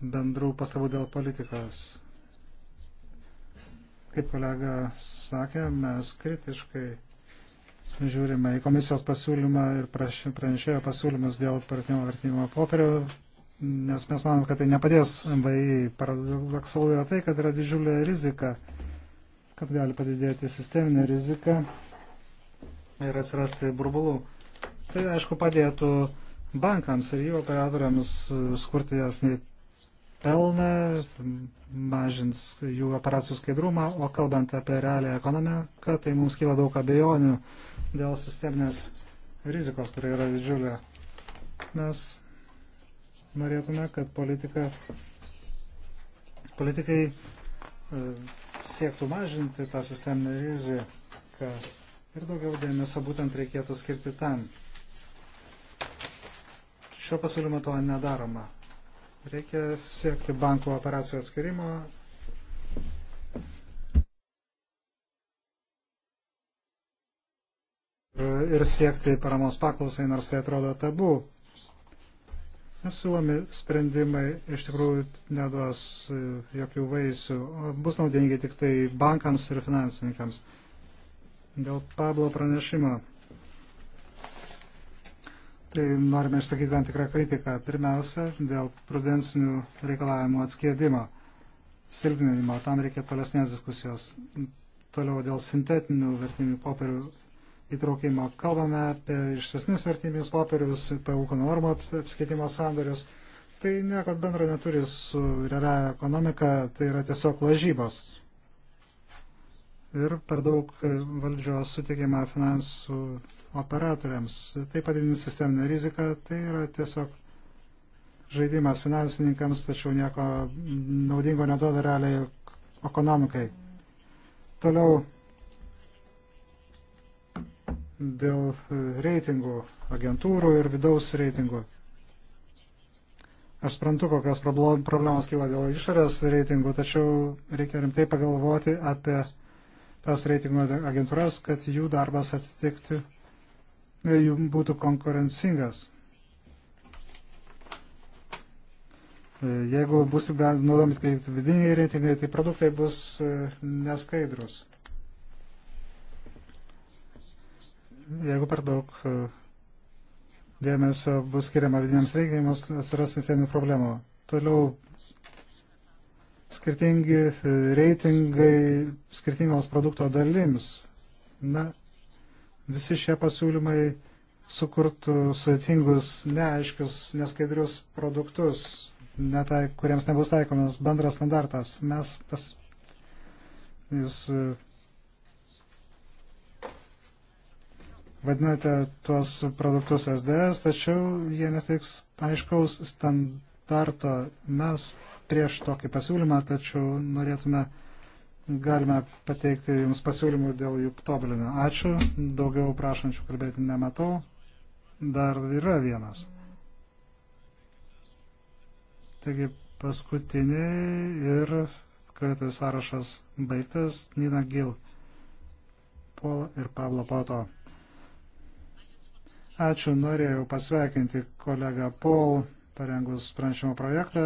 bendrų pastabų dėl politikos. Kaip kolega sakė, mes kritiškai žiūrime į komisijos pasiūlymą ir pranešėjo pasiūlymus dėl partinio vertinimo popierių, nes mes manom, kad tai nepadės MVI. Paradoksalu yra tai, kad yra didžiulė rizika, kad gali padidėti sisteminė rizika ir atsirasti burbulų. Tai aišku padėtų bankams ir jų operatoriams skurti jasnį pelną, mažins jų operacijų skaidrumą, o kalbant apie realią ekonomiką, tai mums kyla daug abejonių dėl sisteminės rizikos, kuri yra didžiulė. Mes norėtume, kad politika, politikai e, siektų mažinti tą sisteminę riziką ir daugiau dėmesio būtent reikėtų skirti tam. Šio pasiūlymo to nedaroma. Reikia siekti bankų operacijų atskirimo. Ir siekti paramos paklausai, nors tai atrodo tabu. Siūlomi sprendimai iš tikrųjų neduos e, jokių vaisių, bus naudingi tik tai bankams ir finansininkams. Dėl Pablo pranešimo tai norime išsakyti tam tikrą kritiką. Pirmiausia, dėl prudensinių reikalavimų atskėdimo, silpninimo, tam reikia tolesnės diskusijos. Toliau dėl sintetinių vertinių popierių įtraukimo. Kalbame apie išvesnis vertinius popierius, palūkanų normų apskaitimo sandorius. Tai nieko bendro neturi su realia ekonomika, tai yra tiesiog lažybos ir per daug valdžios suteikiama finansų operatoriams. Tai padidins sisteminę riziką, tai yra tiesiog žaidimas finansininkams, tačiau nieko naudingo neduoda realiai ekonomikai. Toliau dėl reitingų agentūrų ir vidaus reitingų. Aš sprantu, kokios problemos kyla dėl išorės reitingų, tačiau reikia rimtai pagalvoti apie tas reitingo agentūras, kad jų darbas atitiktų, e, jų būtų konkurencingas. E, jeigu bus naudojami tik vidiniai reitingai, tai produktai bus e, neskaidrus. Jeigu per daug dėmesio bus skiriama vidiniams reitingams, atsiras sisteminių problemų. Toliau skirtingi e, reitingai skirtingoms produkto dalims. Na, visi šie pasiūlymai sukurtų sudėtingus, neaiškius, neskaidrius produktus, netai, kuriems nebus taikomas bendras standartas. Mes pas, jūs e, vadinate tuos produktus SDS, tačiau jie netiks aiškaus stand, starto mes prieš tokį pasiūlymą, tačiau norėtume, galime pateikti Jums pasiūlymų dėl jų tobulinimo. Ačiū, daugiau prašančių kalbėti nematau. Dar yra vienas. Taigi paskutiniai ir kalbėtojų sąrašas baigtas. Nina Gil, Paul ir Pablo Poto. Ačiū, norėjau pasveikinti kolegą Paul parengus pranešimo projektą.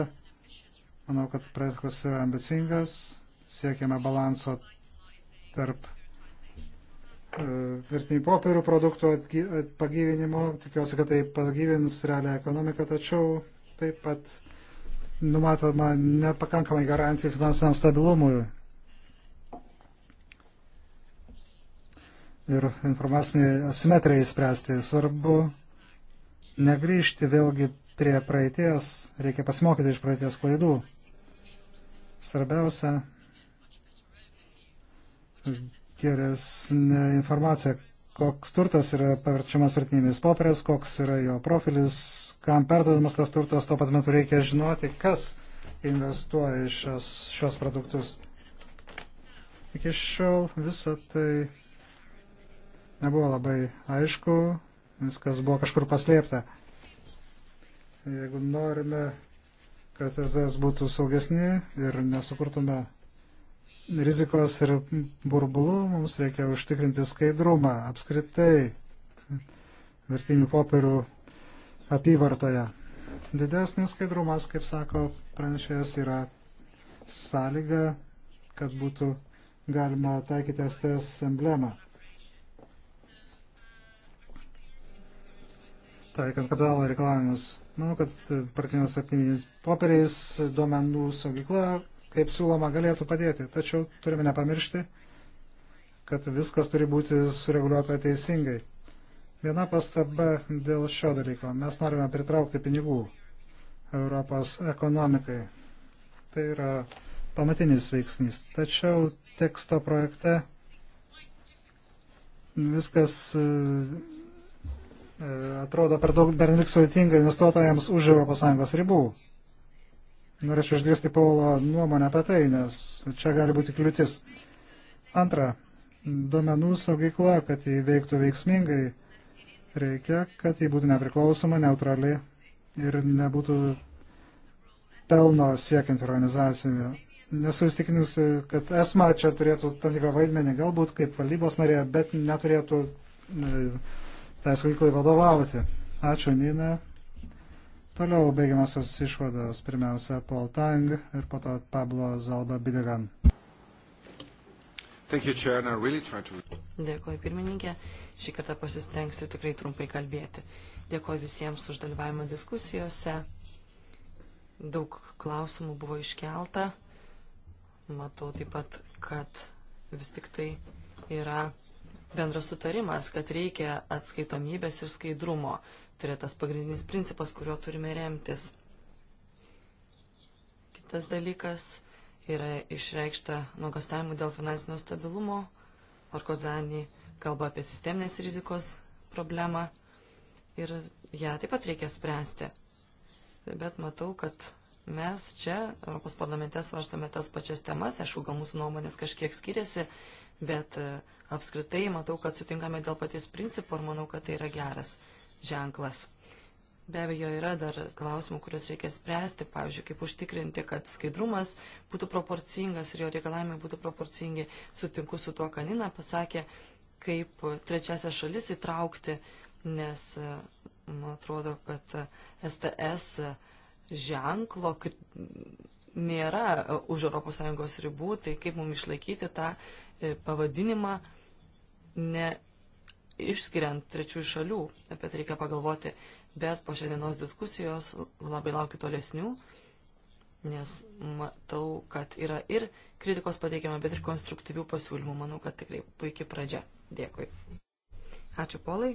Manau, kad projektas yra ambicingas, siekiame balanso tarp e, vertinių popierių produktų pagyvinimo. Tikiuosi, kad tai pagyvins realią ekonomiką, tačiau taip pat numatoma nepakankamai garantijų finansiniam stabilumui. Ir informaciniai asimetrijai spręsti svarbu negrįžti vėlgi prie praeities, reikia pasimokyti iš praeities klaidų. Svarbiausia geresnė informacija, koks turtas yra paverčiamas vertinimis popierės, koks yra jo profilis, kam perdodamas tas turtas, tuo pat metu reikia žinoti, kas investuoja šios, šios produktus. Iki šiol visą tai nebuvo labai aišku, viskas buvo kažkur paslėpta. Jeigu norime, kad SDS būtų saugesni ir nesukurtume rizikos ir burbulų, mums reikia užtikrinti skaidrumą apskritai vertinių popierių apyvartoje. Didesnis skaidrumas, kaip sako pranešėjas, yra sąlyga, kad būtų galima taikyti STS emblemą. taikant kapitalo reikalavimus. Manau, kad partiniais aktyviniais popieriais duomenų saugykla, kaip siūloma, galėtų padėti. Tačiau turime nepamiršti, kad viskas turi būti sureguliuota teisingai. Viena pastaba dėl šio dalyko. Mes norime pritraukti pinigų Europos ekonomikai. Tai yra pamatinis veiksnys. Tačiau teksto projekte viskas E, atrodo per daug bernelik sudėtinga investuotojams už ES ribų. Norėčiau išgirsti Paulo nuomonę apie tai, nes čia gali būti kliūtis. Antra, duomenų saugykla, kad jį veiktų veiksmingai, reikia, kad jį būtų nepriklausoma, neutrali ir nebūtų pelno siekiant organizacijų. Nesu įstikinusi, kad ESMA čia turėtų tam tikrą vaidmenį, galbūt kaip valdybos narė, bet neturėtų e, tai veiklai vadovauti. Ačiū, Nina. Toliau baigiamasios išvados. Pirmiausia, Paul Tang ir po to Pablo Zalba Bidegan. You, really to... Dėkuoju, pirmininkė. Šį kartą pasistengsiu tikrai trumpai kalbėti. Dėkuoju visiems už dalyvavimą diskusijose. Daug klausimų buvo iškelta. Matau taip pat, kad vis tik tai yra bendras sutarimas, kad reikia atskaitomybės ir skaidrumo. Tai yra tas pagrindinis principas, kuriuo turime remtis. Kitas dalykas yra išreikšta nuogastavimų dėl finansinio stabilumo. Orkozani kalba apie sisteminės rizikos problemą ir ją taip pat reikia spręsti. Bet matau, kad Mes čia Europos parlamente svarstame tas pačias temas, aišku, gal mūsų nuomonės kažkiek skiriasi, bet e, apskritai matau, kad sutinkame dėl paties principo ir manau, kad tai yra geras ženklas. Be abejo, yra dar klausimų, kuriuos reikia spręsti, pavyzdžiui, kaip užtikrinti, kad skaidrumas būtų proporcingas ir jo reikalavimai būtų proporcingi. Sutinku su tuo, ką Nina pasakė, kaip trečiasią šalis įtraukti, nes e, man atrodo, kad STS e, ženklo, kad nėra e, už ES ribų, tai kaip mums išlaikyti tą e, pavadinimą, neišskiriant trečiųjų šalių, apie tai reikia pagalvoti. Bet po šiandienos diskusijos labai laukiu tolesnių, nes matau, kad yra ir kritikos pateikiama, bet ir konstruktyvių pasiūlymų. Manau, kad tikrai puikia pradžia. Dėkui. Ačiū Polai.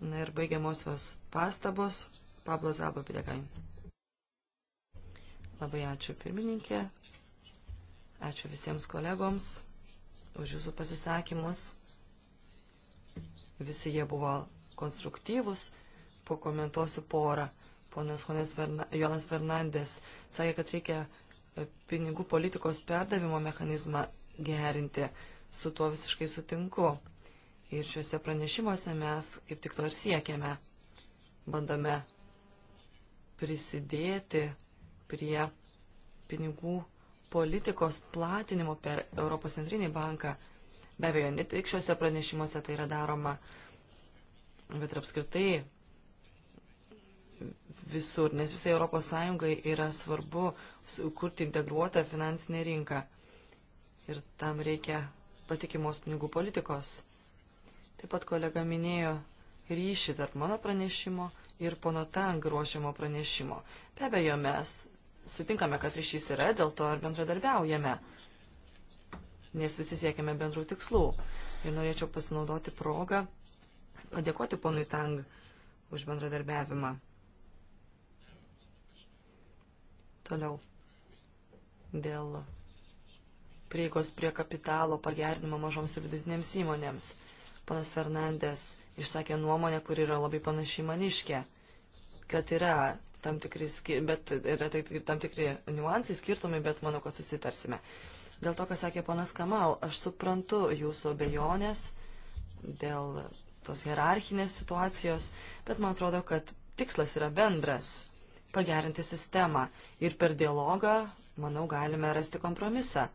Na ir baigiamosios pastabos. Pablo Zabo Pidegain. Labai ačiū pirmininkė, ačiū visiems kolegoms už jūsų pasisakymus. Visi jie buvo konstruktyvus, pakomentuosiu porą. Ponas Verna, Jonas Fernandės sakė, kad reikia e, pinigų politikos perdavimo mechanizmą gerinti. Su tuo visiškai sutinku. Ir šiuose pranešimuose mes kaip tik to ir siekiame. Bandome prisidėti prie pinigų politikos platinimo per Europos centrinį banką. Be abejo, ne tik šiuose pranešimuose tai yra daroma, bet ir apskritai visur, nes visai Europos Sąjungai yra svarbu sukurti integruotą finansinę rinką. Ir tam reikia patikimos pinigų politikos. Taip pat kolega minėjo ryšį tarp mano pranešimo ir pono Tang ruošiamo pranešimo. Be abejo, mes sutinkame, kad ryšys yra, dėl to ir bendradarbiaujame, nes visi siekiame bendrų tikslų. Ir norėčiau pasinaudoti progą padėkoti ponui Tang už bendradarbiavimą. Toliau. Dėl prieigos prie kapitalo pagerinimo mažoms ir vidutinėms įmonėms. Panas Fernandės išsakė nuomonę, kur yra labai panaši maniškė, kad yra tam tikri, bet yra tai tam tikri niuansai, skirtumai, bet manau, kad susitarsime. Dėl to, ką sakė ponas Kamal, aš suprantu jūsų abejonės dėl tos hierarchinės situacijos, bet man atrodo, kad tikslas yra bendras - pagerinti sistemą ir per dialogą, manau, galime rasti kompromisą.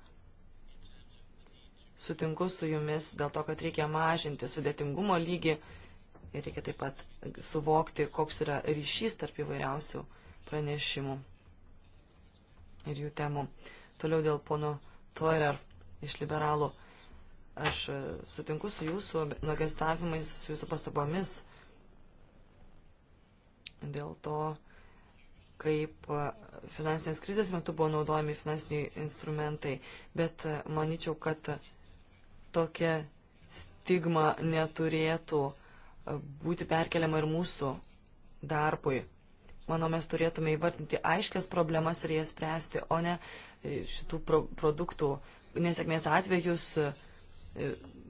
Sutinku su jumis dėl to, kad reikia mažinti sudėtingumo lygį Ir reikia taip pat suvokti, koks yra ryšys tarp įvairiausių pranešimų ir jų temų. Toliau dėl pono Toirer iš liberalų. Aš e, sutinku su jūsų nuogestavimais, su jūsų pastabomis dėl to, kaip e, finansinės krizės metu buvo naudojami finansiniai instrumentai, bet e, manyčiau, kad tokia stigma neturėtų uh, būti perkeliama ir mūsų darbui. Manau, mes turėtume įvardinti aiškias problemas ir jas spręsti, o ne e, šitų pro produktų nesėkmės atvejus e,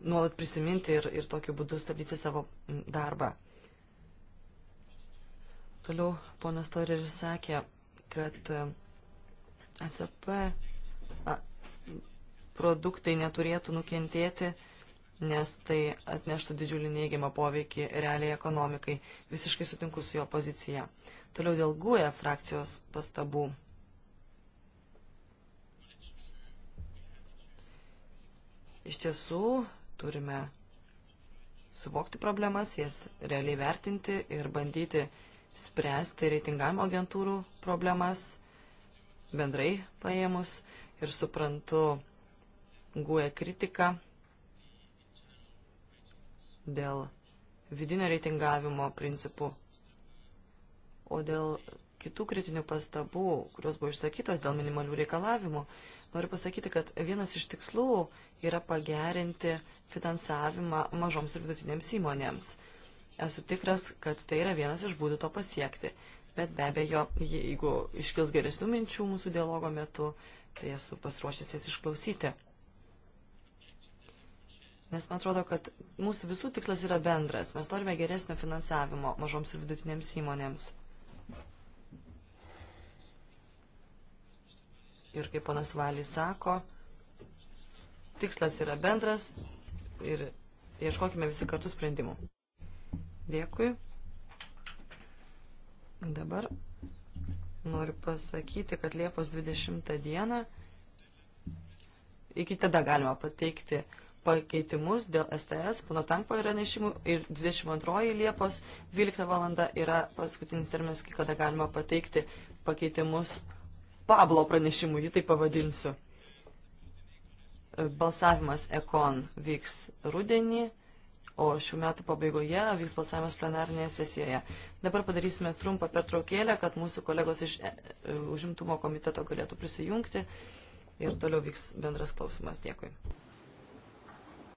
nuolat prisiminti ir, ir tokiu būdu stabdyti savo darbą. Toliau ponas Toreris sakė, kad ACP e, produktai neturėtų nukentėti nes tai atneštų didžiulį neigiamą poveikį realiai ekonomikai. Visiškai sutinku su jo pozicija. Toliau dėl GUE frakcijos pastabų. Iš tiesų, turime suvokti problemas, jas realiai vertinti ir bandyti spręsti reitingavimo agentūrų problemas bendrai paėmus ir suprantu GUE kritiką dėl vidinio reitingavimo principų, o dėl kitų kritinių pastabų, kurios buvo išsakytos dėl minimalių reikalavimų, noriu pasakyti, kad vienas iš tikslų yra pagerinti finansavimą mažoms ir vidutinėms įmonėms. Esu tikras, kad tai yra vienas iš būdų to pasiekti. Bet be abejo, jeigu iškils geresnių minčių mūsų dialogo metu, tai esu pasiruošęs jas išklausyti. Nes man atrodo, kad mūsų visų tikslas yra bendras. Mes norime geresnio finansavimo mažoms ir vidutinėms įmonėms. Ir kaip ponas Valys sako, tikslas yra bendras ir ieškokime visi kartu sprendimų. Dėkui. Dabar noriu pasakyti, kad Liepos 20 dieną iki tada galima pateikti pakeitimus dėl STS, pono Tankpo pranešimų ir 22 Liepos 12 val. yra paskutinis terminas, kai kada galima pateikti pakeitimus Pablo pranešimų, jį tai pavadinsiu. Balsavimas Ekon vyks rudenį, o šių metų pabaigoje vyks balsavimas plenarinėje sesijoje. Dabar padarysime trumpą pertraukėlę, kad mūsų kolegos iš e, e, užimtumo komiteto galėtų prisijungti ir toliau vyks bendras klausimas. Dėkui.